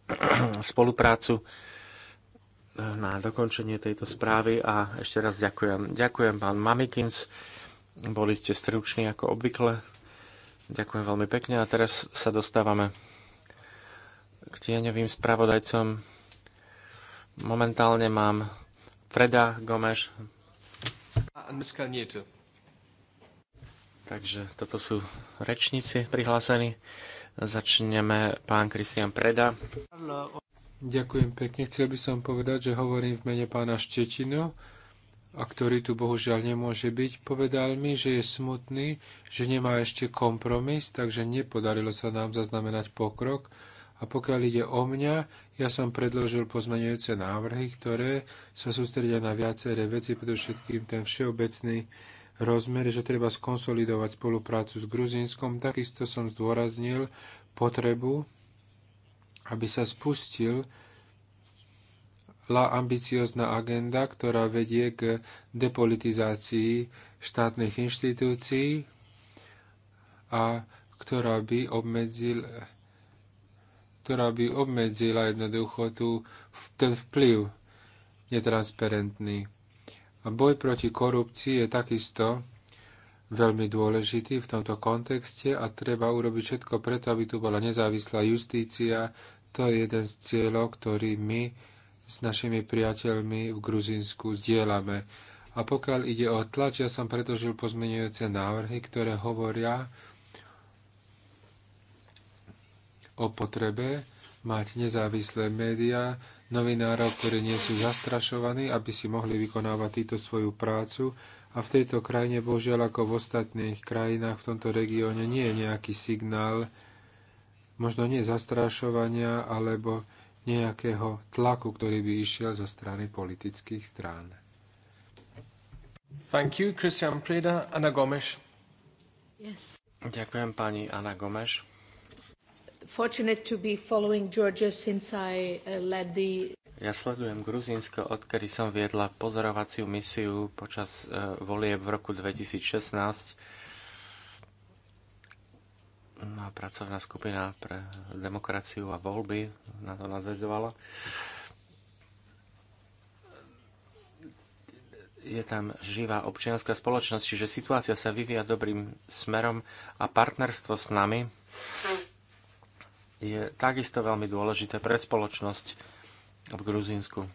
spoluprácu na dokončenie tejto správy a ešte raz ďakujem. Ďakujem pán Mamikins, boli ste struční ako obvykle. Ďakujem veľmi pekne a teraz sa dostávame k tieňovým spravodajcom. Momentálne mám Freda Gomeš. Takže toto sú rečníci prihlásení. Začneme pán Kristian Preda. Ďakujem pekne. Chcel by som povedať, že hovorím v mene pána Štetino, a ktorý tu bohužiaľ nemôže byť, povedal mi, že je smutný, že nemá ešte kompromis, takže nepodarilo sa nám zaznamenať pokrok. A pokiaľ ide o mňa, ja som predložil pozmenujúce návrhy, ktoré sa sústredia na viaceré veci, predovšetkým ten všeobecný rozmer, že treba skonsolidovať spoluprácu s Gruzínskom. Takisto som zdôraznil potrebu aby sa spustil la ambiciozná agenda, ktorá vedie k depolitizácii štátnych inštitúcií a ktorá by, obmedzil, ktorá by obmedzila jednoducho tú, ten vplyv netransparentný. A boj proti korupcii je takisto veľmi dôležitý v tomto kontexte a treba urobiť všetko preto, aby tu bola nezávislá justícia, to je jeden z cieľov, ktorý my s našimi priateľmi v Gruzínsku zdieľame. A pokiaľ ide o tlač, ja som predložil pozmenujúce návrhy, ktoré hovoria o potrebe mať nezávislé médiá, novinárov, ktorí nie sú zastrašovaní, aby si mohli vykonávať túto svoju prácu. A v tejto krajine, božiaľ ako v ostatných krajinách v tomto regióne, nie je nejaký signál, možno nie zastrašovania, alebo nejakého tlaku, ktorý by išiel zo strany politických strán. Thank you, Christian Preda, Anna Gomes. Yes. Ďakujem pani Anna Gomes. Fortunate to be following Georgia since I uh, led the ja sledujem Gruzínsko, odkedy som viedla pozorovaciu misiu počas uh, volieb v roku 2016 a pracovná skupina pre demokraciu a voľby na to nadvezovala. Je tam živá občianská spoločnosť, čiže situácia sa vyvíja dobrým smerom a partnerstvo s nami je takisto veľmi dôležité pre spoločnosť v Gruzínsku.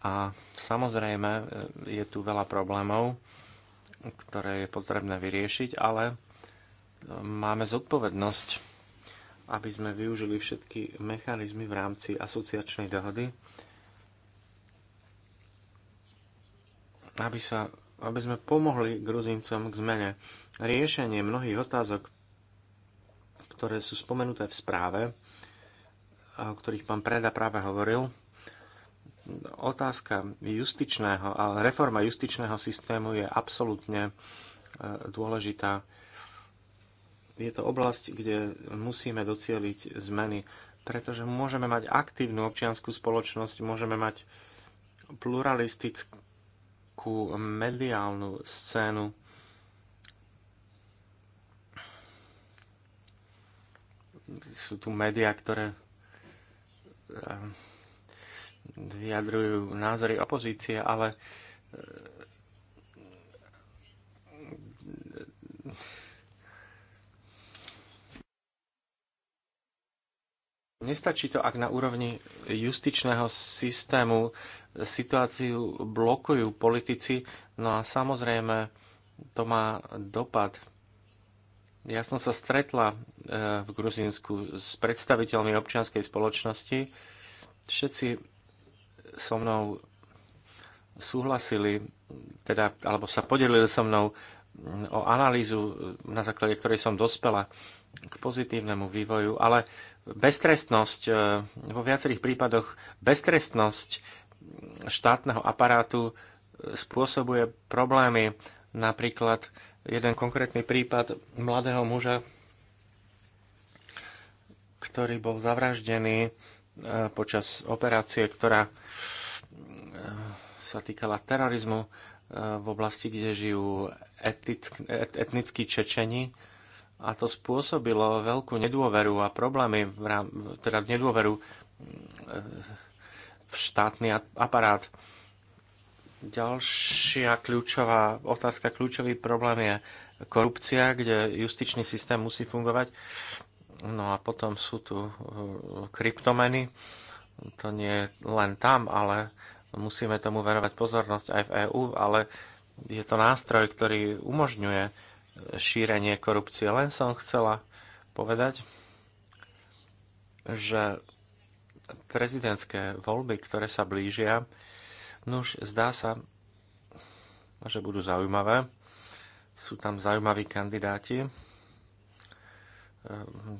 A samozrejme e, je tu veľa problémov, ktoré je potrebné vyriešiť, ale máme zodpovednosť, aby sme využili všetky mechanizmy v rámci asociačnej dohody, aby, sa, aby sme pomohli gruzincom k zmene. Riešenie mnohých otázok, ktoré sú spomenuté v správe, o ktorých pán Preda práve hovoril, otázka justičného a reforma justičného systému je absolútne e, dôležitá je to oblasť, kde musíme docieliť zmeny, pretože môžeme mať aktívnu občianskú spoločnosť, môžeme mať pluralistickú mediálnu scénu. Sú tu médiá, ktoré eh, vyjadrujú názory opozície, ale eh, Nestačí to, ak na úrovni justičného systému situáciu blokujú politici, no a samozrejme to má dopad. Ja som sa stretla e, v Gruzínsku s predstaviteľmi občianskej spoločnosti. Všetci so mnou súhlasili, teda, alebo sa podelili so mnou o analýzu, na základe ktorej som dospela k pozitívnemu vývoju, ale beztrestnosť, e, vo viacerých prípadoch beztrestnosť štátneho aparátu e, spôsobuje problémy. Napríklad jeden konkrétny prípad mladého muža, ktorý bol zavraždený e, počas operácie, ktorá sa týkala terorizmu v oblasti, kde žijú etnickí Čečeni a to spôsobilo veľkú nedôveru a problémy, v rám, teda v nedôveru eh, v štátny aparát. Ďalšia kľúčová otázka, kľúčový problém je korupcia, kde justičný systém musí fungovať. No a potom sú tu eh, kryptomeny. To nie je len tam, ale musíme tomu venovať pozornosť aj v EÚ, ale je to nástroj, ktorý umožňuje šírenie korupcie. Len som chcela povedať, že prezidentské voľby, ktoré sa blížia, nuž zdá sa, že budú zaujímavé. Sú tam zaujímaví kandidáti, ehm,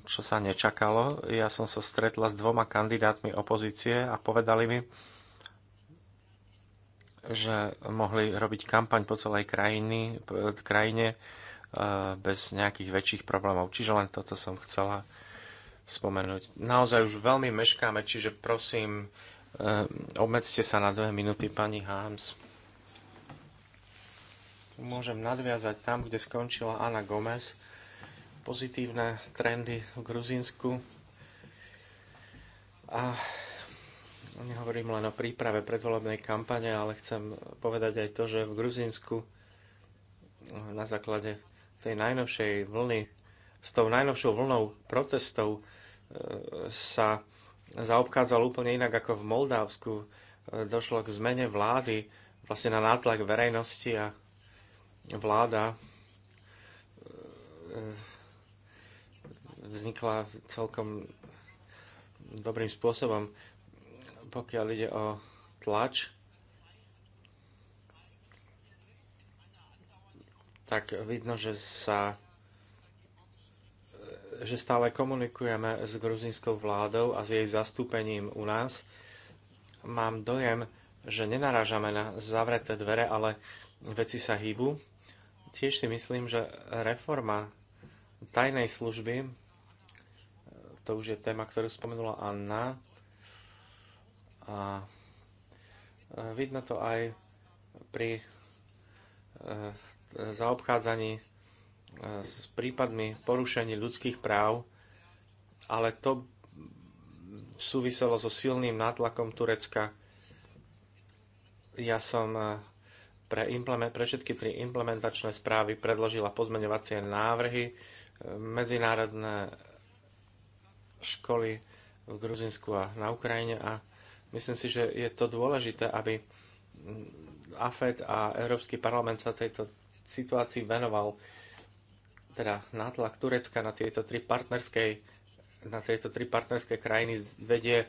čo sa nečakalo. Ja som sa stretla s dvoma kandidátmi opozície a povedali mi, že mohli robiť kampaň po celej krajiny, krajine bez nejakých väčších problémov. Čiže len toto som chcela spomenúť. Naozaj už veľmi meškáme, čiže prosím, eh, obmedzte sa na dve minúty, pani Hams. Môžem nadviazať tam, kde skončila Ana Gomez. Pozitívne trendy v Gruzínsku. A nehovorím len o príprave predvolebnej kampane, ale chcem povedať aj to, že v Gruzínsku na základe tej najnovšej vlny, s tou najnovšou vlnou protestov e, sa zaobchádzal úplne inak ako v Moldávsku. E, došlo k zmene vlády vlastne na nátlak verejnosti a vláda e, vznikla celkom dobrým spôsobom. Pokiaľ ide o tlač, tak vidno, že sa že stále komunikujeme s gruzínskou vládou a s jej zastúpením u nás. Mám dojem, že nenarážame na zavreté dvere, ale veci sa hýbu. Tiež si myslím, že reforma tajnej služby, to už je téma, ktorú spomenula Anna, a vidno to aj pri eh, zaobchádzaní eh, s prípadmi porušení ľudských práv, ale to súviselo so silným nátlakom Turecka. Ja som eh, pre, pre všetky tri implementačné správy predložila pozmeňovacie návrhy. Eh, medzinárodné školy v Gruzinsku a na Ukrajine a myslím si, že je to dôležité, aby mm, AFED a Európsky parlament sa tejto situácii venoval teda nátlak Turecka na tieto tri partnerské, na tieto tri partnerské krajiny vedie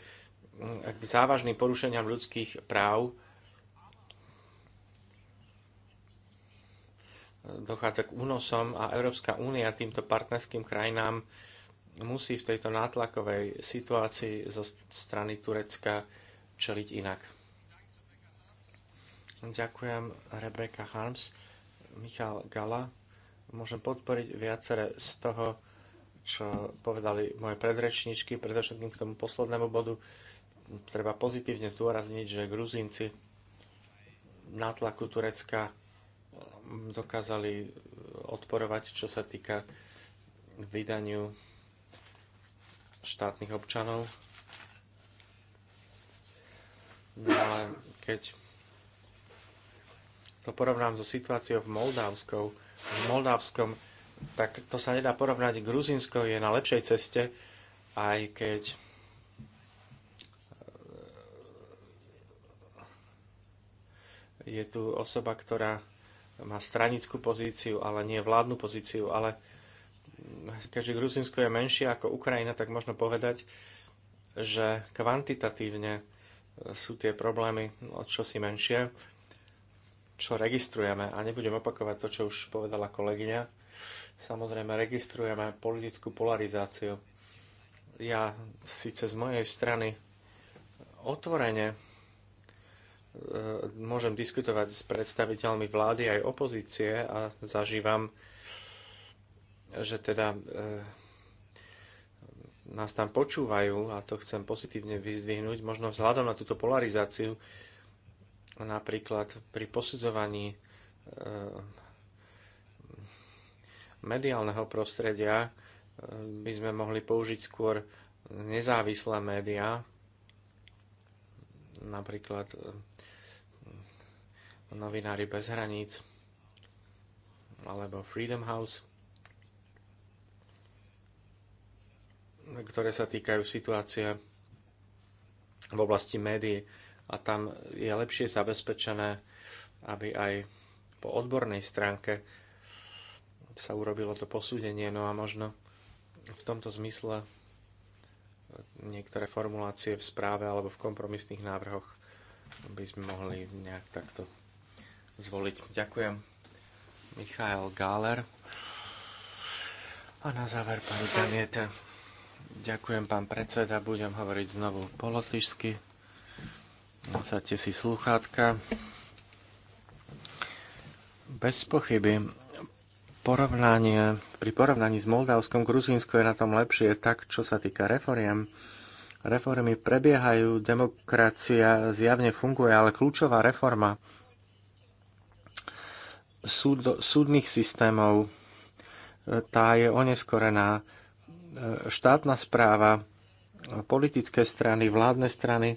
mm, k závažným porušeniam ľudských práv. Dochádza k únosom a Európska únia týmto partnerským krajinám musí v tejto nátlakovej situácii zo strany Turecka čeliť inak. Ďakujem Rebecca Harms. Michal Gala. Môžem podporiť viacere z toho, čo povedali moje predrečničky, predovšetkým k tomu poslednému bodu. Treba pozitívne zdôrazniť, že Gruzínci tlaku Turecka mm, dokázali odporovať, čo sa týka vydaniu štátnych občanov. No ale keď to porovnám so situáciou v Moldavskou, s Moldavskom, tak to sa nedá porovnať. Gruzinsko je na lepšej ceste, aj keď eh, je tu osoba, ktorá má stranickú pozíciu, ale nie vládnu pozíciu, ale hm, keďže Gruzinsko je menšie ako Ukrajina, tak možno povedať, že kvantitatívne eh, sú tie problémy o no, čosi menšie čo registrujeme. A nebudem opakovať to, čo už povedala kolegyňa. Samozrejme, registrujeme politickú polarizáciu. Ja síce z mojej strany otvorene e, môžem diskutovať s predstaviteľmi vlády aj opozície a zažívam, že teda e, nás tam počúvajú a to chcem pozitívne vyzdvihnúť, možno vzhľadom na túto polarizáciu napríklad pri posudzovaní e, mediálneho prostredia e, by sme mohli použiť skôr nezávislé médiá, napríklad e, novinári bez hraníc alebo Freedom House, ktoré sa týkajú situácie v oblasti médií a tam je lepšie zabezpečené, aby aj po odbornej stránke sa urobilo to posúdenie. No a možno v tomto zmysle niektoré formulácie v správe alebo v kompromisných návrhoch by sme mohli nejak takto zvoliť. Ďakujem. Michael Gáler. A na záver, pani Daniete. Ďakujem, pán predseda. Budem hovoriť znovu po lotyšsky. Nasadte si sluchátka. Bez pochyby porovnanie, pri porovnaní s Moldavskom Gruzínsko je na tom lepšie tak, čo sa týka reforiem. Reformy prebiehajú, demokracia zjavne funguje, ale kľúčová reforma súd, súdnych systémov tá je oneskorená. Štátna správa, politické strany, vládne strany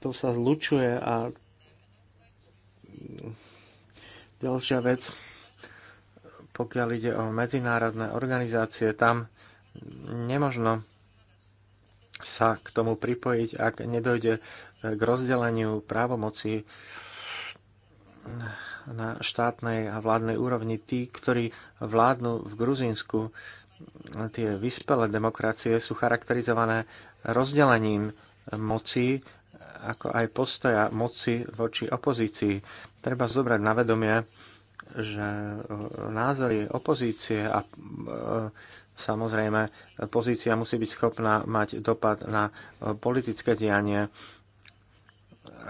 to sa zlučuje a ďalšia vec, pokiaľ ide o medzinárodné organizácie, tam nemožno sa k tomu pripojiť, ak nedojde k rozdeleniu právomoci na štátnej a vládnej úrovni. Tí, ktorí vládnu v Gruzínsku, tie vyspelé demokracie sú charakterizované rozdelením moci, ako aj postoja moci voči opozícii. Treba zobrať na vedomie, že e, názory opozície a e, samozrejme pozícia musí byť schopná mať dopad na e, politické dianie.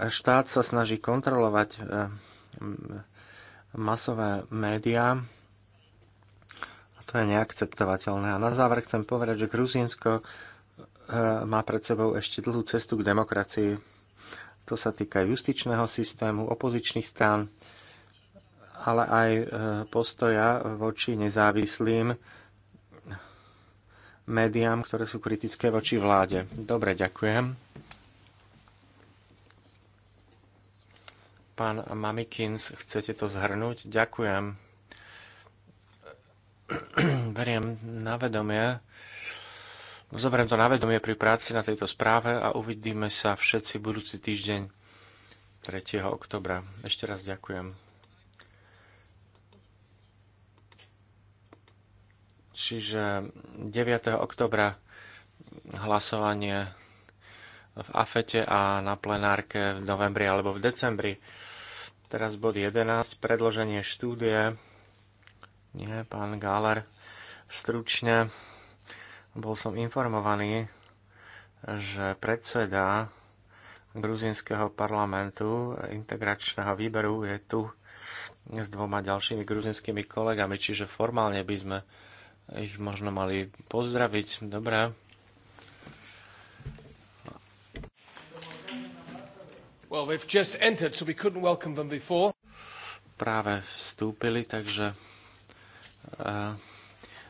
Štát sa snaží kontrolovať masové médiá a to je neakceptovateľné. A na záver chcem povedať, že Gruzinsko E, má pred sebou ešte dlhú cestu k demokracii. To sa týka justičného systému, opozičných strán, ale aj e, postoja voči nezávislým médiám, ktoré sú kritické voči vláde. Dobre, ďakujem. Pán Mamikins, chcete to zhrnúť? Ďakujem. Beriem na vedomie Zoberiem to na vedomie pri práci na tejto správe a uvidíme sa všetci budúci týždeň 3. oktobra. Ešte raz ďakujem. Čiže 9. oktobra hlasovanie v AFETE a na plenárke v novembri alebo v decembri. Teraz bod 11, predloženie štúdie. Nie, pán Gáler, stručne. Bol som informovaný, že predseda gruzinského parlamentu integračného výberu je tu s dvoma ďalšími gruzinskými kolegami, čiže formálne by sme ich možno mali pozdraviť. Dobre. Well, they've just entered, so we couldn't welcome them before. Práve vstúpili, takže uh,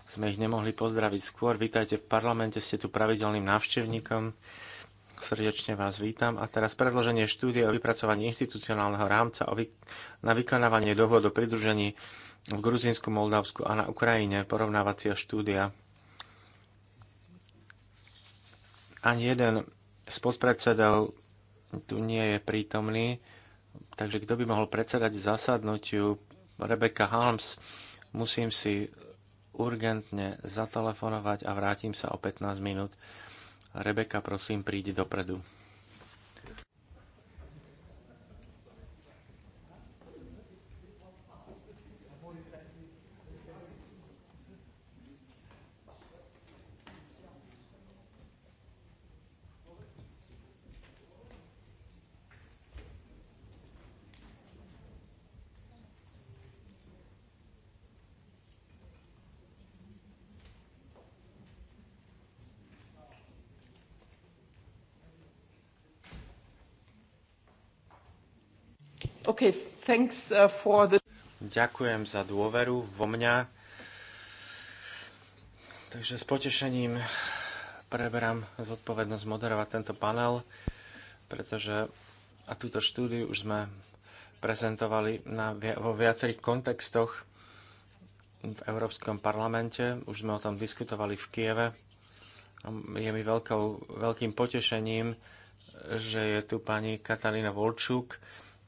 sme ich nemohli pozdraviť skôr. Vítajte v parlamente, ste tu pravidelným návštevníkom. Srdečne vás vítam. A teraz predloženie štúdie o vypracovaní institucionálneho rámca o vy- na vykonávanie dohod o pridružení v Gruzínsku, Moldavsku a na Ukrajine. Porovnávacia štúdia. Ani jeden z podpredsedov tu nie je prítomný, takže kto by mohol predsedať zasadnutiu? Rebecca Harms, musím si urgentne zatelefonovať a vrátim sa o 15 minút. Rebeka, prosím, príď dopredu. Okay, thanks uh, for the... Ďakujem za dôveru vo mňa. Takže s potešením preberám zodpovednosť moderovať tento panel, pretože a túto štúdiu už sme prezentovali na, vo viacerých kontextoch v Európskom parlamente. Už sme o tom diskutovali v Kieve. Je mi veľkou, veľkým potešením, že je tu pani Katalína Volčuk,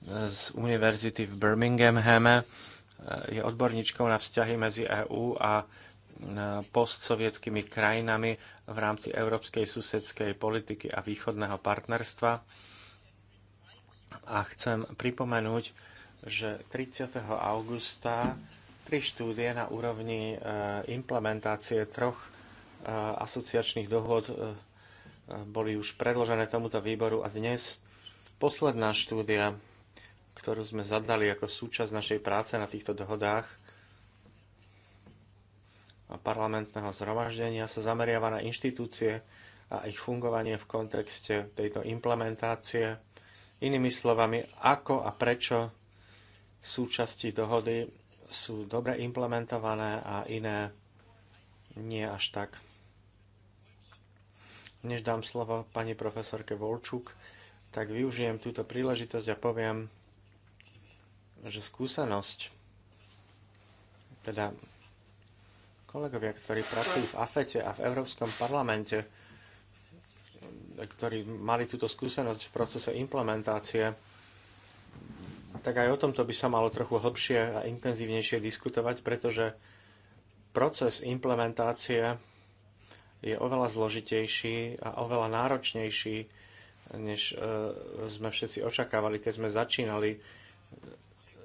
z univerzity v Birminghame. Eh, je odborníčkou na vzťahy medzi EÚ a eh, postsovietskými krajinami v rámci európskej susedskej politiky a východného partnerstva. A chcem pripomenúť, že 30. augusta tri štúdie na úrovni eh, implementácie troch asociačných dohod boli už predložené tomuto výboru a dnes posledná štúdia ktorú sme zadali ako súčasť našej práce na týchto dohodách a parlamentného zhromaždenia, sa zameriava na inštitúcie a ich fungovanie v kontexte tejto implementácie. Inými slovami, ako a prečo súčasti dohody sú dobre implementované a iné nie až tak. Než dám slovo pani profesorke Volčuk, tak využijem túto príležitosť a poviem, že skúsenosť, teda kolegovia, ktorí pracujú v AFETE a v Európskom parlamente, ktorí mali túto skúsenosť v procese implementácie, tak aj o tomto by sa malo trochu hlbšie a intenzívnejšie diskutovať, pretože proces implementácie je oveľa zložitejší a oveľa náročnejší, než e, sme všetci očakávali, keď sme začínali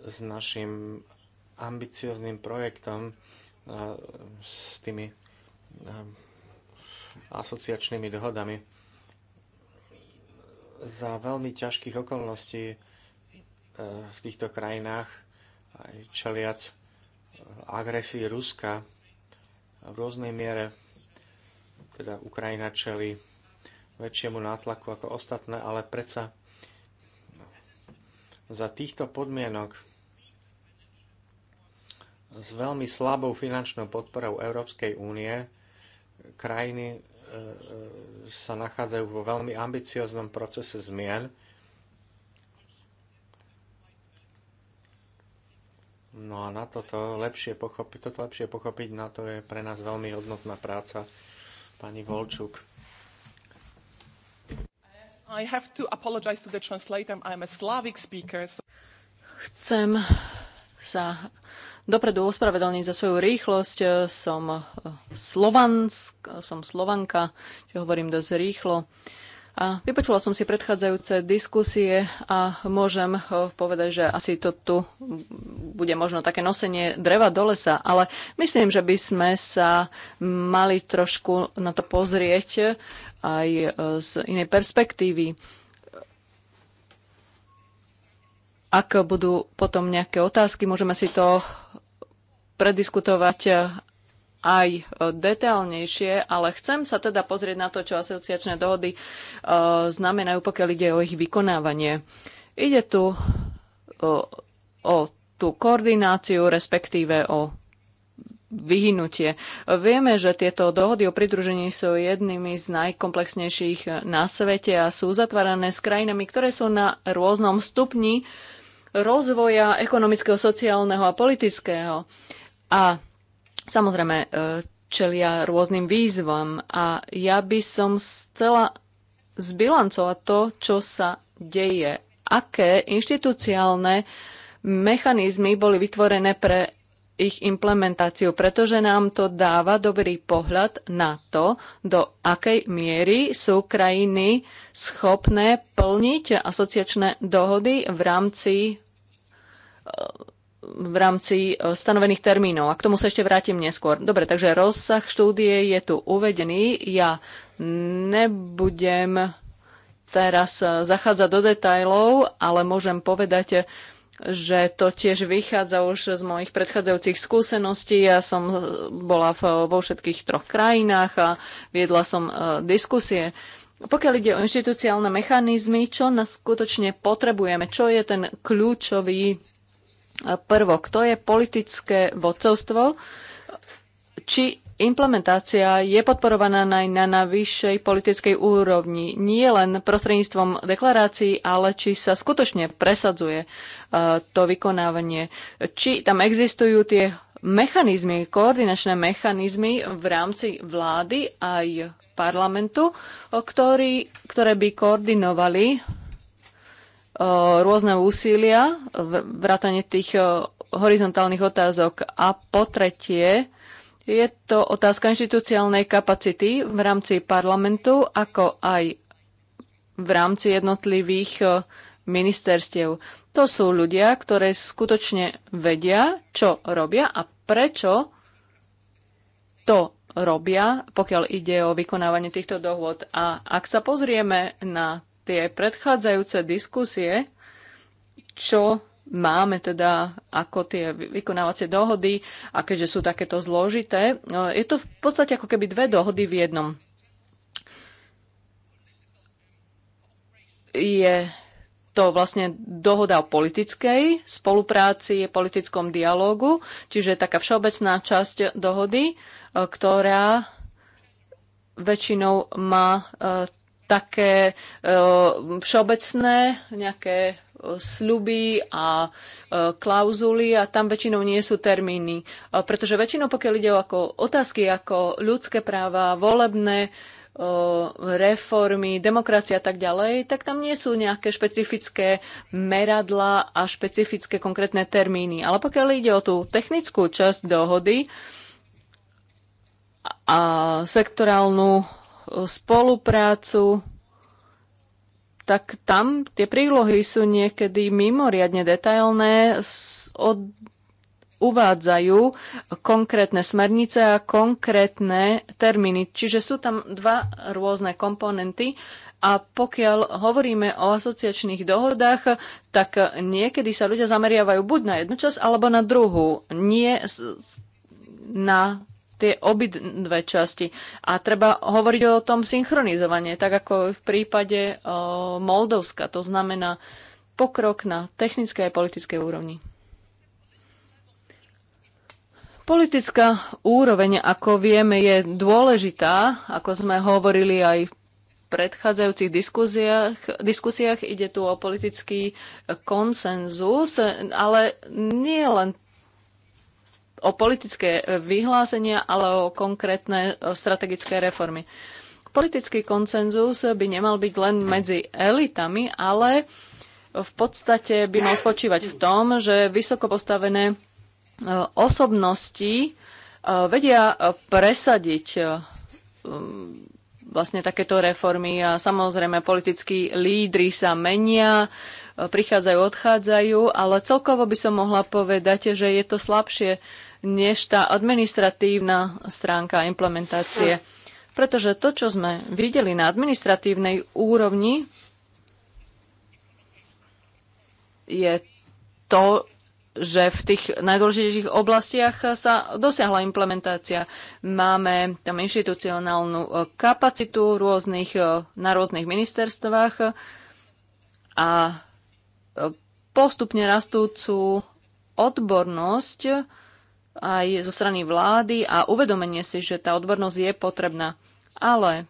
s našim ambiciozným projektom, s tými asociačnými dohodami. Za veľmi ťažkých okolností e, v týchto krajinách, aj čeliac agresii Ruska v rôznej miere, teda Ukrajina čeli väčšiemu nátlaku ako ostatné, ale predsa za týchto podmienok s veľmi slabou finančnou podporou Európskej únie krajiny e, e, sa nachádzajú vo veľmi ambicioznom procese zmien. No a na toto lepšie pochopiť, toto lepšie pochopiť, na to je pre nás veľmi hodnotná práca pani Volčuk. I have to apologize to the translator. I'm a Slavic speaker. So... Chcem sa dopredu ospravedlniť za svoju rýchlosť. E, som, e, Slovansk, som Slovanka, čo hovorím dosť rýchlo. A vypočula som si predchádzajúce diskusie a môžem e, povedať, že asi to tu bude možno také nosenie dreva do lesa, ale myslím, že by sme sa mali trošku na to pozrieť aj z inej perspektívy Ak budú potom nejaké otázky, môžeme si to prediskutovať eh, aj eh, detailnejšie, ale chcem sa teda pozrieť na to, čo asociačné dohody eh, znamenajú, pokiaľ ide o ich vykonávanie. Ide tu o tú koordináciu, respektíve o vyhnutie. Vieme, že tieto dohody o pridružení sú jednými z najkomplexnejších na svete a sú zatvárané s krajinami, ktoré sú na rôznom stupni uh, rozvoja ekonomického, sociálneho a politického. A samozrejme e, čelia rôznym výzvam a ja by som chcela zbilancovať to, čo sa deje. Aké inštitúciálne mechanizmy boli vytvorené pre ich implementáciu, pretože nám to dáva dobrý pohľad na to, do akej miery sú krajiny schopné plniť asociačné dohody v rámci v rámci e, stanovených termínov. A k tomu sa ešte vrátim neskôr. Dobre, takže rozsah štúdie je tu uvedený. Ja nebudem teraz e, zachádzať do detajlov, ale môžem povedať, e, že to tiež vychádza už z mojich predchádzajúcich skúseností. Ja som bola vo všetkých troch krajinách a viedla som diskusie. Pokiaľ ide o inštitúciálne mechanizmy, čo nás skutočne potrebujeme, čo je ten kľúčový prvok. To je politické vodcovstvo, či implementácia je podporovaná aj na, najvyššej vyššej politickej úrovni, nie len prostredníctvom deklarácií, ale či sa skutočne presadzuje uh, to vykonávanie, či tam existujú tie mechanizmy, koordinačné mechanizmy v rámci vlády aj parlamentu, ktorý, ktoré by koordinovali Eh, rôzne úsilia, vrátanie tých eh, horizontálnych otázok. A po tretie, je to otázka inštitúciálnej kapacity v rámci parlamentu, ako aj v rámci jednotlivých eh, ministerstiev. To sú ľudia, ktoré skutočne vedia, čo robia a prečo to robia, pokiaľ ide o vykonávanie týchto dohôd. A ak sa pozrieme na tie predchádzajúce diskusie, čo máme teda ako tie vykonávacie dohody a keďže sú takéto zložité, no, je to v podstate ako keby dve dohody v jednom. Je to vlastne dohoda o politickej spolupráci, politickom dialogu, čiže taká všeobecná časť dohody, e, ktorá väčšinou má e, také e, všeobecné, nejaké e, sľuby a e, klauzuly a tam väčšinou nie sú termíny. Pretože väčšinou, pokiaľ ide o ako otázky ako ľudské práva, volebné reformy, demokracia a tak ďalej, tak tam nie sú nejaké špecifické meradla a špecifické konkrétne termíny. Ale pokiaľ ide o tú technickú časť dohody a sektorálnu spoluprácu, tak tam tie prílohy sú niekedy mimoriadne detailné, od, uvádzajú konkrétne smernice a konkrétne termíny. Čiže sú tam dva rôzne komponenty a pokiaľ hovoríme o asociačných dohodách, tak niekedy sa ľudia zameriavajú buď na jednu časť alebo na druhú, nie na tie obidve časti. A treba hovoriť o tom synchronizovanie, tak ako v prípade Moldovska. To znamená pokrok na technickej a politickej úrovni. Politická úroveň, ako vieme, je dôležitá, ako sme hovorili aj v predchádzajúcich diskusiách, diskusiách ide tu o politický konsenzus, ale nie len o politické vyhlásenia, ale o konkrétne e, strategické reformy. Politický koncenzus by nemal byť len medzi elitami, ale v podstate by mal spočívať v tom, že vysoko postavené e, osobnosti e, vedia presadiť vlastne takéto reformy a samozrejme politickí lídry sa menia, prichádzajú, odchádzajú, ale celkovo by som mohla povedať, že je to slabšie než tá administratívna stránka implementácie. Hm. Pretože to, čo sme videli na administratívnej úrovni, je to, že v tých najdôležitejších oblastiach sa dosiahla implementácia. Máme tam inštitucionálnu e, kapacitu rôznych, e, na rôznych ministerstvách a e, postupne rastúcu odbornosť aj zo strany vlády a uvedomenie si, že tá odbornosť je potrebná. Ale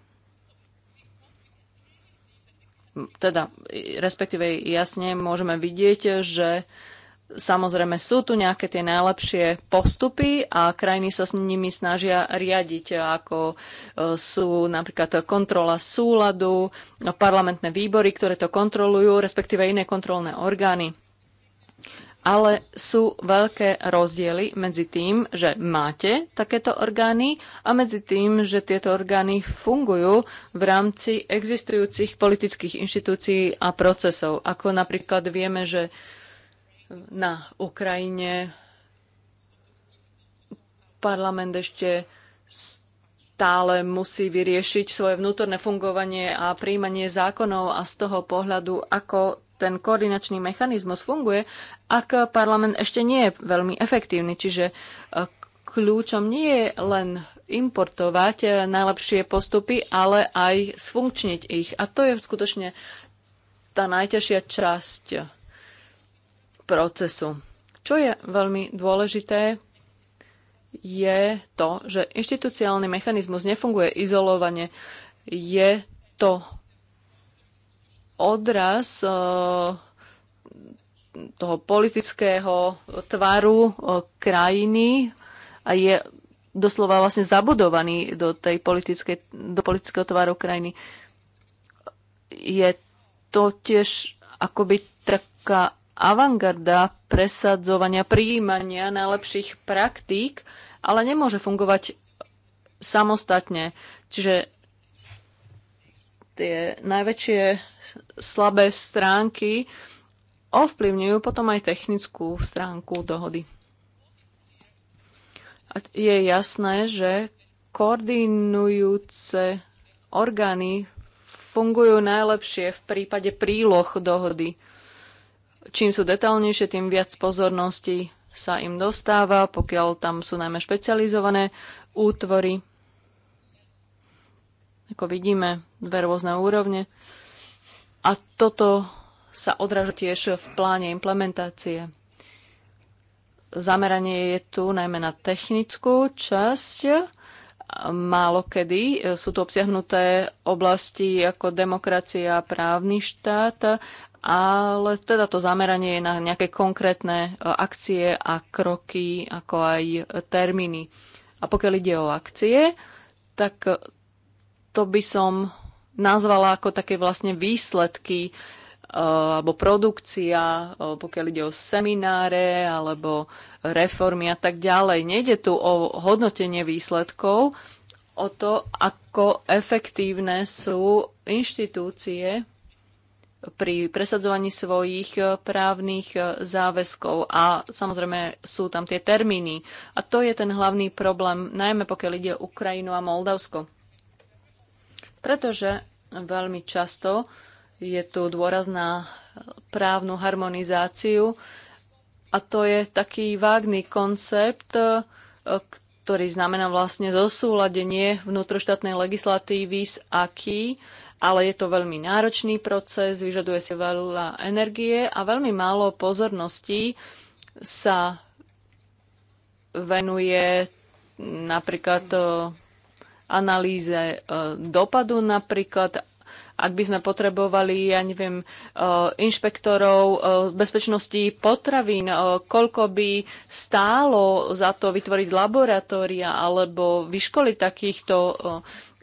teda respektíve jasne môžeme vidieť, že samozrejme sú tu nejaké tie najlepšie postupy a krajiny sa s nimi snažia riadiť, ako e, sú napríklad kontrola súladu, no, parlamentné výbory, ktoré to kontrolujú, respektíve iné kontrolné orgány ale sú veľké rozdiely medzi tým, že máte takéto orgány a medzi tým, že tieto orgány fungujú v rámci existujúcich politických inštitúcií a procesov. Ako napríklad vieme, že na Ukrajine parlament ešte stále musí vyriešiť svoje vnútorné fungovanie a príjmanie zákonov a z toho pohľadu, ako ten koordinačný mechanizmus funguje, ak parlament ešte nie je veľmi efektívny. Čiže e, kľúčom nie je len importovať e, najlepšie postupy, ale aj sfunkčniť ich. A to je skutočne tá najťažšia časť procesu. Čo je veľmi dôležité, je to, že inštitúciálny mechanizmus nefunguje izolovane. Je to odraz uh, toho politického tvaru krajiny a je doslova vlastne zabudovaný do, tej politické, do politického tvaru krajiny. Je to tiež akoby taká avantgarda presadzovania, prijímania najlepších praktík, ale nemôže fungovať samostatne. Čiže tie najväčšie slabé stránky ovplyvňujú potom aj technickú stránku dohody. A je jasné, že koordinujúce orgány fungujú najlepšie v prípade príloh dohody. Čím sú detálnejšie, tým viac pozornosti sa im dostáva, pokiaľ tam sú najmä špecializované útvory. Ako vidíme, dve rôzne úrovne. A toto sa odráža tiež v pláne implementácie. Zameranie je tu najmä na technickú časť. Málo kedy sú tu obsiahnuté oblasti ako demokracia, právny štát, ale teda to zameranie je na nejaké konkrétne e, akcie a kroky, ako aj termíny. A pokiaľ ide o akcie, tak to by som nazvala ako také vlastne výsledky Eh, alebo produkcia, eh, pokiaľ ide o semináre alebo reformy a tak ďalej. Nejde tu o hodnotenie výsledkov, o to, ako efektívne sú inštitúcie pri presadzovaní svojich eh, právnych záväzkov a samozrejme sú tam tie termíny. A to je ten hlavný problém, najmä pokiaľ ide o Ukrajinu a Moldavsko. Pretože veľmi často je tu dôraz na právnu harmonizáciu a to je taký vágný koncept, e, ktorý znamená vlastne zosúladenie vnútroštátnej legislatívy s aký, ale je to veľmi náročný proces, vyžaduje si veľa energie a veľmi málo pozorností sa venuje napríklad e, analýze e, dopadu napríklad ak by sme potrebovali, ja neviem, e, inšpektorov e, bezpečnosti potravín, e, koľko by stálo za to vytvoriť laboratória alebo vyškoliť takýchto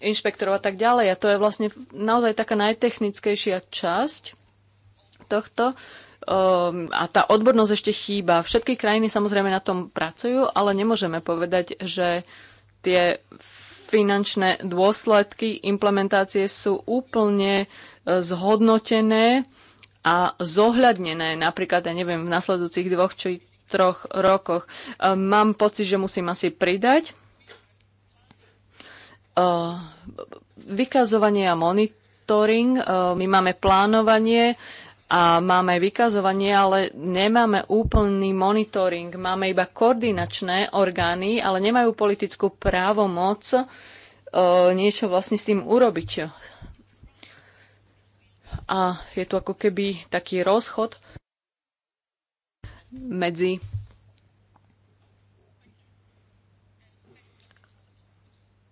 inšpektorov a tak ďalej. A to je vlastne naozaj taká najtechnickejšia časť tohto. A tá odbornosť ešte chýba. Všetky krajiny samozrejme na tom pracujú, ale nemôžeme povedať, že tie finančné dôsledky implementácie sú úplne e, zhodnotené a zohľadnené, napríklad, ja neviem, v nasledujúcich dvoch či troch rokoch. E, mám pocit, že musím asi pridať. E, vykazovanie a monitoring. My máme plánovanie, a máme vykazovanie, ale nemáme úplný monitoring. Máme iba koordinačné orgány, ale nemajú politickú právomoc e, niečo vlastne s tým urobiť. A je tu ako keby taký rozchod medzi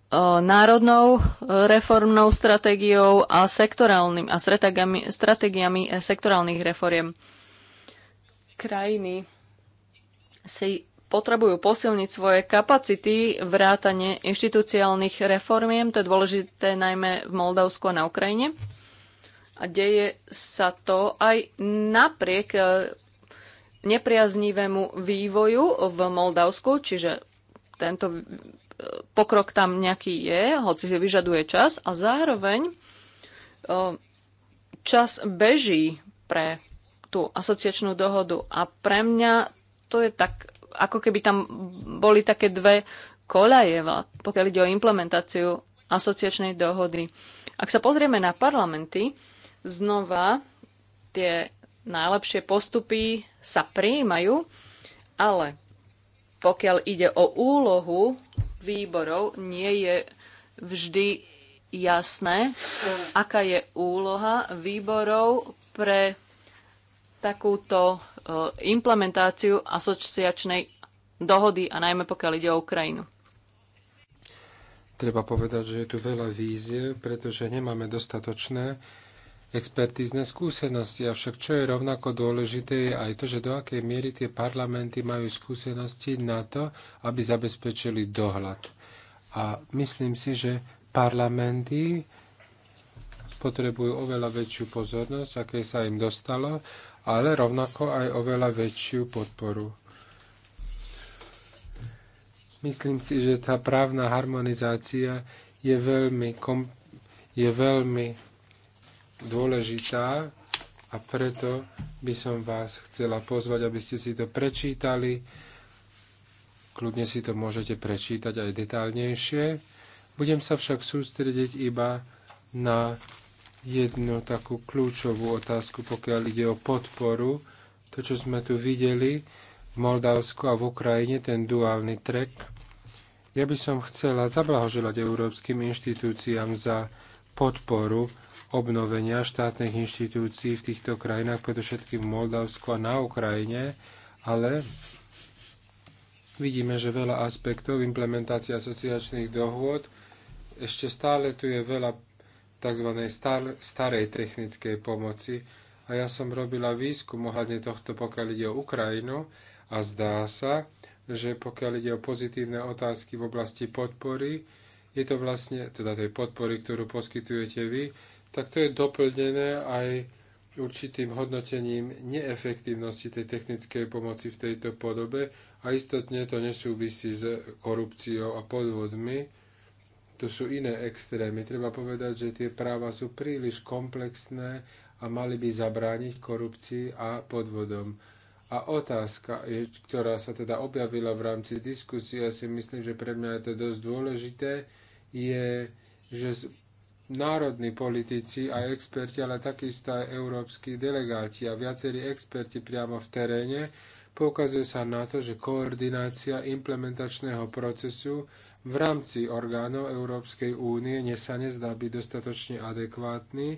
E, národnou e, reformnou stratégiou a sektorálnym a stratégiami, stratégiami e, sektorálnych reforiem. Krajiny si potrebujú posilniť svoje kapacity vrátane inštitúciálnych reformiem, to je dôležité najmä v Moldavsku a na Ukrajine. A deje sa to aj napriek nepriaznivému vývoju v Moldavsku, čiže tento pokrok tam nejaký je, hoci si vyžaduje čas a zároveň čas beží pre tú asociačnú dohodu a pre mňa to je tak, ako keby tam boli také dve koľaje, pokiaľ ide o implementáciu asociačnej dohody. Ak sa pozrieme na parlamenty, znova tie najlepšie postupy sa prijímajú, ale pokiaľ ide o úlohu výborov, nie je vždy jasné, aká je úloha výborov pre takúto e, implementáciu asociačnej dohody a najmä pokiaľ ide o Ukrajinu. Treba povedať, že je tu veľa vízie, pretože nemáme dostatočné expertízne skúsenosti. Avšak čo je rovnako dôležité je aj to, že do akej miery tie parlamenty majú skúsenosti na to, aby zabezpečili dohľad. A myslím si, že parlamenty potrebujú oveľa väčšiu pozornosť, aké sa im dostalo, ale rovnako aj oveľa väčšiu podporu. Myslím si, že tá právna harmonizácia je veľmi, kom, je veľmi dôležitá a preto by som vás chcela pozvať, aby ste si to prečítali. Kľudne si to môžete prečítať aj detálnejšie. Budem sa však sústrediť iba na jednu takú kľúčovú otázku, pokiaľ ide o podporu. To, čo sme tu videli v Moldavsku a v Ukrajine, ten duálny trek. Ja by som chcela zablahoželať európskym inštitúciám za podporu obnovenia štátnych inštitúcií v týchto krajinách, predovšetkým v Moldavsku a na Ukrajine, ale vidíme, že veľa aspektov implementácie asociačných dohôd ešte stále tu je veľa tzv. Star, starej technickej pomoci. A ja som robila výskum ohľadne tohto, pokiaľ ide o Ukrajinu a zdá sa, že pokiaľ ide o pozitívne otázky v oblasti podpory, je to vlastne, teda tej podpory, ktorú poskytujete vy, tak to je doplnené aj určitým hodnotením neefektívnosti tej technickej pomoci v tejto podobe a istotne to nesúvisí s korupciou a podvodmi. To sú iné extrémy. Treba povedať, že tie práva sú príliš komplexné a mali by zabrániť korupcii a podvodom. A otázka, ktorá sa teda objavila v rámci diskusie, ja si myslím, že pre mňa je to dosť dôležité, je, že národní politici a experti, ale takisto aj európsky delegáti a viacerí experti priamo v teréne, poukazuje sa na to, že koordinácia implementačného procesu v rámci orgánov Európskej únie sa nezdá byť dostatočne adekvátny.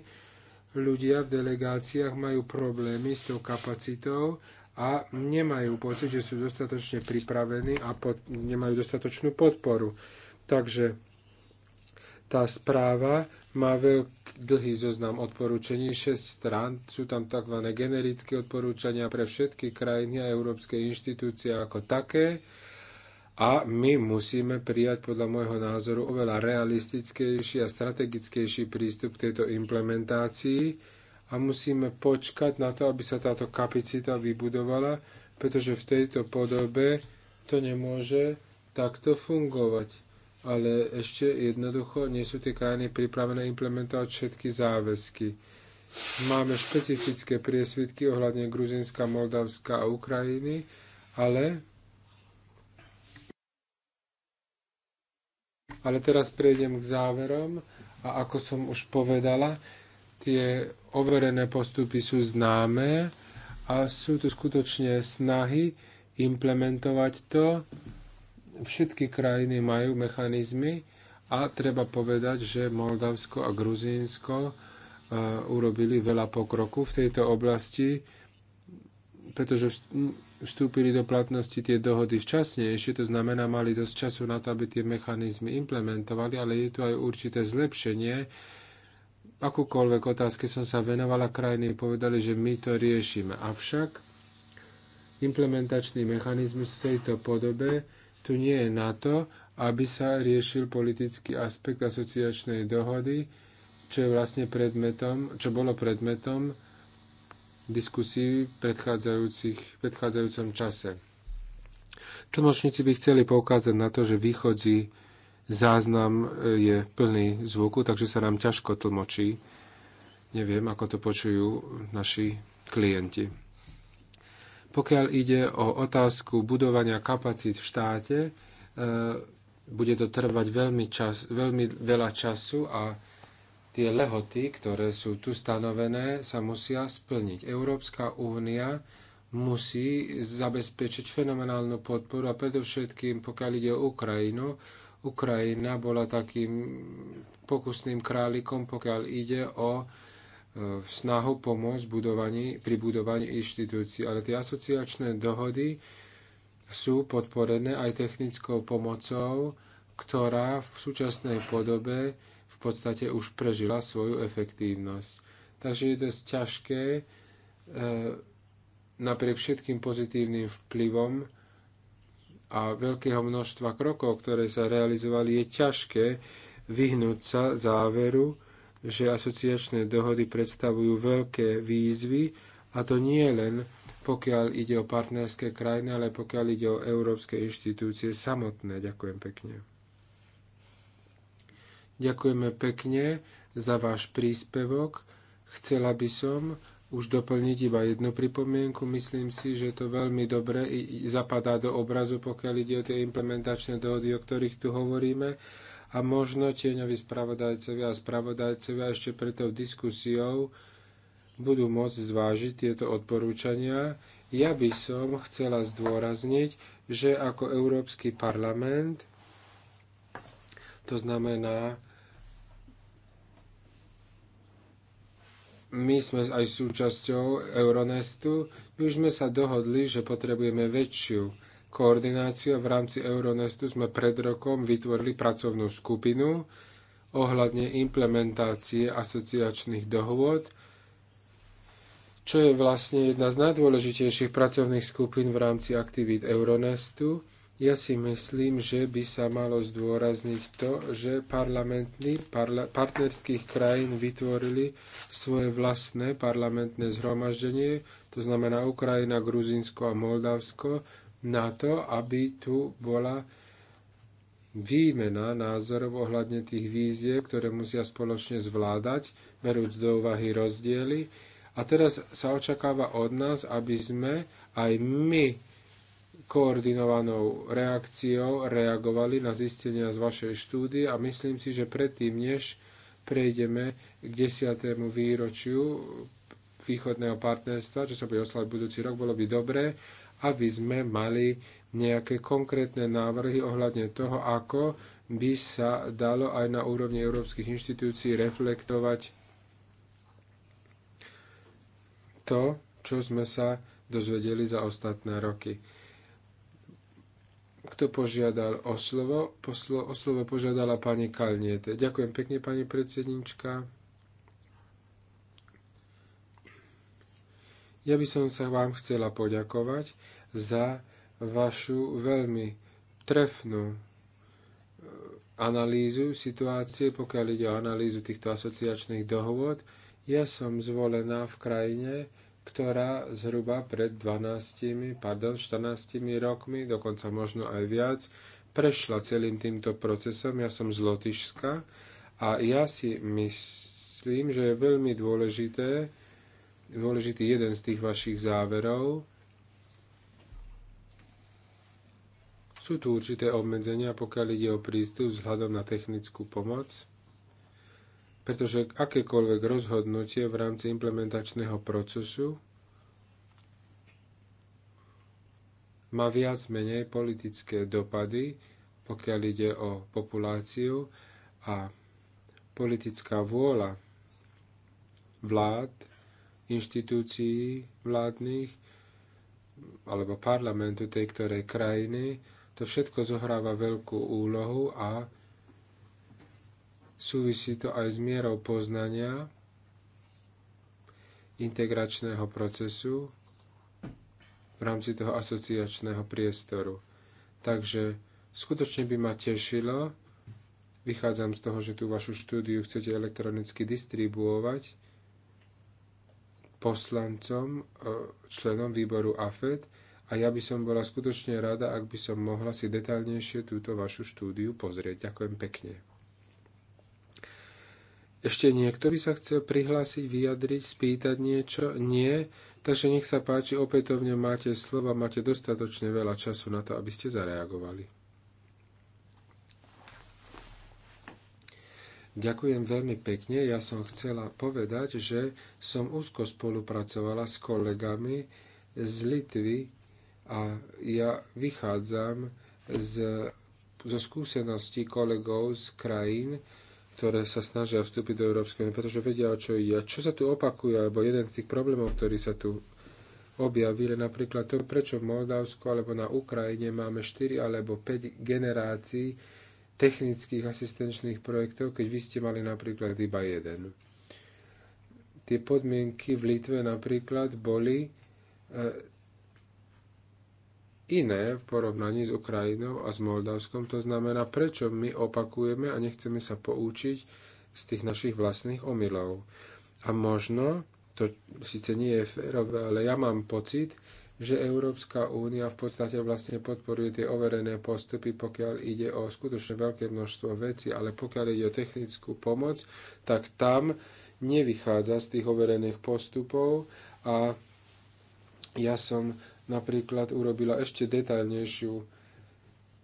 Ľudia v delegáciách majú problémy s tou kapacitou a nemajú pocit, že sú dostatočne pripravení a pod, nemajú dostatočnú podporu. Takže tá správa má veľký dlhý zoznam odporúčení, 6 strán, sú tam tzv. generické odporúčania pre všetky krajiny a európske inštitúcie ako také a my musíme prijať podľa môjho názoru oveľa realistickejší a strategickejší prístup k tejto implementácii a musíme počkať na to, aby sa táto kapacita vybudovala, pretože v tejto podobe to nemôže takto fungovať ale ešte jednoducho nie sú tie krajiny pripravené implementovať všetky záväzky. Máme špecifické priesvitky ohľadne Gruzinska, Moldavska a Ukrajiny, ale Ale teraz prejdem k záverom a ako som už povedala, tie overené postupy sú známe a sú tu skutočne snahy implementovať to všetky krajiny majú mechanizmy a treba povedať, že Moldavsko a Gruzínsko e, urobili veľa pokroku v tejto oblasti, pretože vstúpili do platnosti tie dohody včasnejšie, to znamená, mali dosť času na to, aby tie mechanizmy implementovali, ale je tu aj určité zlepšenie. Akúkoľvek otázky som sa venovala, krajiny povedali, že my to riešime. Avšak implementačný mechanizmus v tejto podobe tu nie je na to, aby sa riešil politický aspekt asociačnej dohody, čo je vlastne predmetom, čo bolo predmetom diskusí v predchádzajúcom čase. Tlmočníci by chceli poukázať na to, že východzí záznam e, je plný zvuku, takže sa nám ťažko tlmočí. Neviem, ako to počujú naši klienti. Pokiaľ ide o otázku budovania kapacít v štáte, e, bude to trvať veľmi, čas, veľmi veľa času a tie lehoty, ktoré sú tu stanovené, sa musia splniť. Európska únia musí zabezpečiť fenomenálnu podporu a predovšetkým, pokiaľ ide o Ukrajinu, Ukrajina bola takým pokusným králikom, pokiaľ ide o snahu pomôcť budovaní, pri budovaní inštitúcií. Ale tie asociačné dohody sú podporené aj technickou pomocou, ktorá v súčasnej podobe v podstate už prežila svoju efektívnosť. Takže je dosť ťažké e, napriek všetkým pozitívnym vplyvom a veľkého množstva krokov, ktoré sa realizovali, je ťažké vyhnúť sa záveru, že asociačné dohody predstavujú veľké výzvy a to nie len pokiaľ ide o partnerské krajiny, ale pokiaľ ide o európske inštitúcie samotné. Ďakujem pekne. Ďakujeme pekne za váš príspevok. Chcela by som už doplniť iba jednu pripomienku. Myslím si, že to veľmi dobre zapadá do obrazu, pokiaľ ide o tie implementačné dohody, o ktorých tu hovoríme a možno tieňoví spravodajcovia a spravodajcovia ešte pred tou diskusiou budú môcť zvážiť tieto odporúčania. Ja by som chcela zdôrazniť, že ako Európsky parlament, to znamená, my sme aj súčasťou Euronestu, my už sme sa dohodli, že potrebujeme väčšiu koordináciu v rámci Euronestu sme pred rokom vytvorili pracovnú skupinu ohľadne implementácie asociačných dohôd, čo je vlastne jedna z najdôležitejších pracovných skupín v rámci aktivít Euronestu. Ja si myslím, že by sa malo zdôrazniť to, že parlamentní parla, partnerských krajín vytvorili svoje vlastné parlamentné zhromaždenie, to znamená Ukrajina, Gruzinsko a Moldavsko, na to, aby tu bola výmena názorov ohľadne tých vízie, ktoré musia spoločne zvládať, berúc do úvahy rozdiely. A teraz sa očakáva od nás, aby sme aj my koordinovanou reakciou reagovali na zistenia z vašej štúdie a myslím si, že predtým, než prejdeme k 10. výročiu východného partnerstva, čo sa bude oslať budúci rok, bolo by dobré, aby sme mali nejaké konkrétne návrhy ohľadne toho, ako by sa dalo aj na úrovni európskych inštitúcií reflektovať to, čo sme sa dozvedeli za ostatné roky. Kto požiadal o slovo? Poslo, o slovo požiadala pani Kalniete. Ďakujem pekne, pani predsednička. Ja by som sa vám chcela poďakovať za vašu veľmi trefnú e, analýzu situácie, pokiaľ ide o analýzu týchto asociačných dohôd. Ja som zvolená v krajine, ktorá zhruba pred 12, pardon, 14 rokmi, dokonca možno aj viac, prešla celým týmto procesom. Ja som z Lotyšska a ja si myslím, že je veľmi dôležité, dôležitý jeden z tých vašich záverov. Sú tu určité obmedzenia, pokiaľ ide o prístup vzhľadom na technickú pomoc, pretože akékoľvek rozhodnutie v rámci implementačného procesu má viac menej politické dopady, pokiaľ ide o populáciu a politická vôľa vlád inštitúcií vládnych alebo parlamentu tej ktorej krajiny. To všetko zohráva veľkú úlohu a súvisí to aj s mierou poznania integračného procesu v rámci toho asociačného priestoru. Takže skutočne by ma tešilo, vychádzam z toho, že tú vašu štúdiu chcete elektronicky distribuovať, poslancom, e, členom výboru AFED a ja by som bola skutočne rada, ak by som mohla si detaľnejšie túto vašu štúdiu pozrieť. Ďakujem pekne. Ešte niekto by sa chcel prihlásiť, vyjadriť, spýtať niečo? Nie? Takže nech sa páči, opätovne máte slova, máte dostatočne veľa času na to, aby ste zareagovali. Ďakujem veľmi pekne. Ja som chcela povedať, že som úzko spolupracovala s kolegami z Litvy a ja vychádzam z, zo skúseností kolegov z krajín, ktoré sa snažia vstúpiť do Európskej únie, pretože vedia, o čo ide. Čo sa tu opakuje, alebo jeden z tých problémov, ktorý sa tu objavili, napríklad to, prečo v Moldavsku alebo na Ukrajine máme 4 alebo 5 generácií technických asistenčných projektov, keď vy ste mali napríklad iba jeden. Tie podmienky v Litve napríklad boli e, iné v porovnaní s Ukrajinou a s Moldavskom. To znamená, prečo my opakujeme a nechceme sa poučiť z tých našich vlastných omylov. A možno, to síce nie je férové, ale ja mám pocit, že Európska únia v podstate vlastne podporuje tie overené postupy, pokiaľ ide o skutočne veľké množstvo vecí, ale pokiaľ ide o technickú pomoc, tak tam nevychádza z tých overených postupov a ja som napríklad urobila ešte detailnejšiu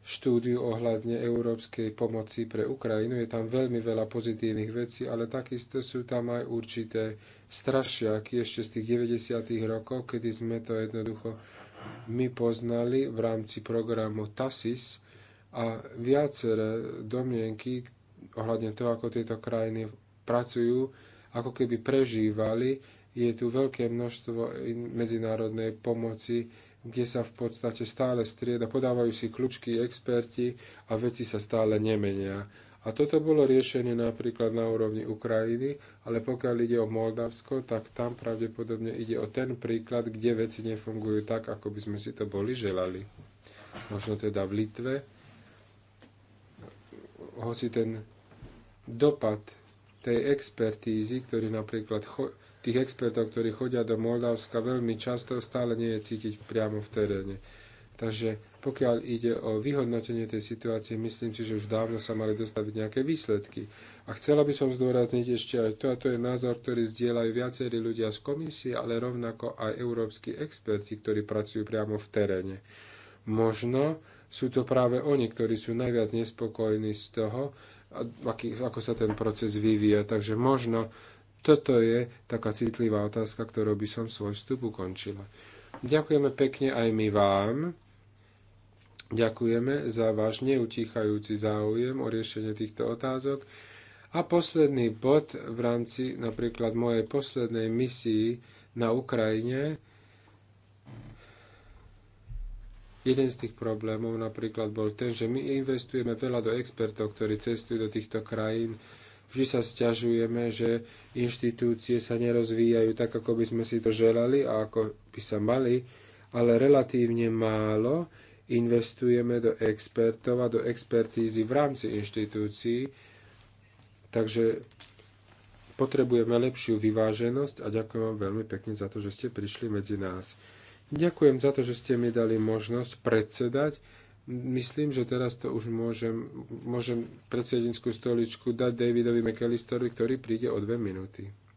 štúdiu ohľadne európskej pomoci pre Ukrajinu. Je tam veľmi veľa pozitívnych vecí, ale takisto sú tam aj určité strašiaky ešte z tých 90. rokov, kedy sme to jednoducho my poznali v rámci programu TASIS a viaceré domienky ohľadne toho, ako tieto krajiny pracujú, ako keby prežívali. Je tu veľké množstvo medzinárodnej pomoci, kde sa v podstate stále strieda, podávajú si kľúčky experti a veci sa stále nemenia a toto bolo riešenie napríklad na úrovni Ukrajiny, ale pokiaľ ide o Moldavsko, tak tam pravdepodobne ide o ten príklad, kde veci nefungujú tak, ako by sme si to boli želali. Možno teda v Litve, hoci ten dopad tej expertízy, ktorý napríklad tých expertov, ktorí chodia do Moldavska veľmi často, stále nie je cítiť priamo v teréne. Takže pokiaľ ide o vyhodnotenie tej situácie, myslím si, že už dávno sa mali dostaviť nejaké výsledky. A chcela by som zdôrazniť ešte aj to, a to je názor, ktorý zdieľajú viacerí ľudia z komisie, ale rovnako aj európsky experti, ktorí pracujú priamo v teréne. Možno sú to práve oni, ktorí sú najviac nespokojní z toho, ako sa ten proces vyvíja. Takže možno toto je taká citlivá otázka, ktorou by som svoj vstup ukončila. Ďakujeme pekne aj my vám. Ďakujeme za váš neutíchajúci záujem o riešenie týchto otázok. A posledný bod v rámci napríklad mojej poslednej misii na Ukrajine, jeden z tých problémov napríklad bol ten, že my investujeme veľa do expertov, ktorí cestujú do týchto krajín. Vždy sa stiažujeme, že inštitúcie sa nerozvíjajú tak, ako by sme si to želali a ako by sa mali, ale relatívne málo investujeme do expertov a do expertízy v rámci inštitúcií, takže potrebujeme lepšiu vyváženosť a ďakujem vám veľmi pekne za to, že ste prišli medzi nás. Ďakujem za to, že ste mi dali možnosť predsedať. Myslím, že teraz to už môžem, môžem predsedinskú stoličku dať Davidovi McAllisterovi, ktorý príde o dve minúty.